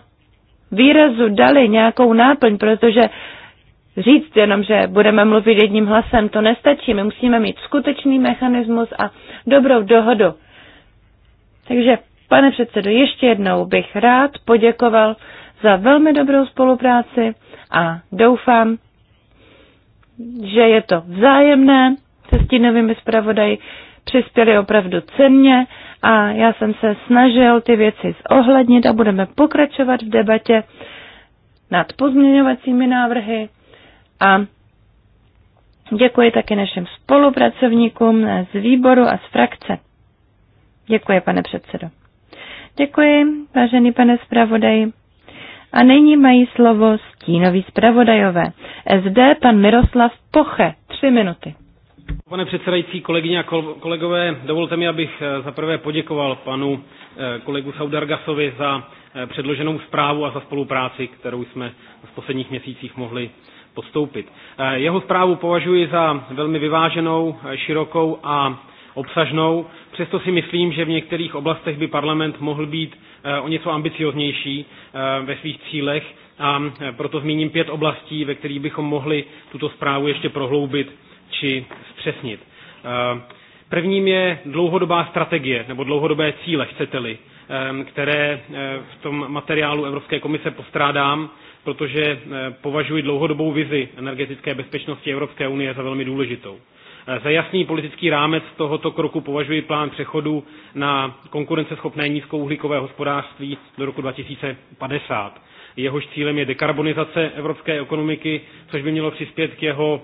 [SPEAKER 2] výrazu dali nějakou náplň, protože říct jenom, že budeme mluvit jedním hlasem, to nestačí. My musíme mít skutečný mechanismus a dobrou dohodu. Takže, pane předsedo, ještě jednou bych rád poděkoval za velmi dobrou spolupráci a doufám, že je to vzájemné se stínovými zpravodaji, přispěli opravdu cenně a já jsem se snažil ty věci zohlednit a budeme pokračovat v debatě nad pozměňovacími návrhy a děkuji taky našim spolupracovníkům z výboru a z frakce. Děkuji, pane předsedo. Děkuji, vážený pane zpravodaj. A nyní mají slovo stínoví zpravodajové. SD pan Miroslav Poche. Tři minuty.
[SPEAKER 5] Pane předsedající, kolegyně a kolegové, dovolte mi, abych eh, zaprvé poděkoval panu eh, kolegu Saudargasovi za eh, předloženou zprávu a za spolupráci, kterou jsme v posledních měsících mohli postoupit. Eh, jeho zprávu považuji za velmi vyváženou, eh, širokou a obsažnou, přesto si myslím, že v některých oblastech by parlament mohl být eh, o něco ambicioznější ve svých cílech a proto zmíním pět oblastí, ve kterých bychom mohli tuto zprávu ještě prohloubit či zpřesnit. Prvním je dlouhodobá strategie nebo dlouhodobé cíle, chcete-li, které v tom materiálu Evropské komise postrádám protože eh, považuji dlouhodobou vizi energetické bezpečnosti Evropské unie za velmi důležitou. Eh, za jasný politický rámec tohoto kroku považuji plán přechodu na konkurenceschopné nízkouhlíkové hospodářství do roku 2050. Jehož cílem je dekarbonizace evropské ekonomiky, což by mělo přispět k jeho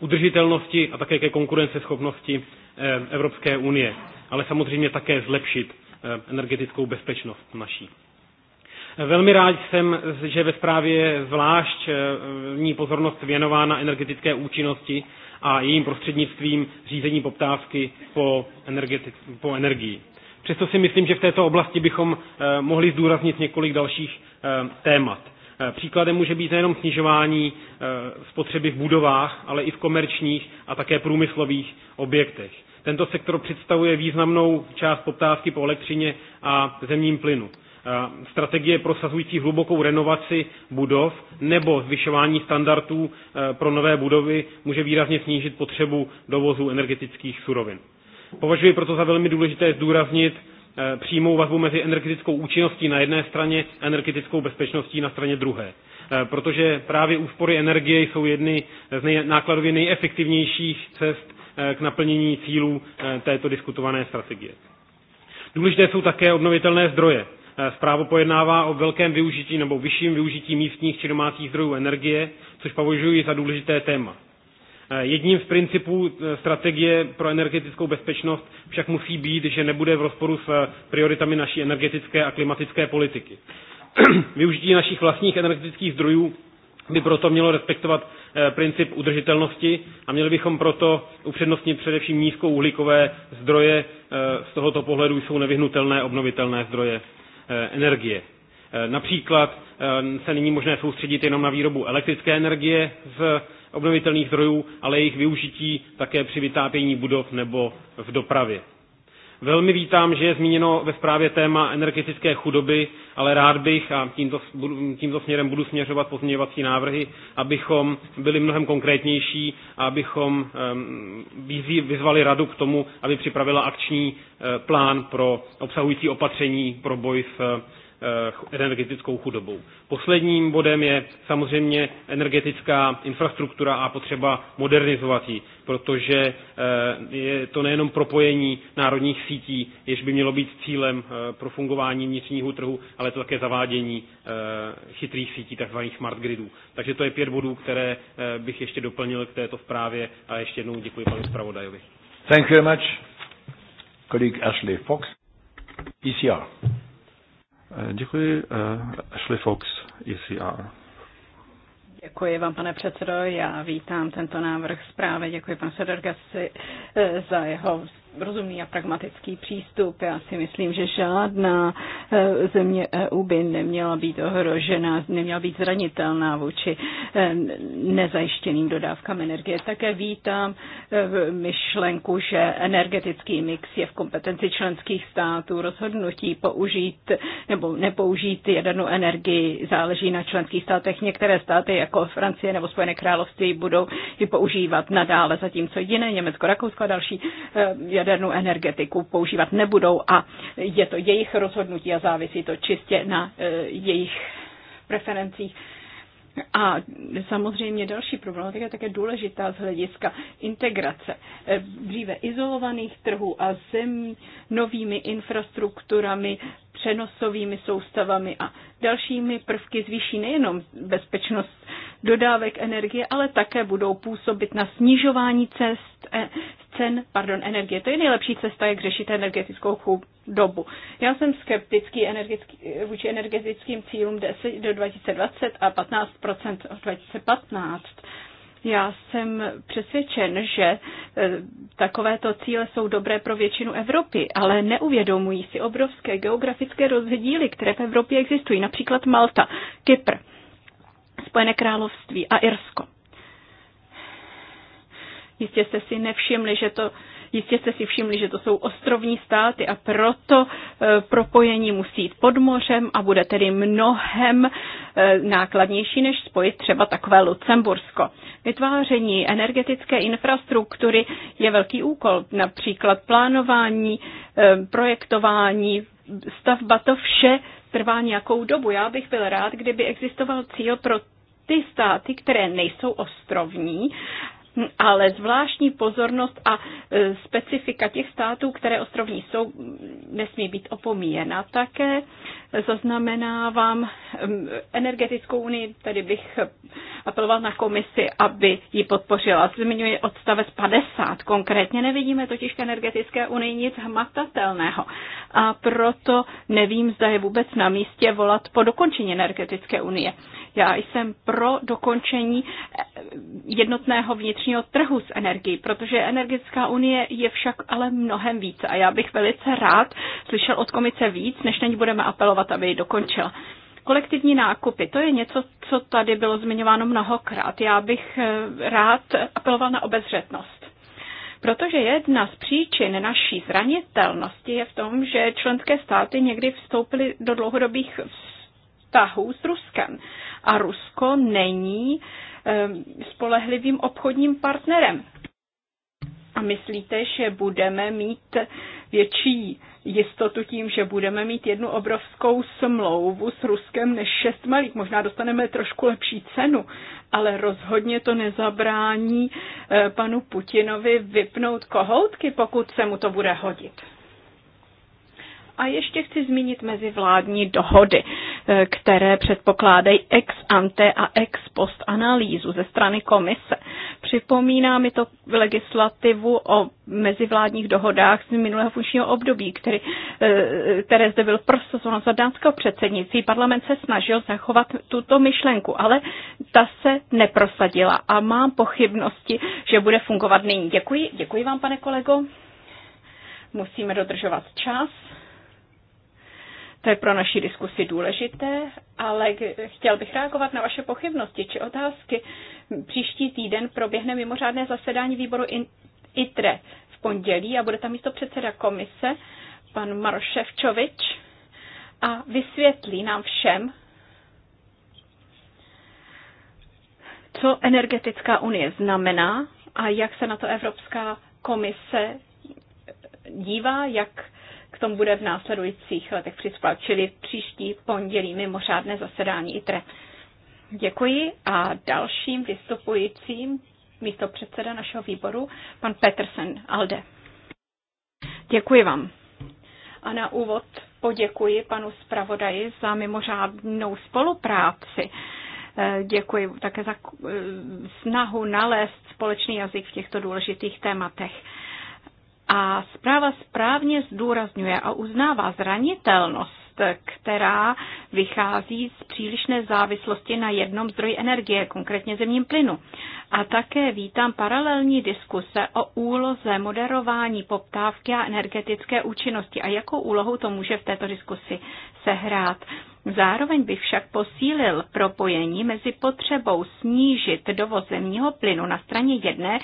[SPEAKER 5] udržitelnosti a také ke konkurenceschopnosti eh, Evropské unie, ale samozřejmě také zlepšit energetickou bezpečnost naší. Velmi rád jsem, že ve zprávě zvlášť eh, ní pozornost věnována energetické účinnosti a jejím prostřednictvím řízení poptávky po, po energii. Přesto si myslím, že v této oblasti bychom eh, mohli zdůraznit několik dalších eh, témat. Příkladem může být nejenom snižování spotřeby v budovách, ale i v komerčních a také průmyslových objektech. Tento sektor představuje významnou část poptávky po elektřině a zemním plynu. Eh, strategie prosazující hlubokou renovaci budov nebo zvyšování standardů eh, pro nové budovy může výrazně snížit potřebu dovozu energetických surovin. Považuji proto za velmi důležité zdůraznit eh, přímou vazbu mezi energetickou účinností na jedné straně a energetickou bezpečností na straně druhé. Protože právě úspory energie jsou jedny z nej- nákladově nejefektivnějších cest k naplnění cílů této diskutované strategie. Důležité jsou také obnovitelné zdroje Eh, zprávu pojednává o velkém využití nebo vyšším využití místních či domácích zdrojů energie, což považuji za důležité téma. Eh, jedním z principů eh, strategie pro energetickou bezpečnost však musí být, že nebude v rozporu s prioritami naší energetické a klimatické politiky. Využití našich vlastních energetických zdrojů by proto mělo respektovat princip udržitelnosti a měli bychom proto upřednostnit především nízkouhlíkové zdroje. Z tohoto pohledu jsou nevyhnutelné obnovitelné zdroje Eh, energie. Eh, například eh, se není možné soustředit jenom na výrobu elektrické energie z obnovitelných zdrojů, ale jejich využití také při vytápění budov nebo v dopravě. Velmi vítám, že je zmíněno ve zprávě téma energetické chudoby, ale rád bych, a tímto, tímto směrem budu směřovat pozměňovací návrhy, abychom byli mnohem konkrétnější a abychom vyzvali radu k tomu, aby připravila akční eh, plán pro obsahující opatření pro boj s Eh, energetickou chudobou. Posledním bodem je samozřejmě energetická infrastruktura a potřeba modernizovat ji, protože eh, je to nejenom propojení národních sítí, jež by mělo být cílem eh, pro fungování vnitřního trhu, ale to také zavádění chytrých sítí, takzvaných smart gridů. Takže to je pět bodů, které bych ještě doplnil k této zprávě a ještě jednou děkuji panu zpravodajovi.
[SPEAKER 2] Thank you very much. Colleague Ashley Fox, ECR.
[SPEAKER 3] Eh, děkuji. Eh, Ashley Fox, ECR.
[SPEAKER 4] Děkuji vám, pane předsedo. Já vítám tento návrh zprávy. Děkuji panu Sedergasi eh, za jeho rozumný a pragmatický přístup. Já si myslím, že žádná eh, země EU by neměla být ohrožena, neměla být zranitelná vůči eh, nezajištěným dodávkám energie. Také vítám eh, myšlenku, že energetický mix je v kompetenci členských států. Rozhodnutí použít nebo nepoužít jadernou energii záleží na členských státech. Některé státy jako Francie nebo Spojené království budou ji používat nadále, zatímco jiné, Německo, Rakousko a další jadernou energetiku používat nebudou a je to jejich rozhodnutí a závisí to čistě na e, jejich preferencích. A samozřejmě další problematika je také důležitá z hlediska integrace e, dříve izolovaných trhů a zemí novými infrastrukturami, přenosovými soustavami a dalšími prvky zvýší nejenom bezpečnost dodávek energie, ale také budou působit na snižování cest, e, cen pardon, energie. To je nejlepší cesta, jak řešit energetickou dobu. Já jsem skeptický energetický, vůči energetickým cílům 10 do 2020 a 15 od 2015. Já jsem přesvědčen, že e, takovéto cíle jsou dobré pro většinu Evropy, ale neuvědomují si obrovské geografické rozdíly, které v Evropě existují, například Malta, Kypr, Spojené království a Irsko. Jistě jste si nevšimli, že to, jistě jste si všimli, že to jsou ostrovní státy a proto e, propojení musí jít pod mořem a bude tedy mnohem e, nákladnější, než spojit třeba takové Lucembursko. Vytváření energetické infrastruktury je velký úkol, například plánování, e, projektování, stavba, to vše trvá nějakou dobu. Já bych byl rád, kdyby existoval cíl pro ty státy, které nejsou ostrovní ale zvláštní pozornost a e, specifika těch států, které ostrovní jsou, nesmí být opomíjena. Také zaznamenávám energetickou unii, tady bych apeloval na komisi, aby ji podpořila. Zmiňuji odstavec 50. Konkrétně nevidíme totiž k energetické unii nic hmatatelného. A proto nevím, zda je vůbec na místě volat po dokončení energetické unie. Já jsem pro dokončení eh, jednotného vnitřního trhu s energií, protože energetická unie je však ale mnohem více a já bych velice rád slyšel od komice víc, než na ní budeme apelovat, aby ji dokončila. Kolektivní nákupy, to je něco, co tady bylo zmiňováno mnohokrát. Já bych eh, rád apeloval na obezřetnost. Protože jedna z příčin naší zranitelnosti je v tom, že členské státy někdy vstoupily do dlouhodobých vztahů s Ruskem. A Rusko není ehm, spolehlivým obchodním partnerem. A myslíte, že budeme mít větší jistotu tím, že budeme mít jednu obrovskou smlouvu s Ruskem než šest malých. Možná dostaneme trošku lepší cenu, ale rozhodně to nezabrání eh, panu Putinovi vypnout kohoutky, pokud se mu to bude hodit. A ještě chci zmínit mezivládní dohody, eh, které předpokládají ex ante a ex post analýzu ze strany komise. Připomíná mi to legislativu o mezivládních dohodách z minulého funkčního období, který, eh, které zde byl prosazován za dánského předsednictví. Parlament se snažil zachovat tuto myšlenku, ale ta se neprosadila a mám pochybnosti, že bude fungovat nyní. Děkuji, děkuji vám, pane kolego musíme dodržovat čas. To je pro naši diskusi důležité, ale chtěl bych reagovat na vaše pochybnosti či otázky. Příští týden proběhne mimořádné zasedání výboru ITRE v pondělí a bude tam místo předseda komise, pan Maroševčovič, a vysvětlí nám všem, co energetická unie znamená a jak se na to Evropská komise dívá, jak tom bude v následujících letech přispat, čili příští pondělí mimořádné zasedání ITRE. Děkuji a dalším vystupujícím místo předseda našeho výboru, pan Petersen Alde. Děkuji vám. A na úvod poděkuji panu zpravodaji za mimořádnou spolupráci. Děkuji také za snahu nalézt společný jazyk v těchto důležitých tématech. A zpráva správně zdůrazňuje a uznává zranitelnost, která vychází z přílišné závislosti na jednom zdroji energie, konkrétně zemním plynu. A také vítám paralelní diskuse o úloze moderování poptávky a energetické účinnosti a jakou úlohu to může v této diskusi sehrát. Zároveň by však posílil propojení mezi potřebou snížit dovoz zemního plynu na straně jedné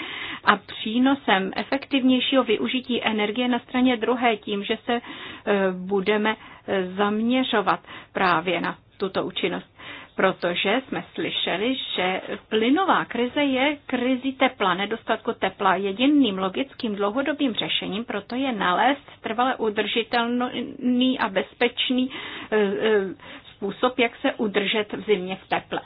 [SPEAKER 4] a přínosem efektivnějšího využití energie na straně druhé tím, že se eh, budeme eh, zaměřovat právě na tuto účinnost protože jsme slyšeli, že plynová krize je krizi tepla, nedostatku tepla. Jediným logickým dlouhodobým řešením proto je nalézt trvale udržitelný a bezpečný eh, eh, způsob, jak se udržet v zimě v teple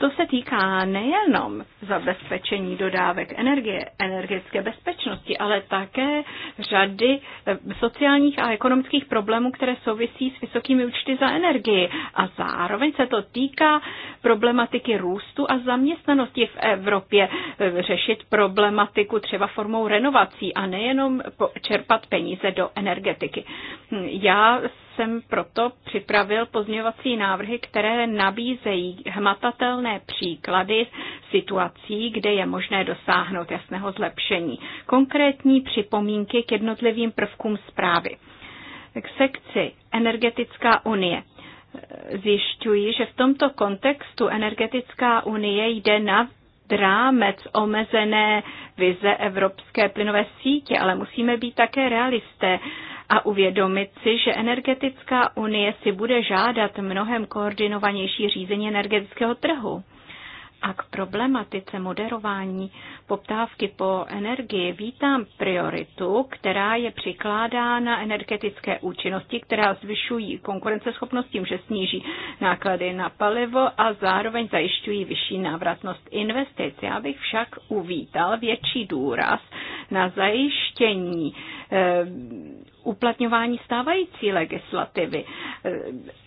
[SPEAKER 4] to se týká nejenom zabezpečení dodávek energie, energetické bezpečnosti, ale také řady eh, sociálních a ekonomických problémů, které souvisí s vysokými účty za energii. A zároveň se to týká problematiky růstu a zaměstnanosti v Evropě. Eh, řešit problematiku třeba formou renovací a nejenom čerpat peníze do energetiky. Hm, já jsem proto připravil pozměňovací návrhy, které nabízejí hmatatelné příklady situací, kde je možné dosáhnout jasného zlepšení. Konkrétní připomínky k jednotlivým prvkům zprávy. K sekci Energetická unie zjišťuji, že v tomto kontextu energetická unie jde na drámec omezené vize evropské plynové sítě, ale musíme být také realisté a uvědomit si, že energetická unie si bude žádat mnohem koordinovanější řízení energetického trhu. A k problematice moderování poptávky po energii vítám prioritu, která je přikládána energetické účinnosti, která zvyšují konkurenceschopnost tím, že sníží náklady na palivo a zároveň zajišťují vyšší návratnost investic. Já bych však uvítal větší důraz na zajištění Eh, uplatňování stávající legislativy eh,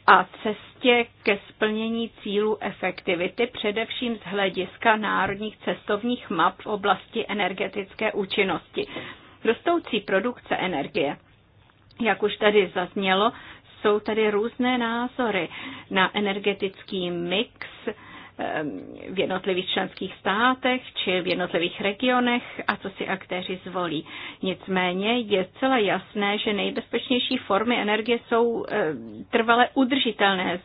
[SPEAKER 4] a cestě ke splnění cílů efektivity, především z hlediska národních cestovních map v oblasti energetické účinnosti. Rostoucí produkce energie, jak už tady zaznělo, jsou tady různé názory na energetický mix, v jednotlivých členských státech či v jednotlivých regionech a co si aktéři zvolí. Nicméně je celé jasné, že nejbezpečnější formy energie jsou trvale udržitelné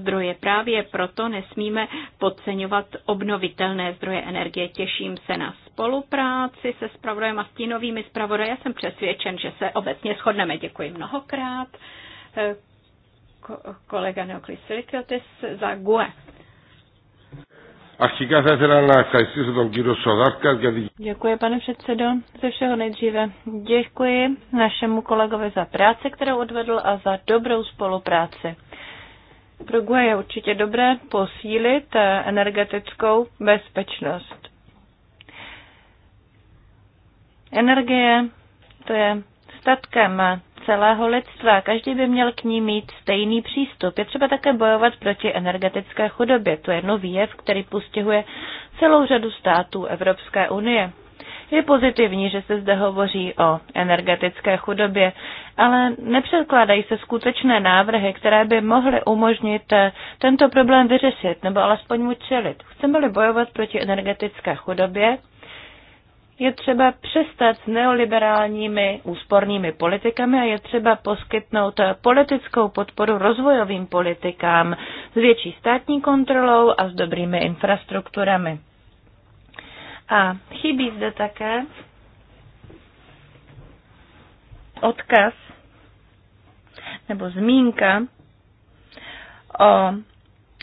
[SPEAKER 4] zdroje. Právě proto nesmíme podceňovat obnovitelné zdroje energie. Těším se na spolupráci se spravodajem a stínovými spravodaji. Já jsem přesvědčen, že se obecně shodneme. Děkuji mnohokrát. Eh, kolega Neoklis Silikotis za GUE.
[SPEAKER 1] Αρχικά θα ήθελα να ευχαριστήσω τον κύριο Σοδάρκα για την...
[SPEAKER 2] Děkuji, pane předsedo. Ze všeho nejdříve děkuji našemu kolegovi za práci, kterou odvedl a za dobrou spolupráci. Pro GUE je určitě dobré posílit energetickou bezpečnost. Energie to je statkem celého lidstva. Každý by měl k ní mít stejný přístup. Je třeba také bojovat proti energetické chudobě. To je nový jev, který postihuje celou řadu států Evropské unie. Je pozitivní, že se zde hovoří o energetické chudobě, ale nepředkládají se skutečné návrhy, které by mohly umožnit eh, tento problém vyřešit nebo alespoň mu čelit. Chceme-li bojovat proti energetické chudobě, je třeba přestat s neoliberálními úspornými politikami a je třeba poskytnout politickou podporu rozvojovým politikám s větší státní kontrolou a s dobrými infrastrukturami. A chybí zde také odkaz nebo zmínka o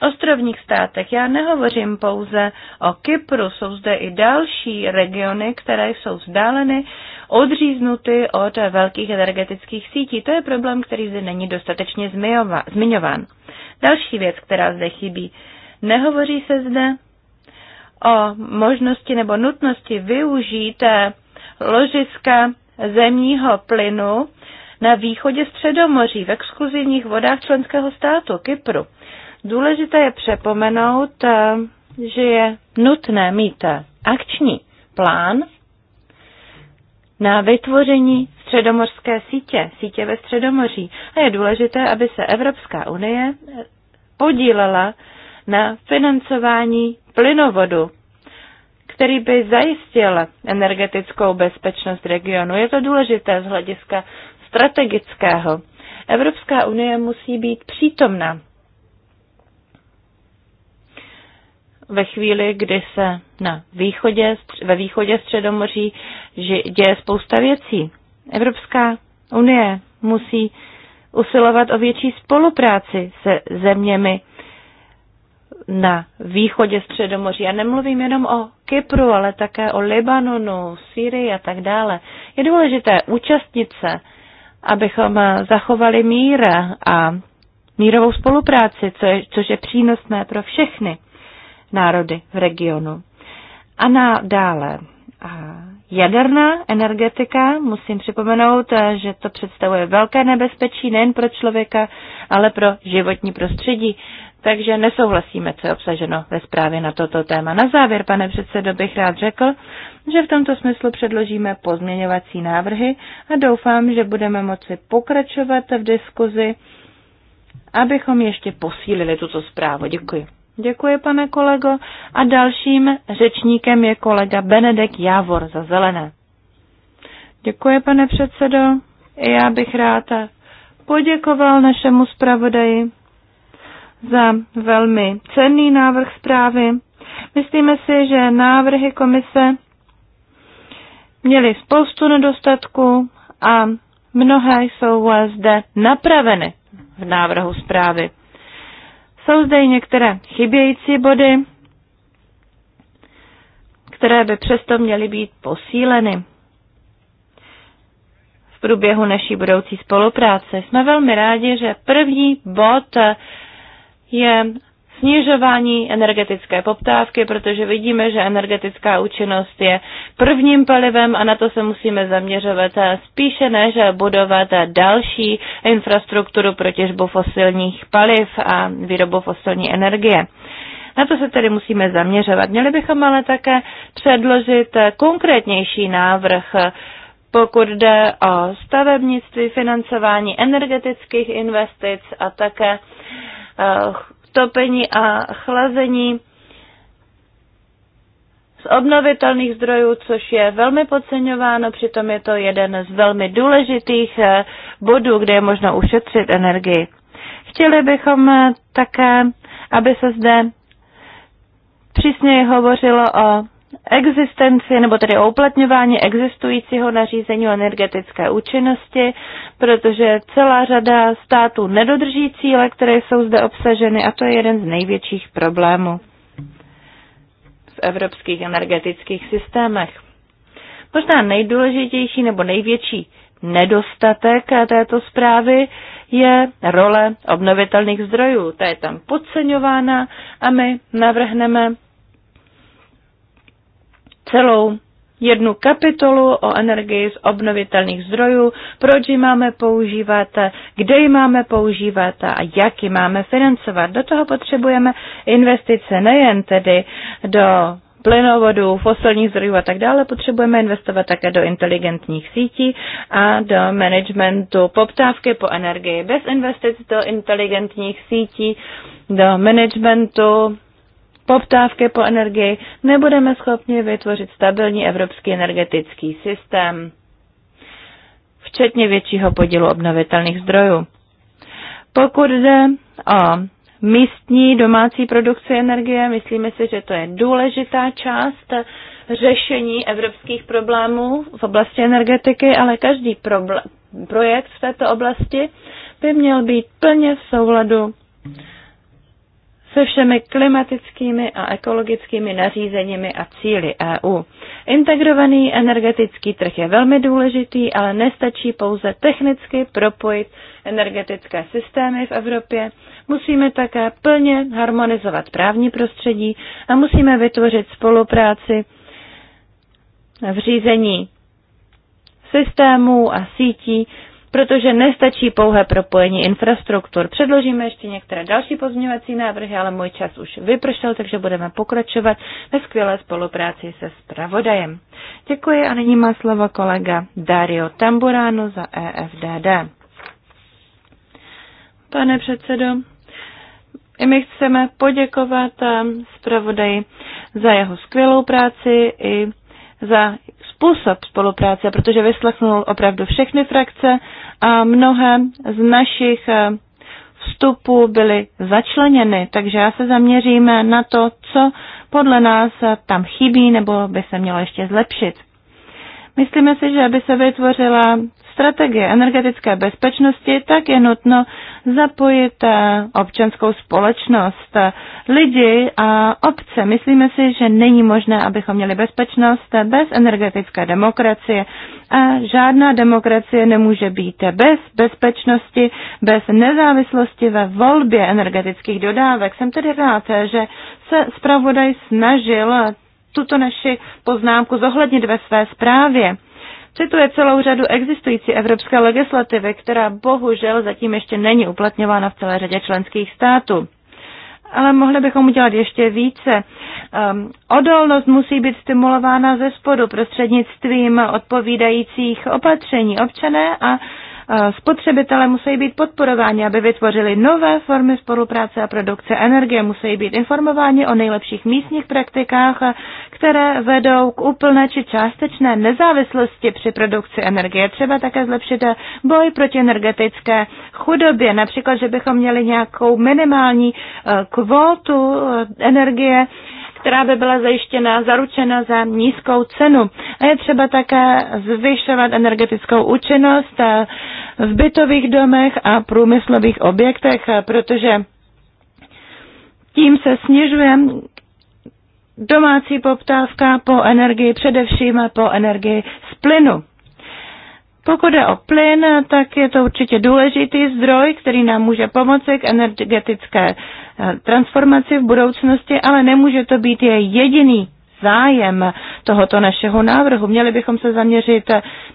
[SPEAKER 2] ostrovních státech. Já nehovořím pouze o Kypru, jsou zde i další regiony, které jsou vzdáleny, odříznuty od velkých energetických sítí. To je problém, který zde není dostatečně zmiňován. Další věc, která zde chybí. Nehovoří se zde o možnosti nebo nutnosti využít ložiska zemního plynu na východě Středomoří v exkluzivních vodách členského státu Kypru. Důležité je přepomenout, eh, že je nutné mít eh, akční plán na vytvoření středomorské sítě, sítě ve Středomoří. A je důležité, aby se Evropská unie eh, podílela na financování plynovodu, který by zajistil energetickou bezpečnost regionu. Je to důležité z hlediska strategického. Evropská unie musí být přítomna ve chvíli, kdy se na východě, ve východě Středomoří děje spousta věcí. Evropská unie musí usilovat o větší spolupráci se zeměmi na východě Středomoří. Já nemluvím jenom o Kypru, ale také o Libanonu, Syrii a tak dále. Je důležité účastnit se, abychom zachovali mír a mírovou spolupráci, co je, což je přínosné pro všechny národy v regionu. A na dále. A jaderná energetika, musím připomenout, že to představuje velké nebezpečí nejen pro člověka, ale pro životní prostředí. Takže nesouhlasíme, co je obsaženo ve zprávě na toto téma. Na závěr, pane předsedo, bych rád řekl, že v tomto smyslu předložíme pozměňovací návrhy a doufám, že budeme moci pokračovat v diskuzi, abychom ještě posílili tuto zprávu. Děkuji. Děkuji, pane kolego. A dalším řečníkem je kolega Benedek Jávor za zelené. Děkuji, pane předsedo. Já bych rád poděkoval našemu zpravodaji za velmi cenný návrh zprávy. Myslíme si, že návrhy komise měly spoustu nedostatků a mnohé jsou zde napraveny v návrhu zprávy. Jsou zde i některé chybějící body, které by přesto měly být posíleny. V průběhu naší budoucí spolupráce jsme velmi rádi, že první bod je snižování energetické poptávky, protože vidíme, že energetická účinnost je prvním palivem a na to se musíme zaměřovat spíše než budovat další infrastrukturu pro těžbu fosilních paliv a výrobu fosilní energie. Na to se tedy musíme zaměřovat. Měli bychom ale také předložit konkrétnější návrh, pokud jde o stavebnictví, financování energetických investic a také eh, topení a chlazení z obnovitelných zdrojů, což je velmi podceňováno, přitom je to jeden z velmi důležitých eh, bodů, kde je možno ušetřit energii. Chtěli bychom eh, také, aby se zde přísněji hovořilo o existenci nebo tedy o uplatňování existujícího nařízení o energetické účinnosti, protože celá řada států nedodrží cíle, které jsou zde obsaženy a to je jeden z největších problémů v evropských energetických systémech. Možná nejdůležitější nebo největší nedostatek této zprávy je role obnovitelných zdrojů. Ta je tam podceňována a my navrhneme celou jednu kapitolu o energii z obnovitelných zdrojů, proč ji máme používat, kde ji máme používat a jak ji máme financovat. Do toho potřebujeme investice nejen tedy do plynovodů, fosilních zdrojů a tak dále, potřebujeme investovat také do inteligentních sítí a do managementu poptávky po energii. Bez investic do inteligentních sítí, do managementu poptávky po energii, nebudeme schopni vytvořit stabilní evropský energetický systém, včetně většího podílu obnovitelných zdrojů. Pokud jde o místní domácí produkci energie, myslíme si, že to je důležitá část řešení evropských problémů v oblasti energetiky, ale každý projekt v této oblasti by měl být plně v souladu se všemi klimatickými a ekologickými nařízeními a cíly EU. Integrovaný energetický trh je velmi důležitý, ale nestačí pouze technicky propojit energetické systémy v Evropě. Musíme také plně harmonizovat právní prostředí a musíme vytvořit spolupráci v řízení systémů a sítí, protože nestačí pouhé propojení infrastruktur. Předložíme ještě některé další pozměňovací návrhy, ale můj čas už vypršel, takže budeme pokračovat ve skvělé spolupráci se spravodajem. Děkuji a nyní má slovo kolega Dario Tamburano za EFDD. Pane předsedo, i my chceme poděkovat eh, zpravodaji za jeho skvělou práci i za způsob spolupráce, protože vyslechnul opravdu všechny frakce a mnohé z našich eh, vstupů byly začleněny, takže já se zaměříme na to, co podle nás tam chybí nebo by se mělo ještě zlepšit. Myslíme si, že aby se vytvořila strategie energetické bezpečnosti, tak je nutno zapojit eh, občanskou společnost, eh, lidi a obce. Myslíme si, že není možné, abychom měli bezpečnost eh, bez energetické demokracie. A žádná demokracie nemůže být bez bezpečnosti, bez nezávislosti ve volbě energetických dodávek. Jsem tedy rád, že se zpravodaj snažil tuto naši poznámku zohlednit ve své zprávě. Cituje celou řadu existující evropské legislativy, která bohužel zatím ještě není uplatňována v celé řadě členských států. Ale mohli bychom udělat ještě více. Um, odolnost musí být stimulována ze spodu prostřednictvím odpovídajících opatření. Občané a Spotřebitele musí být podporováni, aby vytvořili nové formy spolupráce a produkce energie, musí být informováni o nejlepších místních praktikách, které vedou k úplné či částečné nezávislosti při produkci energie. Třeba také zlepšit boj proti energetické chudobě, například, že bychom měli nějakou minimální e, kvótu e, energie, která by byla zajištěna, zaručena za nízkou cenu. A je třeba také zvyšovat energetickou účinnost v bytových domech a průmyslových objektech, protože tím se snižuje domácí poptávka po energii, především po energii z plynu. Pokud je o plyn, tak je to určitě důležitý zdroj, který nám může pomoci k energetické eh, transformaci v budoucnosti, ale nemůže to být je jediný zájem tohoto našeho návrhu. Měli bychom se zaměřit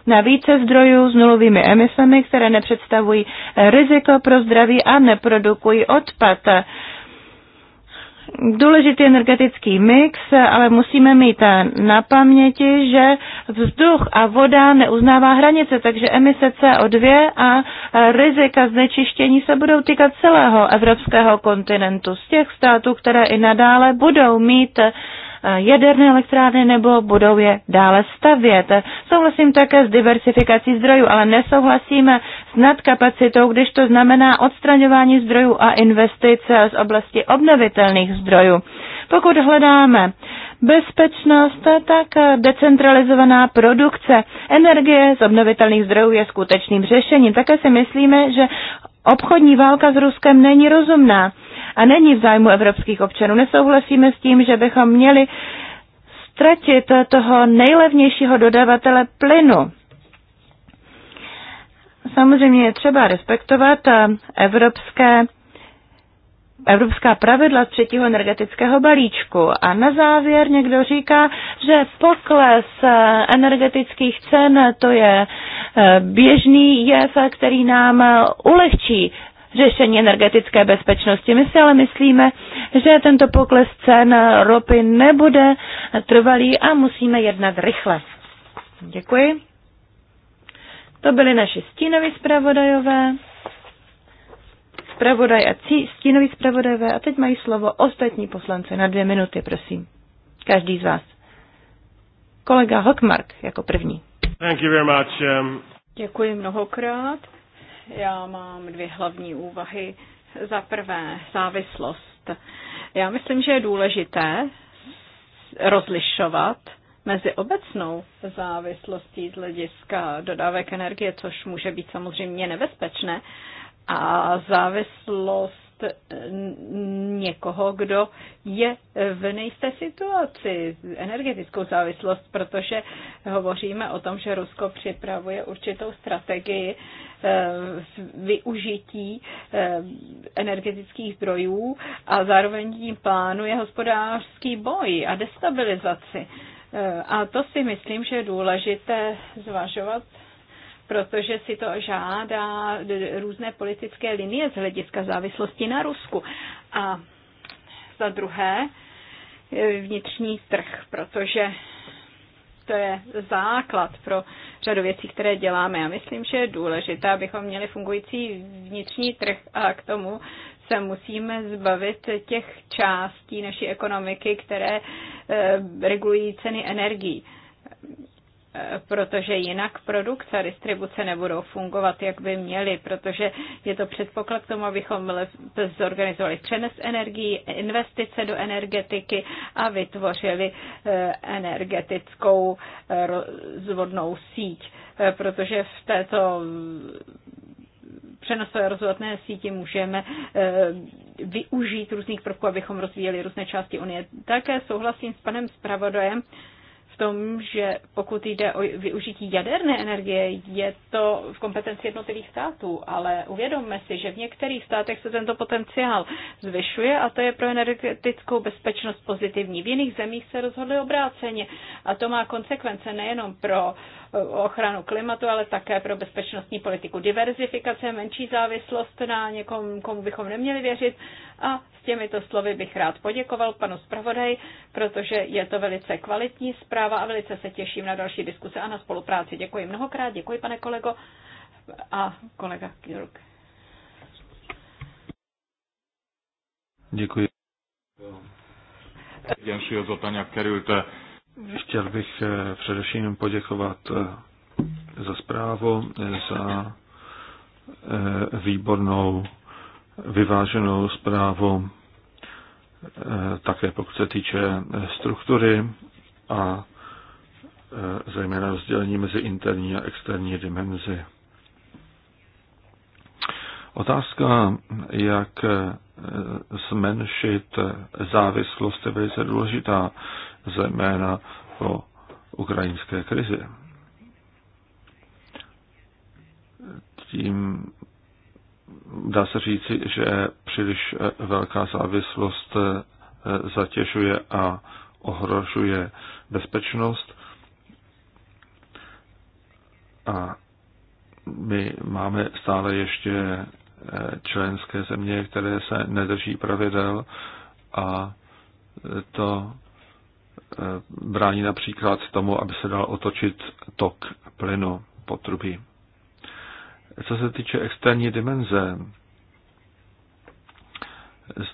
[SPEAKER 2] na více zdrojů s nulovými emisemi, které nepředstavují riziko pro zdraví a neprodukují odpad důležitý energetický mix, ale musíme mít na paměti, že vzduch a voda neuznává hranice, takže emise CO2 a rizika znečištění se budou týkat celého evropského kontinentu, z těch států, které i nadále budou mít Eh, jaderné elektrárny nebo budou je dále stavět. Souhlasím také s diversifikací zdrojů, ale nesouhlasíme s nadkapacitou, když to znamená odstraňování zdrojů a investice z oblasti obnovitelných zdrojů. Pokud hledáme bezpečnost, tak decentralizovaná produkce energie z obnovitelných zdrojů je skutečným řešením. Také si myslíme, že obchodní válka s Ruskem není rozumná a není v zájmu evropských občanů. Nesouhlasíme s tím, že bychom měli ztratit toho nejlevnějšího dodavatele plynu. Samozřejmě je třeba respektovat eh, evropské, evropská pravidla třetího energetického balíčku. A na závěr někdo říká, že pokles eh, energetických cen to je eh, běžný jev, který nám ulehčí řešení energetické bezpečnosti. My si ale myslíme, že tento pokles cen ropy nebude trvalý a musíme jednat rychle. Děkuji. To byli naši stínoví zpravodajové, zpravodaj a cí, stínoví zpravodajové a teď mají slovo ostatní poslanci na dvě minuty, prosím. Každý z vás. Kolega Hockmark jako první.
[SPEAKER 5] Thank you
[SPEAKER 1] very much. Um...
[SPEAKER 4] Děkuji mnohokrát. Já mám dvě hlavní úvahy. Za prvé, závislost. Já myslím, že je důležité rozlišovat mezi obecnou závislostí z hlediska dodávek energie, což může být samozřejmě nebezpečné, a závislost Eh, někoho, kdo je eh, v nejisté situaci, energetickou závislost, protože hovoříme o tom, že Rusko připravuje určitou strategii eh, využití energetických zdrojů a zároveň tím plánuje hospodářský boj a destabilizaci. A to si myslím, že je důležité zvažovat protože si to žádá různé politické linie z hlediska závislosti na Rusku. A za druhé e, vnitřní trh, protože to je základ pro řadu věcí, které děláme. Já myslím, že je důležité, abychom měli fungující vnitřní trh a k tomu se musíme zbavit těch částí naší ekonomiky, které e, regulují ceny energií protože jinak produkce a distribuce nebudou fungovat, jak by měly, protože je to předpoklad k tomu, abychom zorganizovali přenes energií, investice do energetiky a vytvořili eh, energetickou eh, rozvodnou síť, eh, protože v této přenosové rozvodné síti můžeme využít různých prvků, abychom rozvíjeli různé části Unie. Také souhlasím s panem zpravodajem, tom, že pokud jde o využití jaderné energie, je to v kompetenci jednotlivých států, ale uvědomme si, že v některých státech se tento potenciál zvyšuje a to je pro energetickou bezpečnost pozitivní. V jiných zemích se rozhodli obráceně a to má konsekvence nejenom pro ochranu klimatu, ale také pro bezpečnostní politiku. Diverzifikace, menší závislost na někom, komu bychom neměli věřit. A s těmito slovy bych rád poděkoval panu zpravodaji, protože je to velice kvalitní zpráva a velice se těším na další diskuse a na spolupráci. Děkuji mnohokrát, děkuji pane kolego a kolega Kirk.
[SPEAKER 1] Děkuji. Egyensúlyozottan került
[SPEAKER 3] Chtěl bych eh, především poděkovat eh, za zprávu, eh, za výbornou, vyváženou zprávu, také pokud se týče struktury a zejména rozdělení mezi interní a externí dimenzi. Otázka, jak zmenšit závislost, je velice důležitá zejména o ukrajinské krizi. Tím dá se říci, že příliš velká závislost zatěžuje a ohrožuje bezpečnost a my máme stále ještě členské země, které se nedrží pravidel a to Eh, brání například tomu, aby se dal otočit tok plynu potrubí. Co se týče externí dimenze,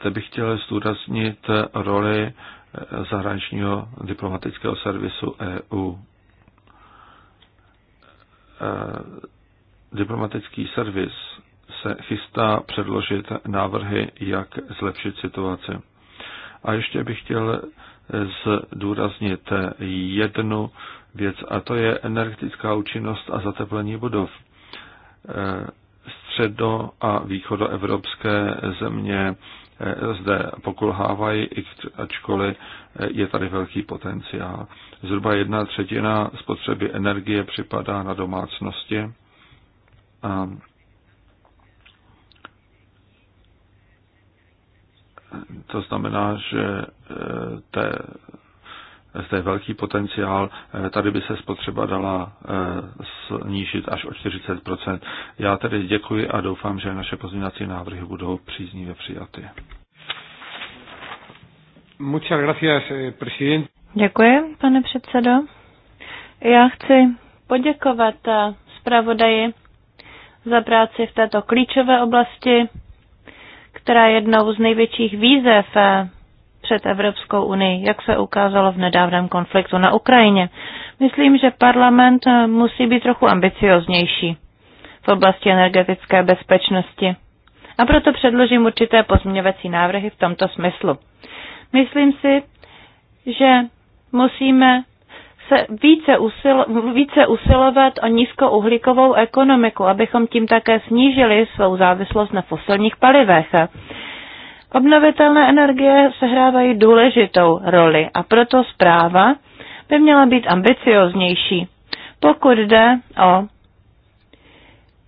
[SPEAKER 3] zde bych chtěl zdůraznit roli eh, zahraničního diplomatického servisu EU. Eh, diplomatický servis se chystá předložit návrhy, jak zlepšit situaci. A ještě bych chtěl zdůraznit jednu věc, a to je energetická účinnost a zateplení budov. Středo- a východoevropské země eh, zde pokulhávají, ačkoliv eh, je tady velký potenciál. Zhruba jedna třetina spotřeby energie připadá na domácnosti. A To znamená, že eh, té, zde je velký potenciál. Eh, tady by se spotřeba dala eh, snížit až o 40 Já tedy děkuji a doufám, že naše pozměňovací návrhy budou příznivě přijaty.
[SPEAKER 2] Děkuji, pane předsedo. Já chci poděkovat zpravodaji za práci v této klíčové oblasti která je jednou z největších výzev eh, před Evropskou unii, jak se ukázalo v nedávném konfliktu na Ukrajině. Myslím, že parlament eh, musí být trochu ambicioznější v oblasti energetické bezpečnosti. A proto předložím určité pozměňovací návrhy v tomto smyslu. Myslím si, že musíme se více, usil, více usilovat o nízkouhlíkovou ekonomiku, abychom tím také snížili svou závislost na fosilních palivech. Obnovitelné energie sehrávají důležitou roli a proto zpráva by měla být ambicioznější, pokud jde o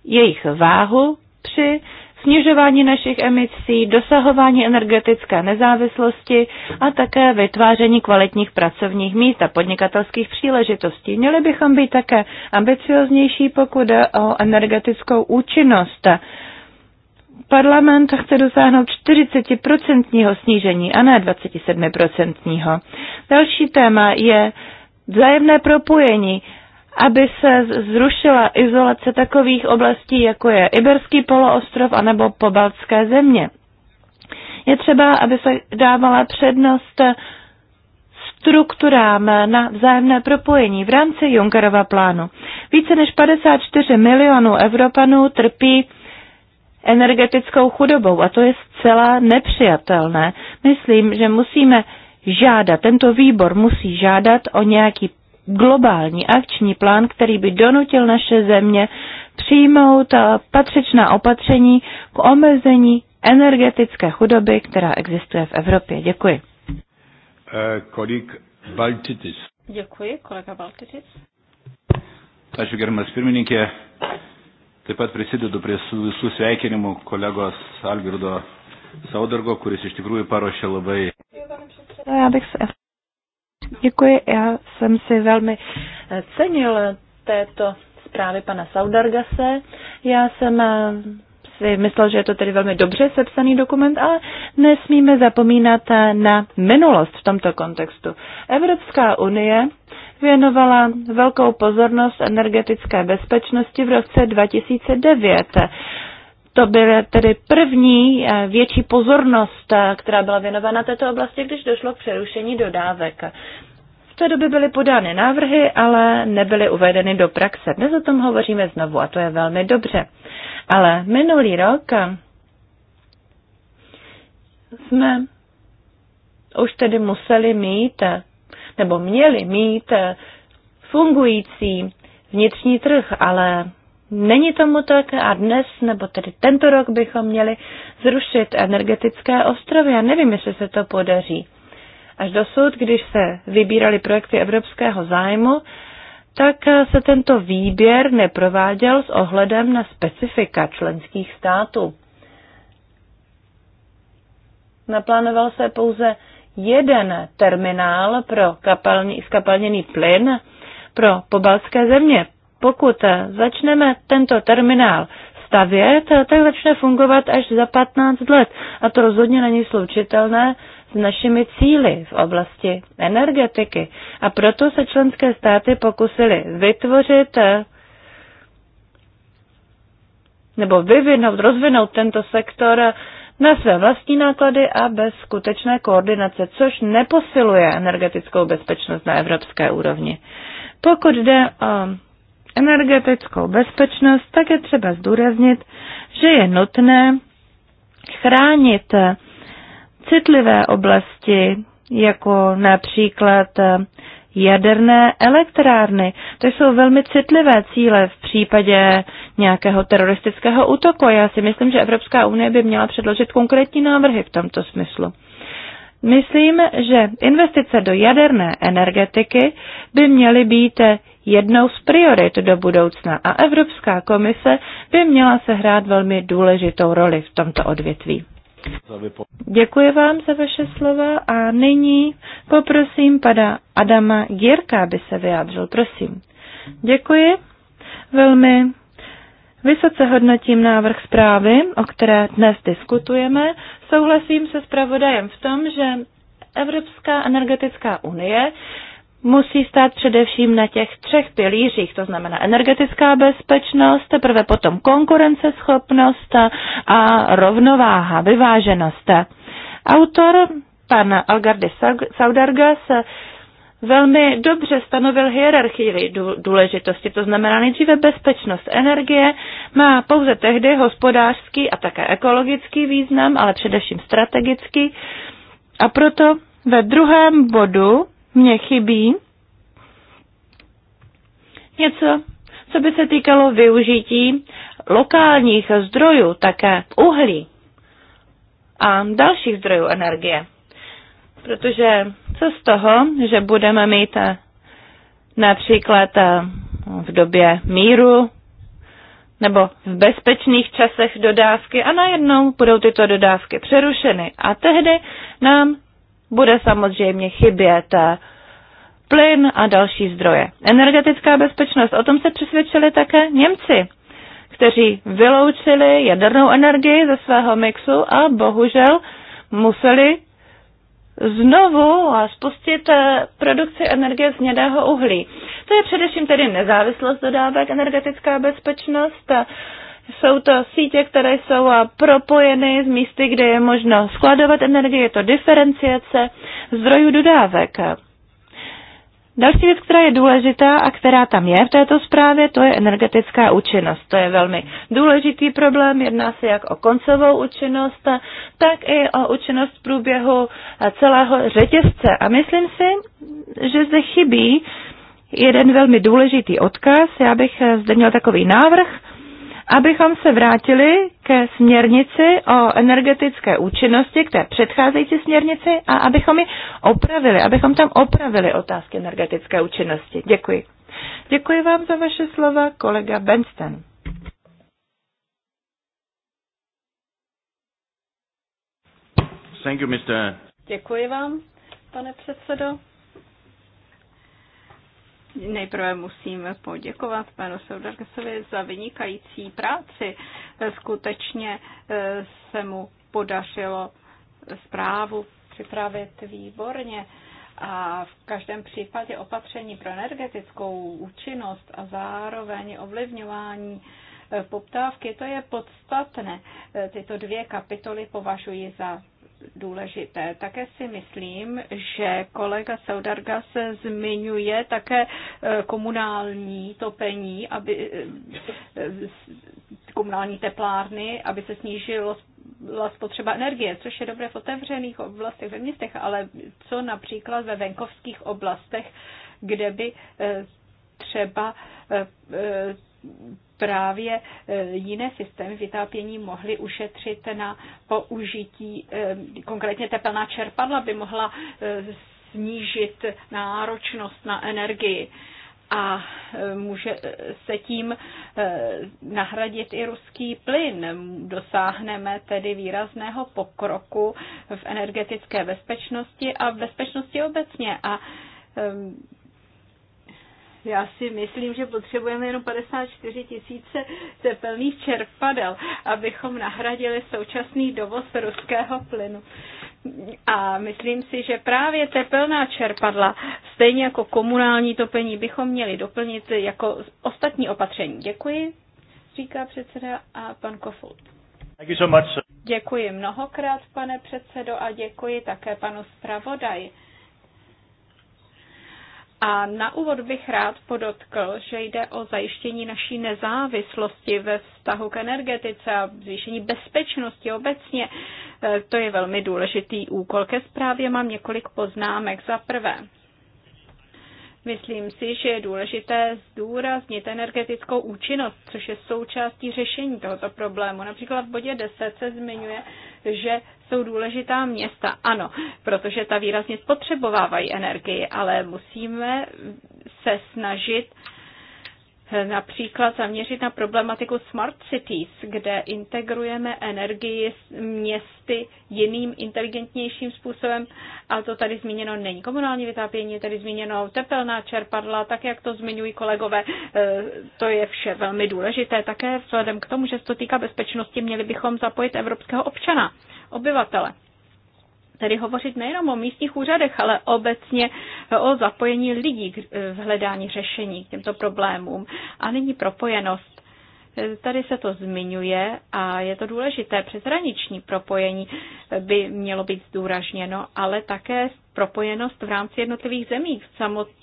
[SPEAKER 2] jejich váhu při snižování našich emisí, dosahování energetické nezávislosti a také vytváření kvalitních pracovních míst a podnikatelských příležitostí. Měli bychom být také ambicioznější, pokud jde o energetickou účinnost. Parlament chce dosáhnout 40% snížení a ne 27%. Další téma je vzájemné propojení aby se zrušila izolace takových oblastí, jako je Iberský poloostrov anebo pobaltské země. Je třeba, aby se dávala přednost strukturám na vzájemné propojení v rámci Junckerova plánu. Více než 54 milionů Evropanů trpí energetickou chudobou a to je zcela nepřijatelné. Myslím, že musíme žádat, tento výbor musí žádat o nějaký globální akční plán, který by donutil naše země přijmout eh, patřičná opatření k omezení energetické chudoby, která existuje v Evropě. Děkuji. Eh,
[SPEAKER 1] kolik Baltitis.
[SPEAKER 2] Děkuji, kolega Baltitis.
[SPEAKER 1] Ačiū gerbiamas pirmininkė. Taip pat prisidedu prie visų sveikinimų kolegos Algirdo Saudargo, kuris iš tikrųjų paruošė labai.
[SPEAKER 2] Já bych se Děkuji, já jsem si velmi eh, cenil této zprávy pana Saudargase. Já jsem eh, si myslel, že je to tedy velmi dobře sepsaný dokument, ale nesmíme zapomínat eh, na minulost v tomto kontextu. Evropská unie věnovala velkou pozornost energetické bezpečnosti v roce 2009. To byla tedy první eh, větší pozornost, eh, která byla věnována této oblasti, když došlo k přerušení dodávek. V té době byly podány návrhy, ale nebyly uvedeny do praxe. Dnes o tom hovoříme znovu a to je velmi dobře. Ale minulý rok eh, jsme už tedy museli mít, nebo měli mít fungující vnitřní trh, ale Není tomu tak a dnes, nebo tedy tento rok, bychom měli zrušit energetické ostrovy. Já nevím, jestli se to podaří. Až dosud, když se vybírali projekty evropského zájmu, tak se tento výběr neprováděl s ohledem na specifika členských států. Naplánoval se pouze jeden terminál pro kapalní, skapalněný plyn pro pobalské země pokud začneme tento terminál stavět, tak začne fungovat až za 15 let. A to rozhodně není slučitelné s našimi cíly v oblasti energetiky. A proto se členské státy pokusily vytvořit nebo vyvinout, rozvinout tento sektor na své vlastní náklady a bez skutečné koordinace, což neposiluje energetickou bezpečnost na evropské úrovni. Pokud jde o energetickou bezpečnost, tak je třeba zdůraznit, že je nutné chránit citlivé oblasti, jako například jaderné elektrárny. To jsou velmi citlivé cíle v případě nějakého teroristického útoku. Já si myslím, že Evropská unie by měla předložit konkrétní návrhy v tomto smyslu. Myslím, že investice do jaderné energetiky by měly být jednou z priorit do budoucna a Evropská komise by měla sehrát velmi důležitou roli v tomto odvětví. Děkuji vám za vaše slova a nyní poprosím pana Adama Gírka, aby se vyjádřil. Prosím. Děkuji. Velmi Vysoce hodnotím návrh zprávy, o které dnes diskutujeme. Souhlasím se zpravodajem v tom, že Evropská energetická unie musí stát především na těch třech pilířích, to znamená energetická bezpečnost, teprve potom konkurenceschopnost a rovnováha, vyváženost. Autor, pan Algardi Saudargas, velmi dobře stanovil hierarchii důležitosti, to znamená nejdříve bezpečnost energie, má pouze tehdy hospodářský a také ekologický význam, ale především strategický. A proto ve druhém bodu mě chybí něco, co by se týkalo využití lokálních zdrojů, také uhlí a dalších zdrojů energie. Protože co z toho, že budeme mít eh, například eh, v době míru nebo v bezpečných časech dodávky a najednou budou tyto dodávky přerušeny. A tehdy nám bude samozřejmě chybět eh, plyn a další zdroje. Energetická bezpečnost, o tom se přesvědčili také Němci, kteří vyloučili jadernou energii ze svého mixu a bohužel museli znovu spustit eh, produkci energie z hnědého uhlí. To je především tedy nezávislost dodávek, energetická bezpečnost, eh, jsou to sítě, které jsou eh, propojeny z místy, kde je možno skladovat energii, je to diferenciace zdrojů dodávek. Další věc, která je důležitá a která tam je v této zprávě, to je energetická účinnost. To je velmi důležitý problém. Jedná se jak o koncovou účinnost, tak i o účinnost v průběhu eh, celého řetězce. A myslím si, že zde chybí jeden velmi důležitý odkaz. Já bych eh, zde měl takový návrh abychom se vrátili ke směrnici o energetické účinnosti, k té předcházející směrnici a abychom ji opravili, abychom tam opravili otázky energetické účinnosti. Děkuji. Děkuji vám za vaše slova, kolega Benston.
[SPEAKER 5] Thank you, Mr.
[SPEAKER 4] Děkuji vám, pane předsedo. Nejprve musím poděkovat panu Saudargasovi za vynikající práci. Skutečně eh, se mu podařilo zprávu připravit výborně. A v každém případě opatření pro energetickou účinnost a zároveň ovlivňování eh, poptávky, to je podstatné. Eh, tyto dvě kapitoly považuji za důležité. Také si myslím, že kolega Saudarga se zmiňuje také e, komunální topení, aby e, e, komunální teplárny, aby se snížilo spotřeba energie, což je dobré v otevřených oblastech ve městech, ale co například ve venkovských oblastech, kde by třeba právě e, jiné systémy vytápění mohly ušetřit na použití, e, konkrétně tepelná čerpadla by mohla e, snížit náročnost na energii a může se tím nahradit i ruský plyn. Dosáhneme tedy výrazného pokroku v energetické bezpečnosti a v bezpečnosti obecně. A já si myslím, že potřebujeme jenom 54 tisíce tepelných čerpadel, abychom nahradili současný dovoz ruského plynu. A myslím si, že právě tepelná čerpadla, stejně jako komunální topení, bychom měli doplnit jako ostatní opatření. Děkuji, říká předseda a pan Kofold. Děkuji mnohokrát, pane předsedo, a děkuji také panu zpravodaji. A na úvod bych rád podotkl, že jde o zajištění naší nezávislosti ve vztahu k energetice a zvýšení bezpečnosti obecně. E, to je velmi důležitý úkol. Ke zprávě mám několik poznámek. Za prvé, Myslím si, že je důležité zdůraznit energetickou účinnost, což je součástí řešení tohoto problému. Například v bodě 10 se zmiňuje, že jsou důležitá města. Ano, protože ta výrazně spotřebovávají energii, ale musíme se snažit například zaměřit na problematiku smart cities, kde integrujeme energii s městy jiným inteligentnějším způsobem, ale to tady zmíněno není. Komunální vytápění je tady zmíněno, tepelná čerpadla, tak jak to zmiňují kolegové, eh, to je vše velmi důležité. Také vzhledem k tomu, že se to týká bezpečnosti, měli bychom zapojit evropského občana, obyvatele tedy hovořit nejenom o místních úřadech, ale obecně o zapojení lidí eh, v hledání řešení k těmto problémům. A nyní propojenost. Eh, tady se to zmiňuje a je to důležité. Přeshraniční propojení eh, by mělo být zdůražněno, ale také propojenost v rámci jednotlivých zemí. V samotné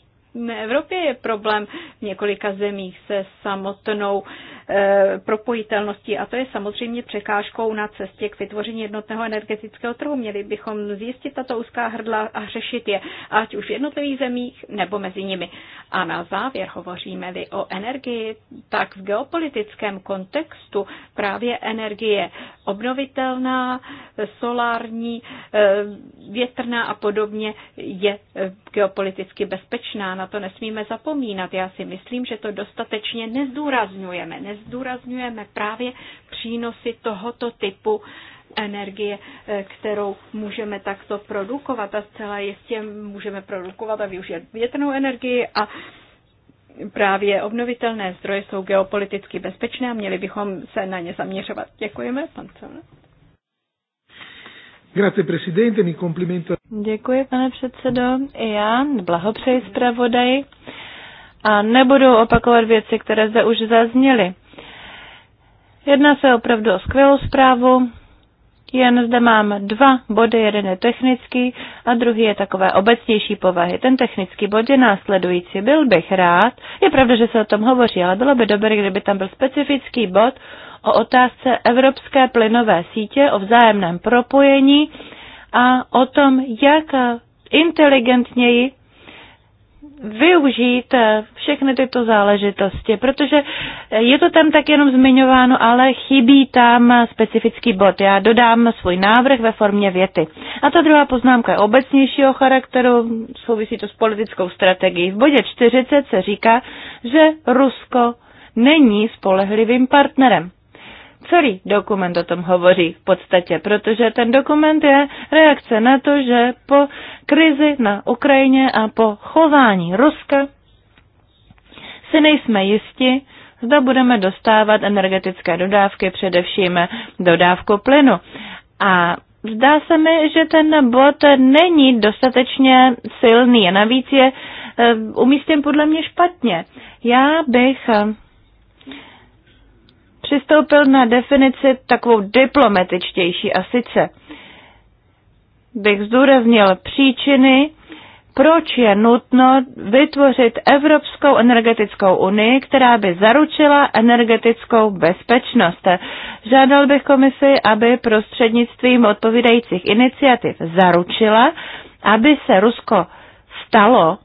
[SPEAKER 4] Evropě je problém v několika zemích se samotnou Eh, propojitelnosti A to je samozřejmě překážkou na cestě k vytvoření jednotného energetického trhu. Měli bychom zjistit tato úzká hrdla a řešit je, ať už v jednotlivých zemích nebo mezi nimi. A na závěr hovoříme-li o energii, tak v geopolitickém kontextu právě energie obnovitelná, solární, eh, větrná a podobně je eh, geopoliticky bezpečná. Na to nesmíme zapomínat. Já si myslím, že to dostatečně nezdůrazňujeme kde zdůrazňujeme právě přínosy tohoto typu energie, eh, kterou můžeme takto produkovat a zcela jistě můžeme produkovat a využít větrnou energii a právě obnovitelné zdroje jsou geopoliticky bezpečné a měli bychom se na ně zaměřovat. Děkujeme, pan Cone.
[SPEAKER 2] Děkuji, pane předsedo. I já blahopřeji zpravodaji a nebudu opakovat věci, které zde už zazněly. Jedná se opravdu o skvělou zprávu, jen zde mám dva body, jeden je technický a druhý je takové obecnější povahy. Ten technický bod je následující. Byl bych rád, je pravda, že se o tom hovoří, ale bylo by dobré, kdyby tam byl specifický bod o otázce evropské plynové sítě, o vzájemném propojení a o tom, jak inteligentněji využít eh, všechny tyto záležitosti, protože eh, je to tam tak jenom zmiňováno, ale chybí tam specifický bod. Já dodám svůj návrh ve formě věty. A ta druhá poznámka je obecnějšího charakteru, souvisí to s politickou strategií. V bodě 40 se říká, že Rusko není spolehlivým partnerem. Celý dokument o tom hovoří v podstatě, protože ten dokument je reakce na to, že po krizi na Ukrajině a po chování Ruska si nejsme jisti, zda budeme dostávat energetické dodávky, především dodávku plynu. A zdá se mi, že ten bod není dostatečně silný a navíc je eh, umístěn podle mě špatně. Já bych eh, přistoupil na definici takovou diplomatičtější a sice bych zdůraznil příčiny, proč je nutno vytvořit Evropskou energetickou unii, která by zaručila energetickou bezpečnost. Žádal bych komisi, aby prostřednictvím odpovídajících iniciativ zaručila, aby se Rusko stalo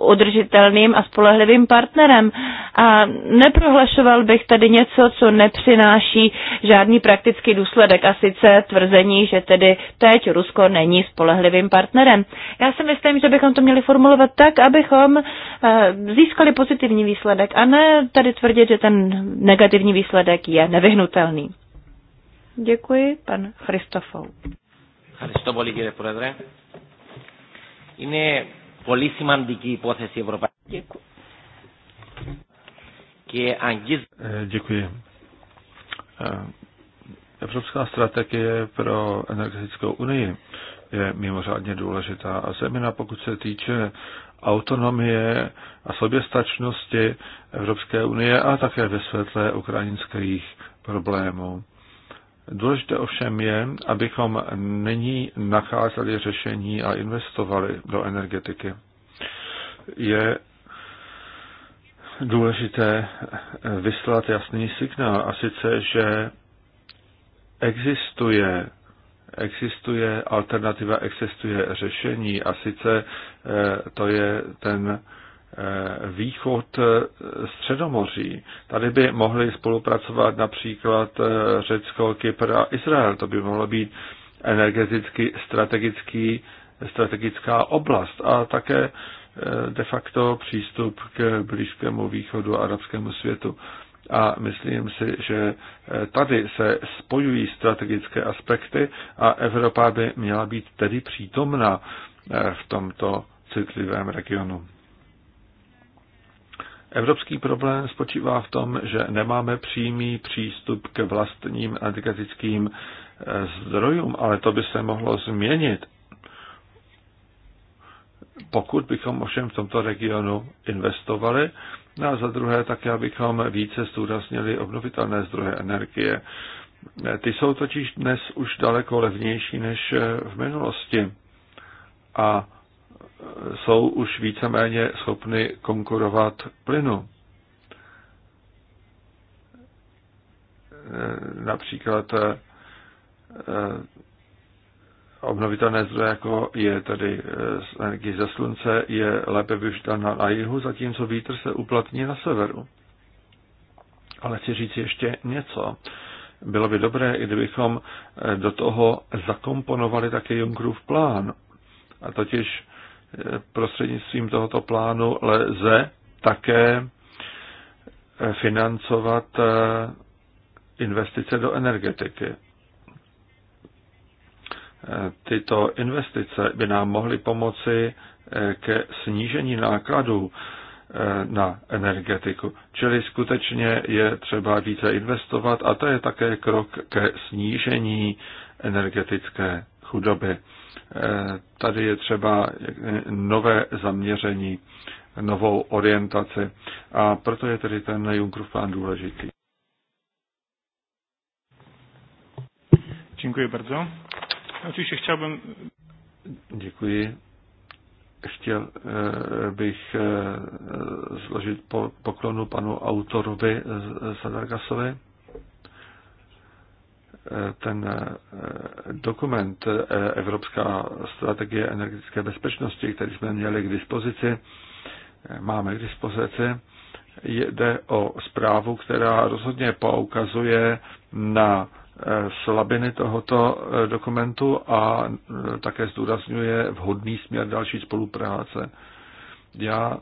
[SPEAKER 2] udržitelným a spolehlivým partnerem. A neprohlašoval bych tady něco, co nepřináší žádný praktický důsledek a sice tvrzení, že tedy teď Rusko není spolehlivým partnerem. Já si myslím, že bychom to měli formulovat tak, abychom eh, získali pozitivní výsledek a ne tady tvrdit, že ten negativní výsledek je nevyhnutelný. Děkuji, pan Christofou.
[SPEAKER 5] Christofou, Ligire
[SPEAKER 2] Πολύ σημαντική υπόθεση Ευρωπαϊκή. Και αγγίζει...
[SPEAKER 3] Děkuji. Evropská strategie pro energetickou unii je mimořádně důležitá a zejména pokud se týče autonomie a soběstačnosti Evropské unie a také ve světle ukrajinských problémů. Důležité ovšem je, abychom nyní nacházeli řešení a investovali do energetiky. Je důležité vyslat jasný signál, a sice, že existuje, existuje alternativa, existuje řešení, a sice eh, to je ten Eh, východ eh, Středomoří. Tady by mohli spolupracovat například eh, Řecko, Kypr a Izrael. To by mohlo být energeticky strategický, strategická oblast a také de facto přístup k Blízkému východu a arabskému světu. A myslím si, že tady se spojují strategické aspekty a Evropa by měla být tedy přítomna v tomto citlivém regionu. Evropský problém spočívá v tom, že nemáme přímý přístup k vlastním energetickým eh, zdrojům, ale to by se mohlo změnit, pokud bychom ovšem v tomto regionu investovali. No a za druhé také, abychom více zdůraznili obnovitelné zdroje energie. Eh, ty jsou totiž dnes už daleko levnější než eh, v minulosti. A jsou už víceméně schopny konkurovat plynu. Eh, například eh, obnovitelné zdroje, jako je tedy eh, energie ze slunce, je lépe využita na, jihu, zatímco vítr se uplatní na severu. Ale chci říct ještě něco. Bylo by dobré, kdybychom do toho zakomponovali také Junckerův plán. A totiž prostřednictvím tohoto plánu lze také financovat eh, investice do energetiky. Eh, tyto investice by nám mohly pomoci eh, ke snížení nákladů na energetiku. Čili skutečně je třeba více investovat a to je také krok ke snížení energetické chudoby. Eh, tady je třeba eh, nové zaměření, novou orientaci a proto je tedy ten Junckerův plán důležitý.
[SPEAKER 1] Dziękuję bardzo. Oczywiście chciałbym...
[SPEAKER 3] Děkuji. Chtěl eh, bych zložit poklonu panu autorovi Sadargasowi ten eh, dokument eh, Evropská strategie energetické bezpečnosti, který jsme měli k dispozici, eh, máme k dispozici, jde o zprávu, která rozhodně poukazuje na slabiny tohoto dokumentu a také zdůrazňuje vhodný směr další spolupráce. Já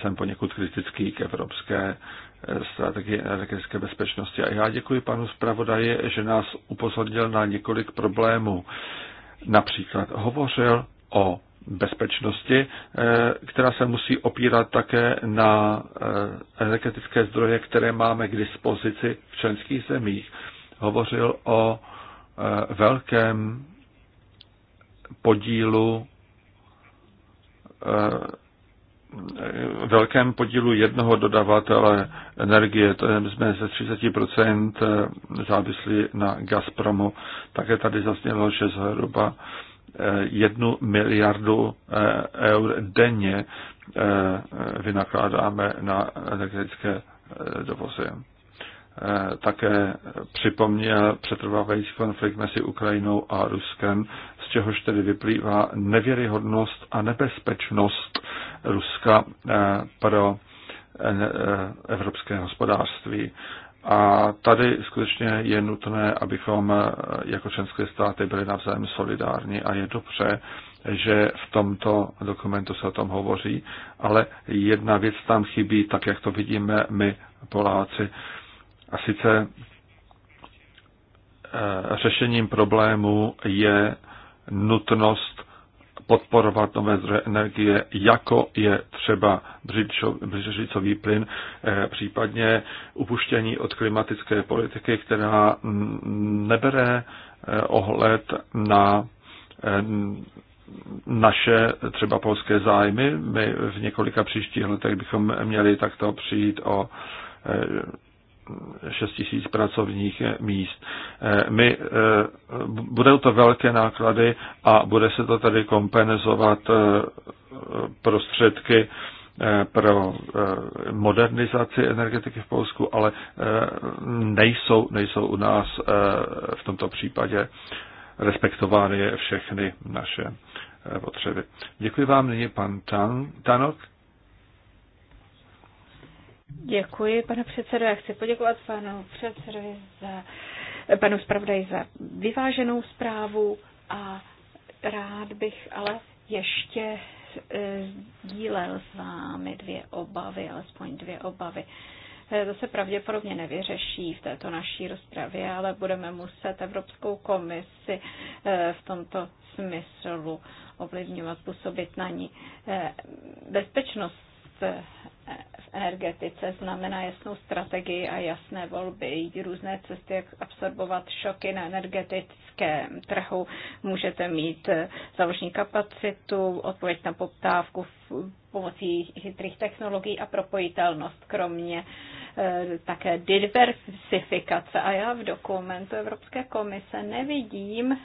[SPEAKER 3] jsem poněkud kritický k Evropské strategie energetické bezpečnosti. A já děkuji panu zpravodaji, že nás upozornil na několik problémů. Například hovořil o bezpečnosti, eh, která se musí opírat také na eh, energetické zdroje, které máme k dispozici v členských zemích. Hovořil o eh, velkém podílu velkém podílu jednoho dodavatele energie, to jsme ze 30% eh, závislí na Gazpromu. Také tady zaznělo, že zhruba eh, jednu miliardu eh, eur denně vynakládáme na energetické dovozy. Také připomněl přetrvávající konflikt mezi Ukrajinou a Ruskem, z čehož tedy vyplývá nevěryhodnost a nebezpečnost Ruska eh, pro eh, eh, evropské hospodářství. A tady skutečně je nutné, abychom jako členské státy byli navzájem solidární a je dobře, že v tomto dokumentu se o tom hovoří, ale jedna věc tam chybí, tak jak to vidíme my Poláci. A sice řešením problému je nutnost podporovat nové zdroje energie, jako je třeba břišicový plyn, eh, případně upuštění od klimatické politiky, která nebere eh, ohled na eh, naše třeba polské zájmy. My v několika příštích letech bychom měli takto přijít o 6 tisíc pracovních míst. Eh, my, eh, budou to velké náklady a bude se to tady kompenzovat eh, prostředky pro modernizaci energetiky v Polsku, ale nejsou, nejsou u nás v tomto případě respektovány všechny naše potřeby. Děkuji vám nyní pan Tan, Tanok
[SPEAKER 4] Děkuji, pane předsedo. Já chci poděkovat panu předsedovi za, panu zpravodaji za vyváženou zprávu a rád bych ale ještě e, sdílel s vámi dvě obavy, alespoň dvě obavy. E, to se pravděpodobně nevyřeší v této naší rozpravě, ale budeme muset Evropskou komisi e, v tomto smyslu ovlivňovat, působit na ní. Bezpečnost v energetice znamená jasnou strategii a jasné volby, různé cesty, jak absorbovat šoky na energetickém trhu. Můžete mít založní kapacitu, odpověď na poptávku pomocí chytrých technologií a propojitelnost, kromě eh, také diversifikace. A já v dokumentu Evropské komise nevidím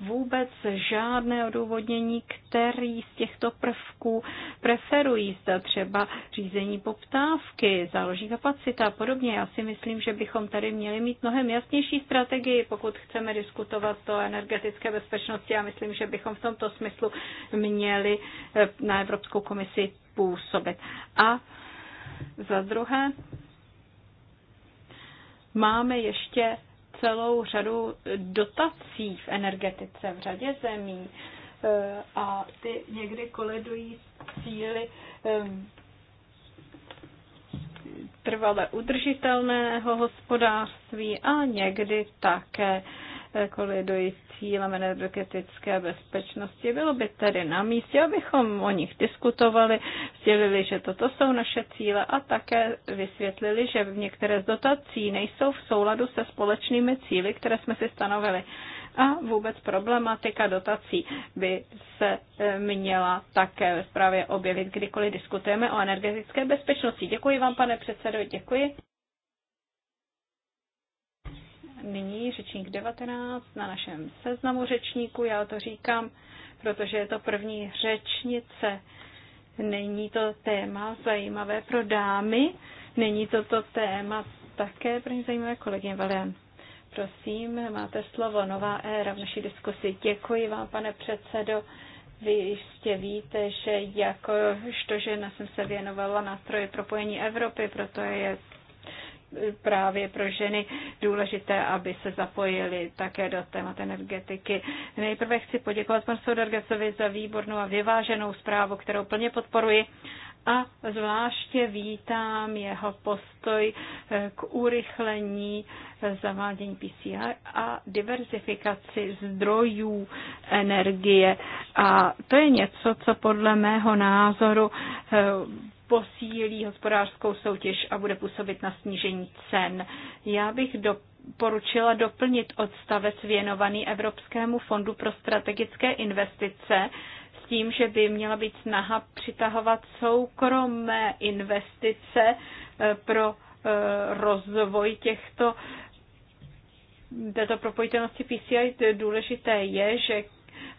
[SPEAKER 4] vůbec žádné odůvodnění, který z těchto prvků preferují, zda třeba řízení poptávky, záloží kapacita a podobně. Já si myslím, že bychom tady měli mít mnohem jasnější strategii, pokud chceme diskutovat o energetické bezpečnosti. Já myslím, že bychom v tomto smyslu měli eh, na Evropskou komisi působit. A za druhé, máme ještě celou řadu dotací v energetice v řadě zemí eh, a ty někdy koledují cíly ehm, trvale udržitelného hospodářství a někdy také kolidují s cílem energetické bezpečnosti. Bylo by tedy na místě, abychom o nich diskutovali, sdělili, že toto jsou naše cíle a také vysvětlili, že v některé z dotací nejsou v souladu se společnými cíly, které jsme si stanovili a vůbec problematika dotací by se e, měla také ve zprávě objevit, kdykoliv diskutujeme o energetické bezpečnosti. Děkuji vám, pane předsedo, děkuji nyní řečník 19 na našem seznamu řečníků. Já to říkám, protože je to první řečnice. Není to téma zajímavé pro dámy, není to to téma také pro ně zajímavé kolegyně Valen. Prosím, máte slovo, nová éra v naší diskusi. Děkuji vám, pane předsedo. Vy jistě víte, že jakožto žena jsem se věnovala nástroji propojení Evropy, proto je právě pro ženy důležité, aby se zapojili také do témat energetiky. Nejprve chci poděkovat panu Soudargasovi za výbornou a vyváženou zprávu, kterou plně podporuji a zvláště vítám jeho postoj eh, k urychlení eh, zavádění PCR a diverzifikaci zdrojů energie. A to je něco, co podle mého názoru eh, posílí hospodářskou soutěž a bude působit na snížení cen. Já bych do poručila doplnit odstavec věnovaný Evropskému fondu pro strategické investice s tím, že by měla být snaha přitahovat soukromé investice eh, pro eh, rozvoj těchto této propojitelnosti PCI důležité je, že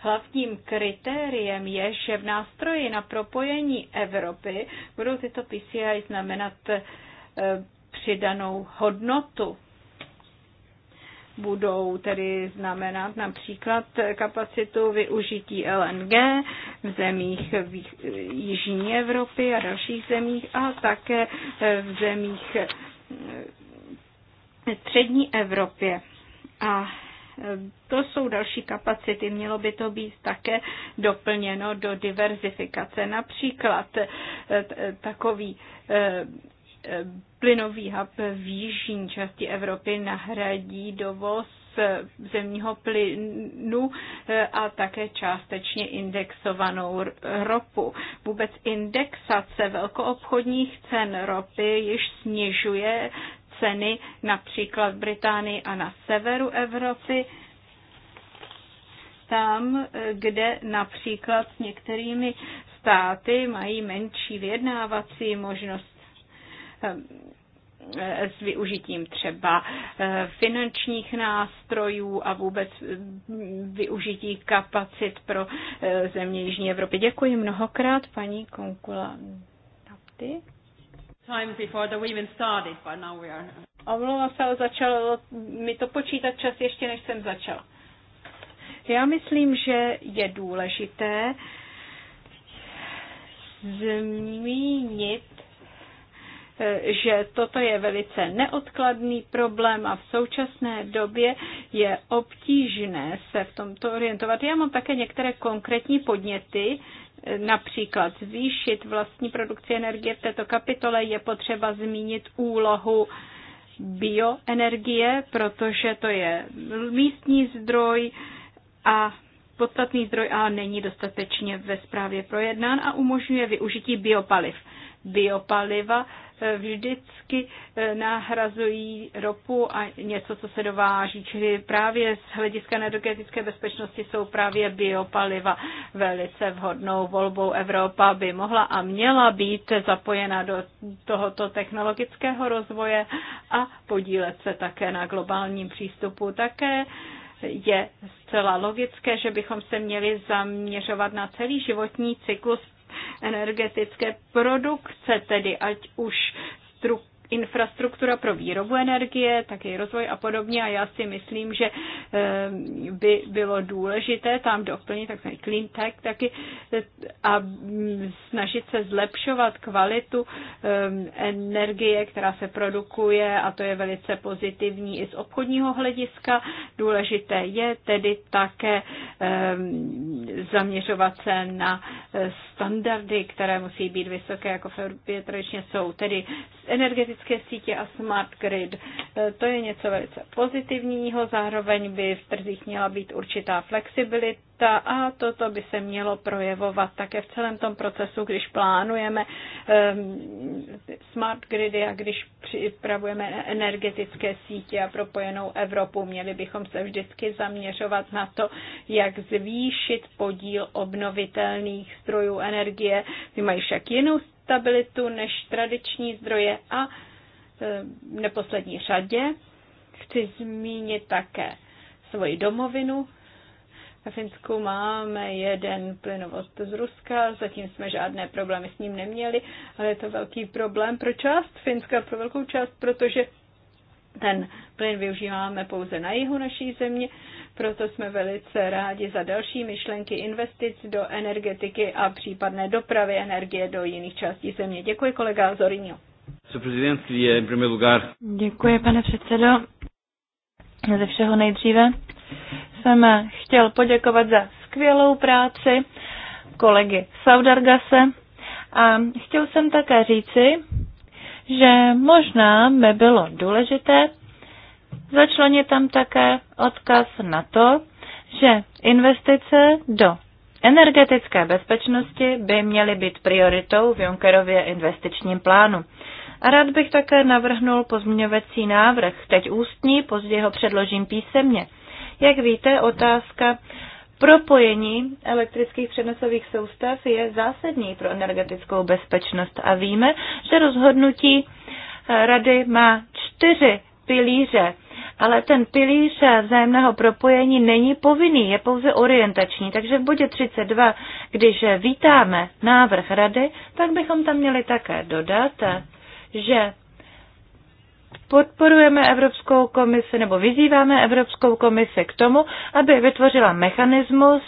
[SPEAKER 4] Hlavním kritériem je, že v nástroji na propojení Evropy budou tyto PCI znamenat e, přidanou hodnotu budou tedy znamenat například kapacitu využití LNG v zemích v Jižní Evropy a dalších zemích a také e, v zemích e, střední Evropě. A to jsou další kapacity. Mělo by to být také doplněno do diverzifikace. Například eh, eh, takový eh, plynový hub v jižní části Evropy nahradí dovoz zemního plynu a také částečně indexovanou ropu. Vůbec indexace velkoobchodních cen ropy již snižuje ceny například v Británii a na severu Evropy, tam, kde například s některými státy mají menší vyjednávací možnost eh, s využitím třeba eh, finančních nástrojů a vůbec mm, využití kapacit pro eh, země Jižní Evropy. Děkuji mnohokrát, paní Konkula. Tapty
[SPEAKER 2] time before started,
[SPEAKER 4] but now we are... Omlouvám se, ale začalo mi to počítat čas ještě, než jsem začal. Já myslím, že je důležité zmínit, eh, že toto je velice neodkladný problém a v současné době je obtížné se v tomto orientovat. Já mám také některé konkrétní podněty, například zvýšit vlastní produkci energie v této kapitole, je potřeba zmínit úlohu bioenergie, protože to je místní zdroj a podstatný zdroj, ale není dostatečně ve zprávě projednán a umožňuje využití biopaliv. Biopaliva vždycky eh, nahrazují ropu a něco, co se dováží. Čili právě z hlediska energetické bezpečnosti jsou právě biopaliva velice vhodnou volbou. Evropa by mohla a měla být zapojena do tohoto technologického rozvoje a podílet se také na globálním přístupu. Také je zcela logické, že bychom se měli zaměřovat na celý životní cyklus energetické produkce, tedy ať už stru, infrastruktura pro výrobu energie, taky rozvoj a podobně. A já si myslím, že eh, by bylo důležité tam doplnit takzvaný clean tech taky eh, a mm, snažit se zlepšovat kvalitu eh, energie, která se produkuje a to je velice pozitivní i z obchodního hlediska. Důležité je tedy také zaměřovat se na standardy, které musí být vysoké, jako v Evropě tradičně jsou, tedy energetické energetické sítě a smart grid. E, to je něco velice pozitivního, zároveň by v trzích měla být určitá flexibilita a toto by se mělo projevovat také v celém tom procesu, když plánujeme ehm, smart gridy a když připravujeme energetické sítě a propojenou Evropu. Měli bychom se vždycky zaměřovat na to, jak zvýšit podíl obnovitelných zdrojů energie. Ty mají však jinou stabilitu než tradiční zdroje a e, v neposlední řadě chci zmínit také svoji domovinu. Ve Finsku máme jeden plynovod z Ruska, zatím jsme žádné problémy s ním neměli, ale je to velký problém pro část Finska, pro velkou část, protože ten plyn využíváme pouze na jihu naší země proto jsme velice rádi za další myšlenky investic do energetiky a případné dopravy energie do jiných částí země. Děkuji kolega Zorinio.
[SPEAKER 2] Děkuji, pane předsedo. Ze všeho nejdříve jsem chtěl poděkovat za skvělou práci kolegy Saudargase a chtěl jsem také říci, že možná by bylo důležité Začlen tam také odkaz na to, že investice do energetické bezpečnosti by měly být prioritou v Junckerově investičním plánu. A rád bych také navrhnul pozměňovací návrh, teď ústní, později ho předložím písemně. Jak víte, otázka propojení elektrických přenosových soustav je zásadní pro energetickou bezpečnost a víme, že rozhodnutí Rady má čtyři pilíře ale ten pilíř vzájemného propojení není povinný, je pouze orientační. Takže v bodě 32, když vítáme návrh rady, tak bychom tam měli také dodat, že podporujeme Evropskou komisi nebo vyzýváme Evropskou komisi k tomu, aby vytvořila mechanismus,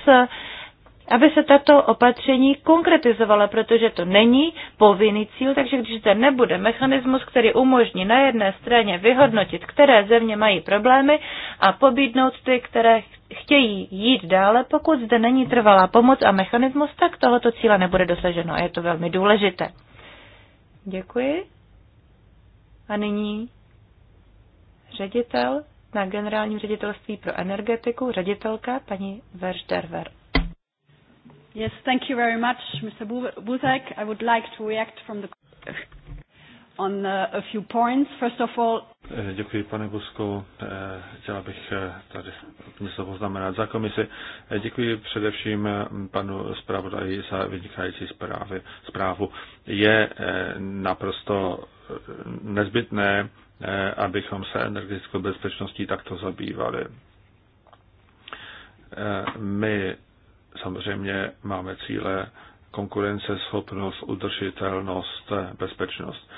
[SPEAKER 2] aby se tato opatření konkretizovala, protože to není povinný cíl, takže když zde nebude mechanismus, který umožní na jedné straně vyhodnotit, které země mají problémy a pobídnout ty, které chtějí jít dále, pokud zde není trvalá pomoc a mechanismus, tak tohoto cíle nebude dosaženo a je to velmi důležité. Děkuji. A nyní ředitel na generálním ředitelství pro energetiku, ředitelka paní Veržderver. Yes, thank you very much, Mr.
[SPEAKER 4] Buzek. I would like to react from the
[SPEAKER 2] on uh, a few points.
[SPEAKER 5] First of all,
[SPEAKER 3] eh, Děkuji, pane Buzku. Eh, chtěla bych eh, tady něco poznamenat za komisi. Děkuji především panu zpravodaji za vynikající zprávy, zprávu. Je naprosto nezbytné, abychom se energetickou bezpečností takto zabývali. My samozřejmě máme cíle konkurenceschopnost, udržitelnost, bezpečnost.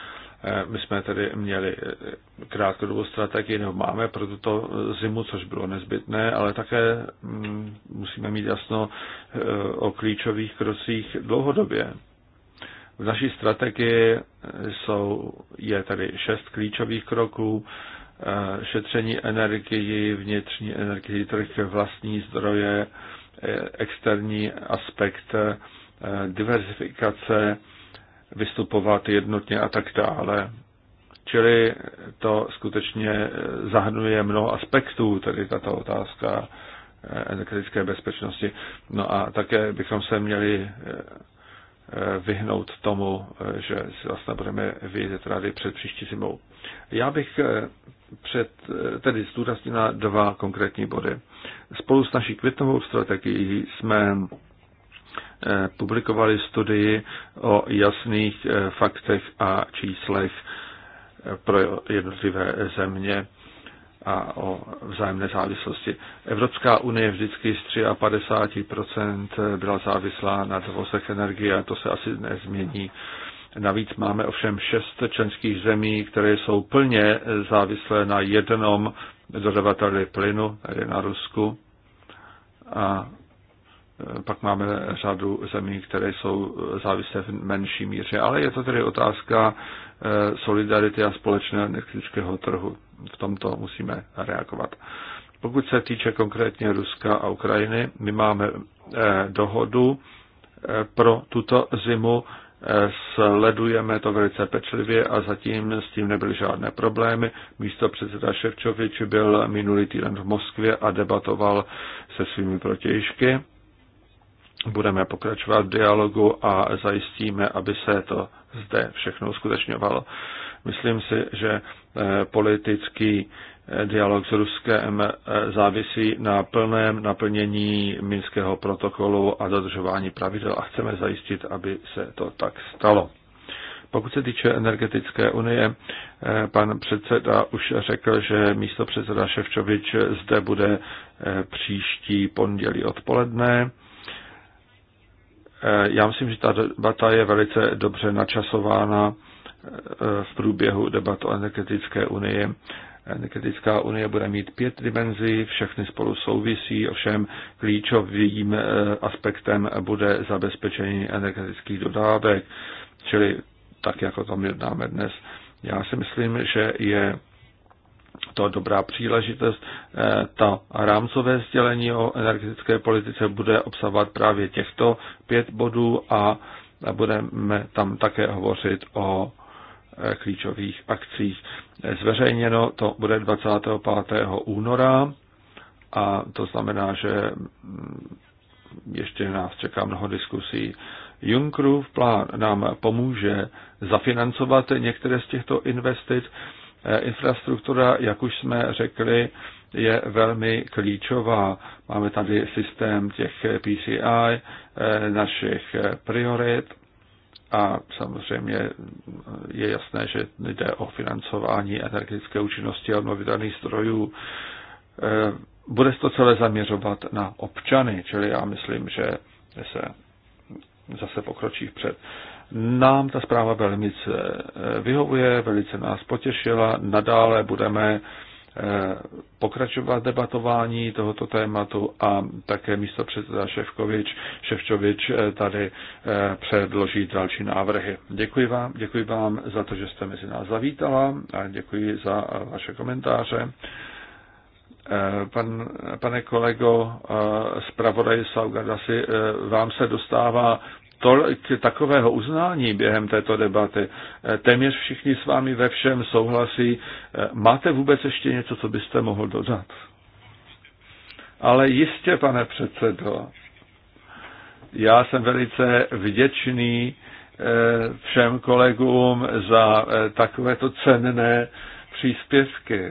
[SPEAKER 3] Eh, my jsme tedy měli eh, krátkodobou strategii, nebo máme pro tuto zimu, což bylo nezbytné, ale také mm, musíme mít jasno eh, o klíčových krocích dlouhodobě. V naší strategii jsou, je tady šest klíčových kroků, šetření energii, vnitřní energii, trh vlastní zdroje, Eh, externí aspekt eh, diversifikace, vystupovat jednotně a tak dále. Čili to skutečně eh, zahrnuje mnoho aspektů, tedy tato otázka energetické bezpečnosti. No a také bychom se měli vyhnout tomu, že si vlastně budeme vědět rady před příští zimou. Já bych před, tedy zdůraznila dva konkrétní body. Spolu s naší květnovou strategií jsme eh, publikovali studii o jasných eh, faktech a číslech eh, pro jednotlivé země a o vzájemné závislosti. Evropská unie vždycky z 53% byla závislá na dovozech energie a to se asi nezmění. Navíc máme ovšem šest členských zemí, které jsou plně závislé na jednom dodavateli plynu, tedy na Rusku. A e, pak máme řadu zemí, které jsou závislé v menší míře. Ale je to tedy otázka e, solidarity a společného energetického trhu. V tomto musíme reagovat. Pokud se týče konkrétně Ruska a Ukrajiny, my máme e, dohodu pro tuto zimu Sledujeme to velice pečlivě a zatím s tím nebyly žádné problémy. Místo předseda Ševčovič byl minulý týden v Moskvě a debatoval se svými protějšky. Budeme pokračovat v dialogu a zajistíme, aby se to zde všechno uskutečňovalo. Myslím si, že eh, politický dialog s Ruskem závisí na plném naplnění Minského protokolu a dodržování pravidel a chceme zajistit, aby se to tak stalo. Pokud se týče energetické unie, pan předseda už řekl, že místo předseda Ševčovič zde bude příští pondělí odpoledne. Já myslím, že ta debata je velice dobře načasována v průběhu debat o energetické unii Energetická unie bude mít pět dimenzí, všechny spolu souvisí, ovšem klíčovým eh, aspektem bude zabezpečení energetických dodávek, čili tak, jako my jednáme dnes. Já si myslím, že je to dobrá příležitost. Eh, ta rámcové sdělení o energetické politice bude obsahovat právě těchto pět bodů a budeme tam také hovořit o klíčových akcích. Zveřejněno to bude 25. února a to znamená, že mm, ještě nás čeká mnoho diskusí. Junckerův plán nám pomůže zafinancovat některé z těchto investic. Eh, infrastruktura, jak už jsme řekli, je velmi klíčová. Máme tady systém těch PCI, eh, našich priorit a samozřejmě je jasné, že jde o financování energetické účinnosti a obnovitelných zdrojů. Eh, bude se to celé zaměřovat na občany, čili já myslím, že se zase pokročí vpřed. Nám ta zpráva velmi eh, vyhovuje, velice nás potěšila. Nadále budeme pokračovat debatování tohoto tématu a také místo předseda Ševkovič, Ševčovič eh, tady eh, předloží další návrhy. Děkuji vám, děkuji vám za to, že jste mezi nás zavítala a děkuji za eh, vaše komentáře. Pan, pane kolego zpravodaj Saugardasi, vám se dostává tolik takového uznání během této debaty. Eh, téměř všichni s vámi ve všem souhlasí. Eh, máte vůbec ještě něco, co byste mohl dodat? Ale jistě, pane předsedo, já jsem velice vděčný eh, všem kolegům za takovéto cenné příspěvky.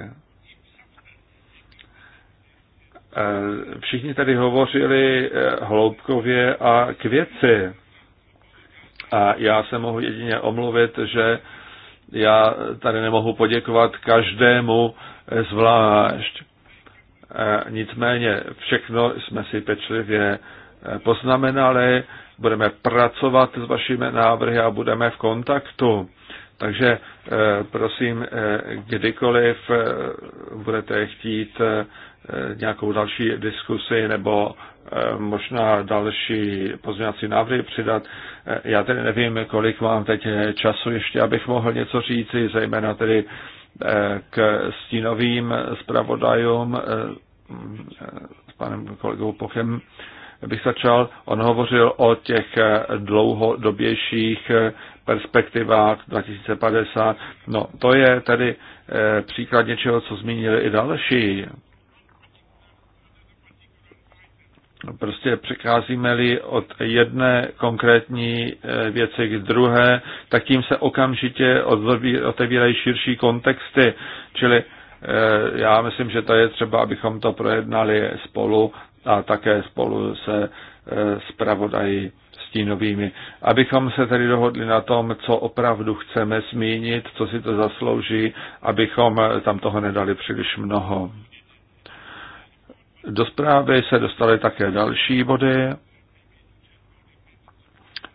[SPEAKER 3] Všichni tady hovořili hloubkově a k věci. A já se mohu jedině omluvit, že já tady nemohu poděkovat každému zvlášť. E, nicméně všechno jsme si pečlivě e, poznamenali, budeme pracovat s vašimi návrhy a budeme v kontaktu. Takže eh, prosím, eh, kdykoliv eh, budete chtít nějakou další diskusi nebo možná další pozměňovací návrhy přidat. Já tedy nevím, kolik mám teď času ještě, abych mohl něco říci, zejména tedy k stínovým zpravodajům s panem kolegou Pochem bych začal. On hovořil o těch dlouhodobějších perspektivách 2050. No, to je tedy eh, příklad něčeho, co zmínili i další. No, prostě přicházíme li od jedné konkrétní eh, věci k druhé, tak tím se okamžitě otevírají širší kontexty. Čili eh, já myslím, že to je třeba, abychom to projednali spolu a také spolu se zpravodají stínovými, abychom se tedy dohodli na tom, co opravdu chceme zmínit, co si to zaslouží, abychom tam toho nedali příliš mnoho. Do zprávy se dostaly také další body,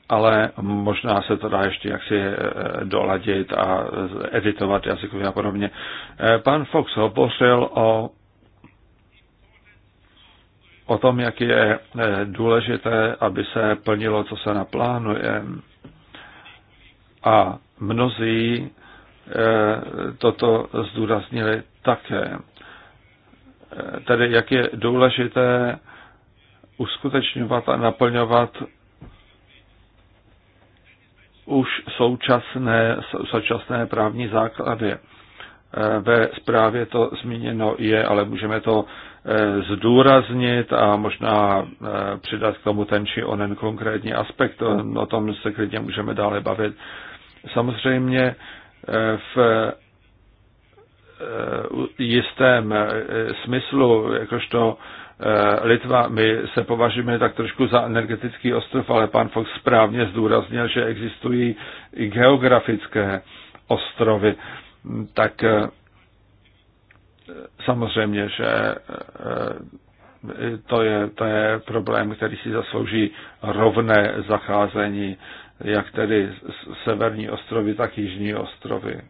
[SPEAKER 3] ale možná se to dá ještě jaksi eh, doladit a eh, editovat jazykově a podobně. Eh, pan Fox hovořil o o tom, jak je eh, důležité, aby se plnilo, co se naplánuje. A mnozí eh, toto zdůraznili také. Eh, tedy jak je důležité uskutečňovat a naplňovat už současné, současné právní základy. Ve zprávě to zmíněno je, ale můžeme to Eh, zdůraznit a možná eh, přidat k tomu ten či onen konkrétní aspekt. O tom se klidně můžeme dále bavit. Samozřejmě eh, v jistém smyslu, jakožto Litva, my se považujeme tak trošku za energetický ostrov, ale pan Fox správně zdůraznil, že existují i geografické ostrovy. Tak samozřejmě, že eh, to je, to je problém, který si zaslouží rovné zacházení, jak tedy severní ostrovy, tak jižní ostrovy.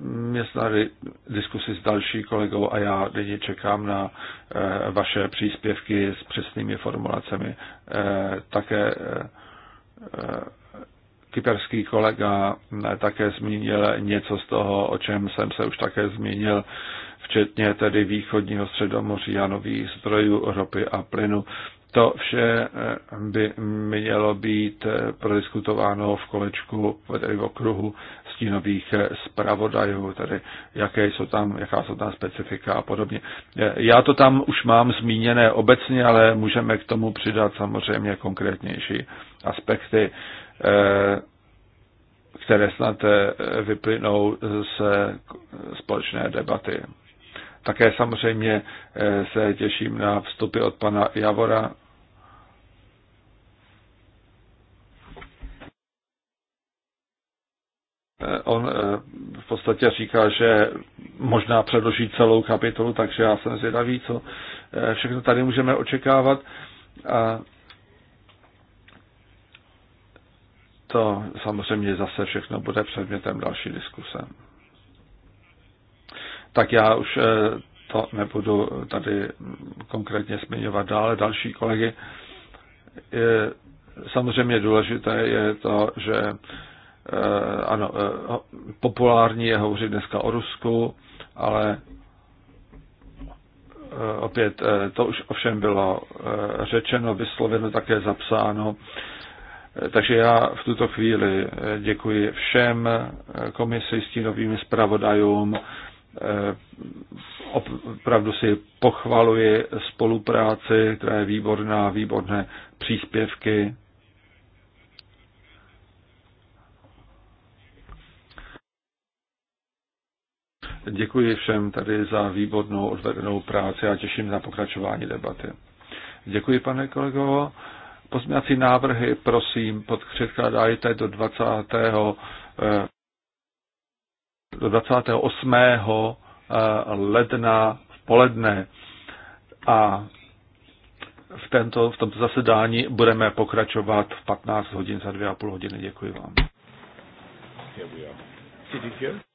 [SPEAKER 3] Mě snad diskusi s další kolegou a já nyní čekám na eh, vaše příspěvky s přesnými formulacemi. Eh, také kyperský kolega eh, také zmínil něco z toho, o čem jsem se už také zmínil, včetně tedy východního středomoří a nových zdrojů ropy a plynu. To vše eh, by mělo být eh, prodiskutováno v kolečku, tedy v okruhu stínových zpravodajů, tedy jaké jsou tam, jaká jsou tam specifika a podobně. Já to tam už mám zmíněné obecně, ale můžeme k tomu přidat samozřejmě konkrétnější aspekty. Eh, které snad eh, vyplynou z společné debaty. Také samozřejmě eh, se těším na vstupy od pana Javora. On v podstatě říká, že možná předloží celou kapitolu, takže já jsem zvědavý, co všechno tady můžeme očekávat. A to samozřejmě zase všechno bude předmětem další diskuse. Tak já už eh, to nebudu tady konkrétně zmiňovat dále. Další kolegy. Samozřejmě důležité je to, že eh, ano, eh, populární je hovořit dneska o Rusku, ale opět to už ovšem bylo řečeno, vysloveno, také zapsáno Eh, takže já v tuto chvíli eh, děkuji všem eh, komisi, stínovým zpravodajům. Opravdu si pochvaluji spolupráci, která je výborná, výborné příspěvky. Děkuji všem tady za výbornou odvedenou práci a těším na pokračování debaty. Děkuji, pane kolego. Pozměňovací návrhy, prosím, předkládajte do 20. Eh, do 28. Eh, ledna v poledne. A v, tento, v tomto zasedání budeme pokračovat v 15 hodin za 2,5 a hodiny. Děkuji
[SPEAKER 1] vám. Here we are.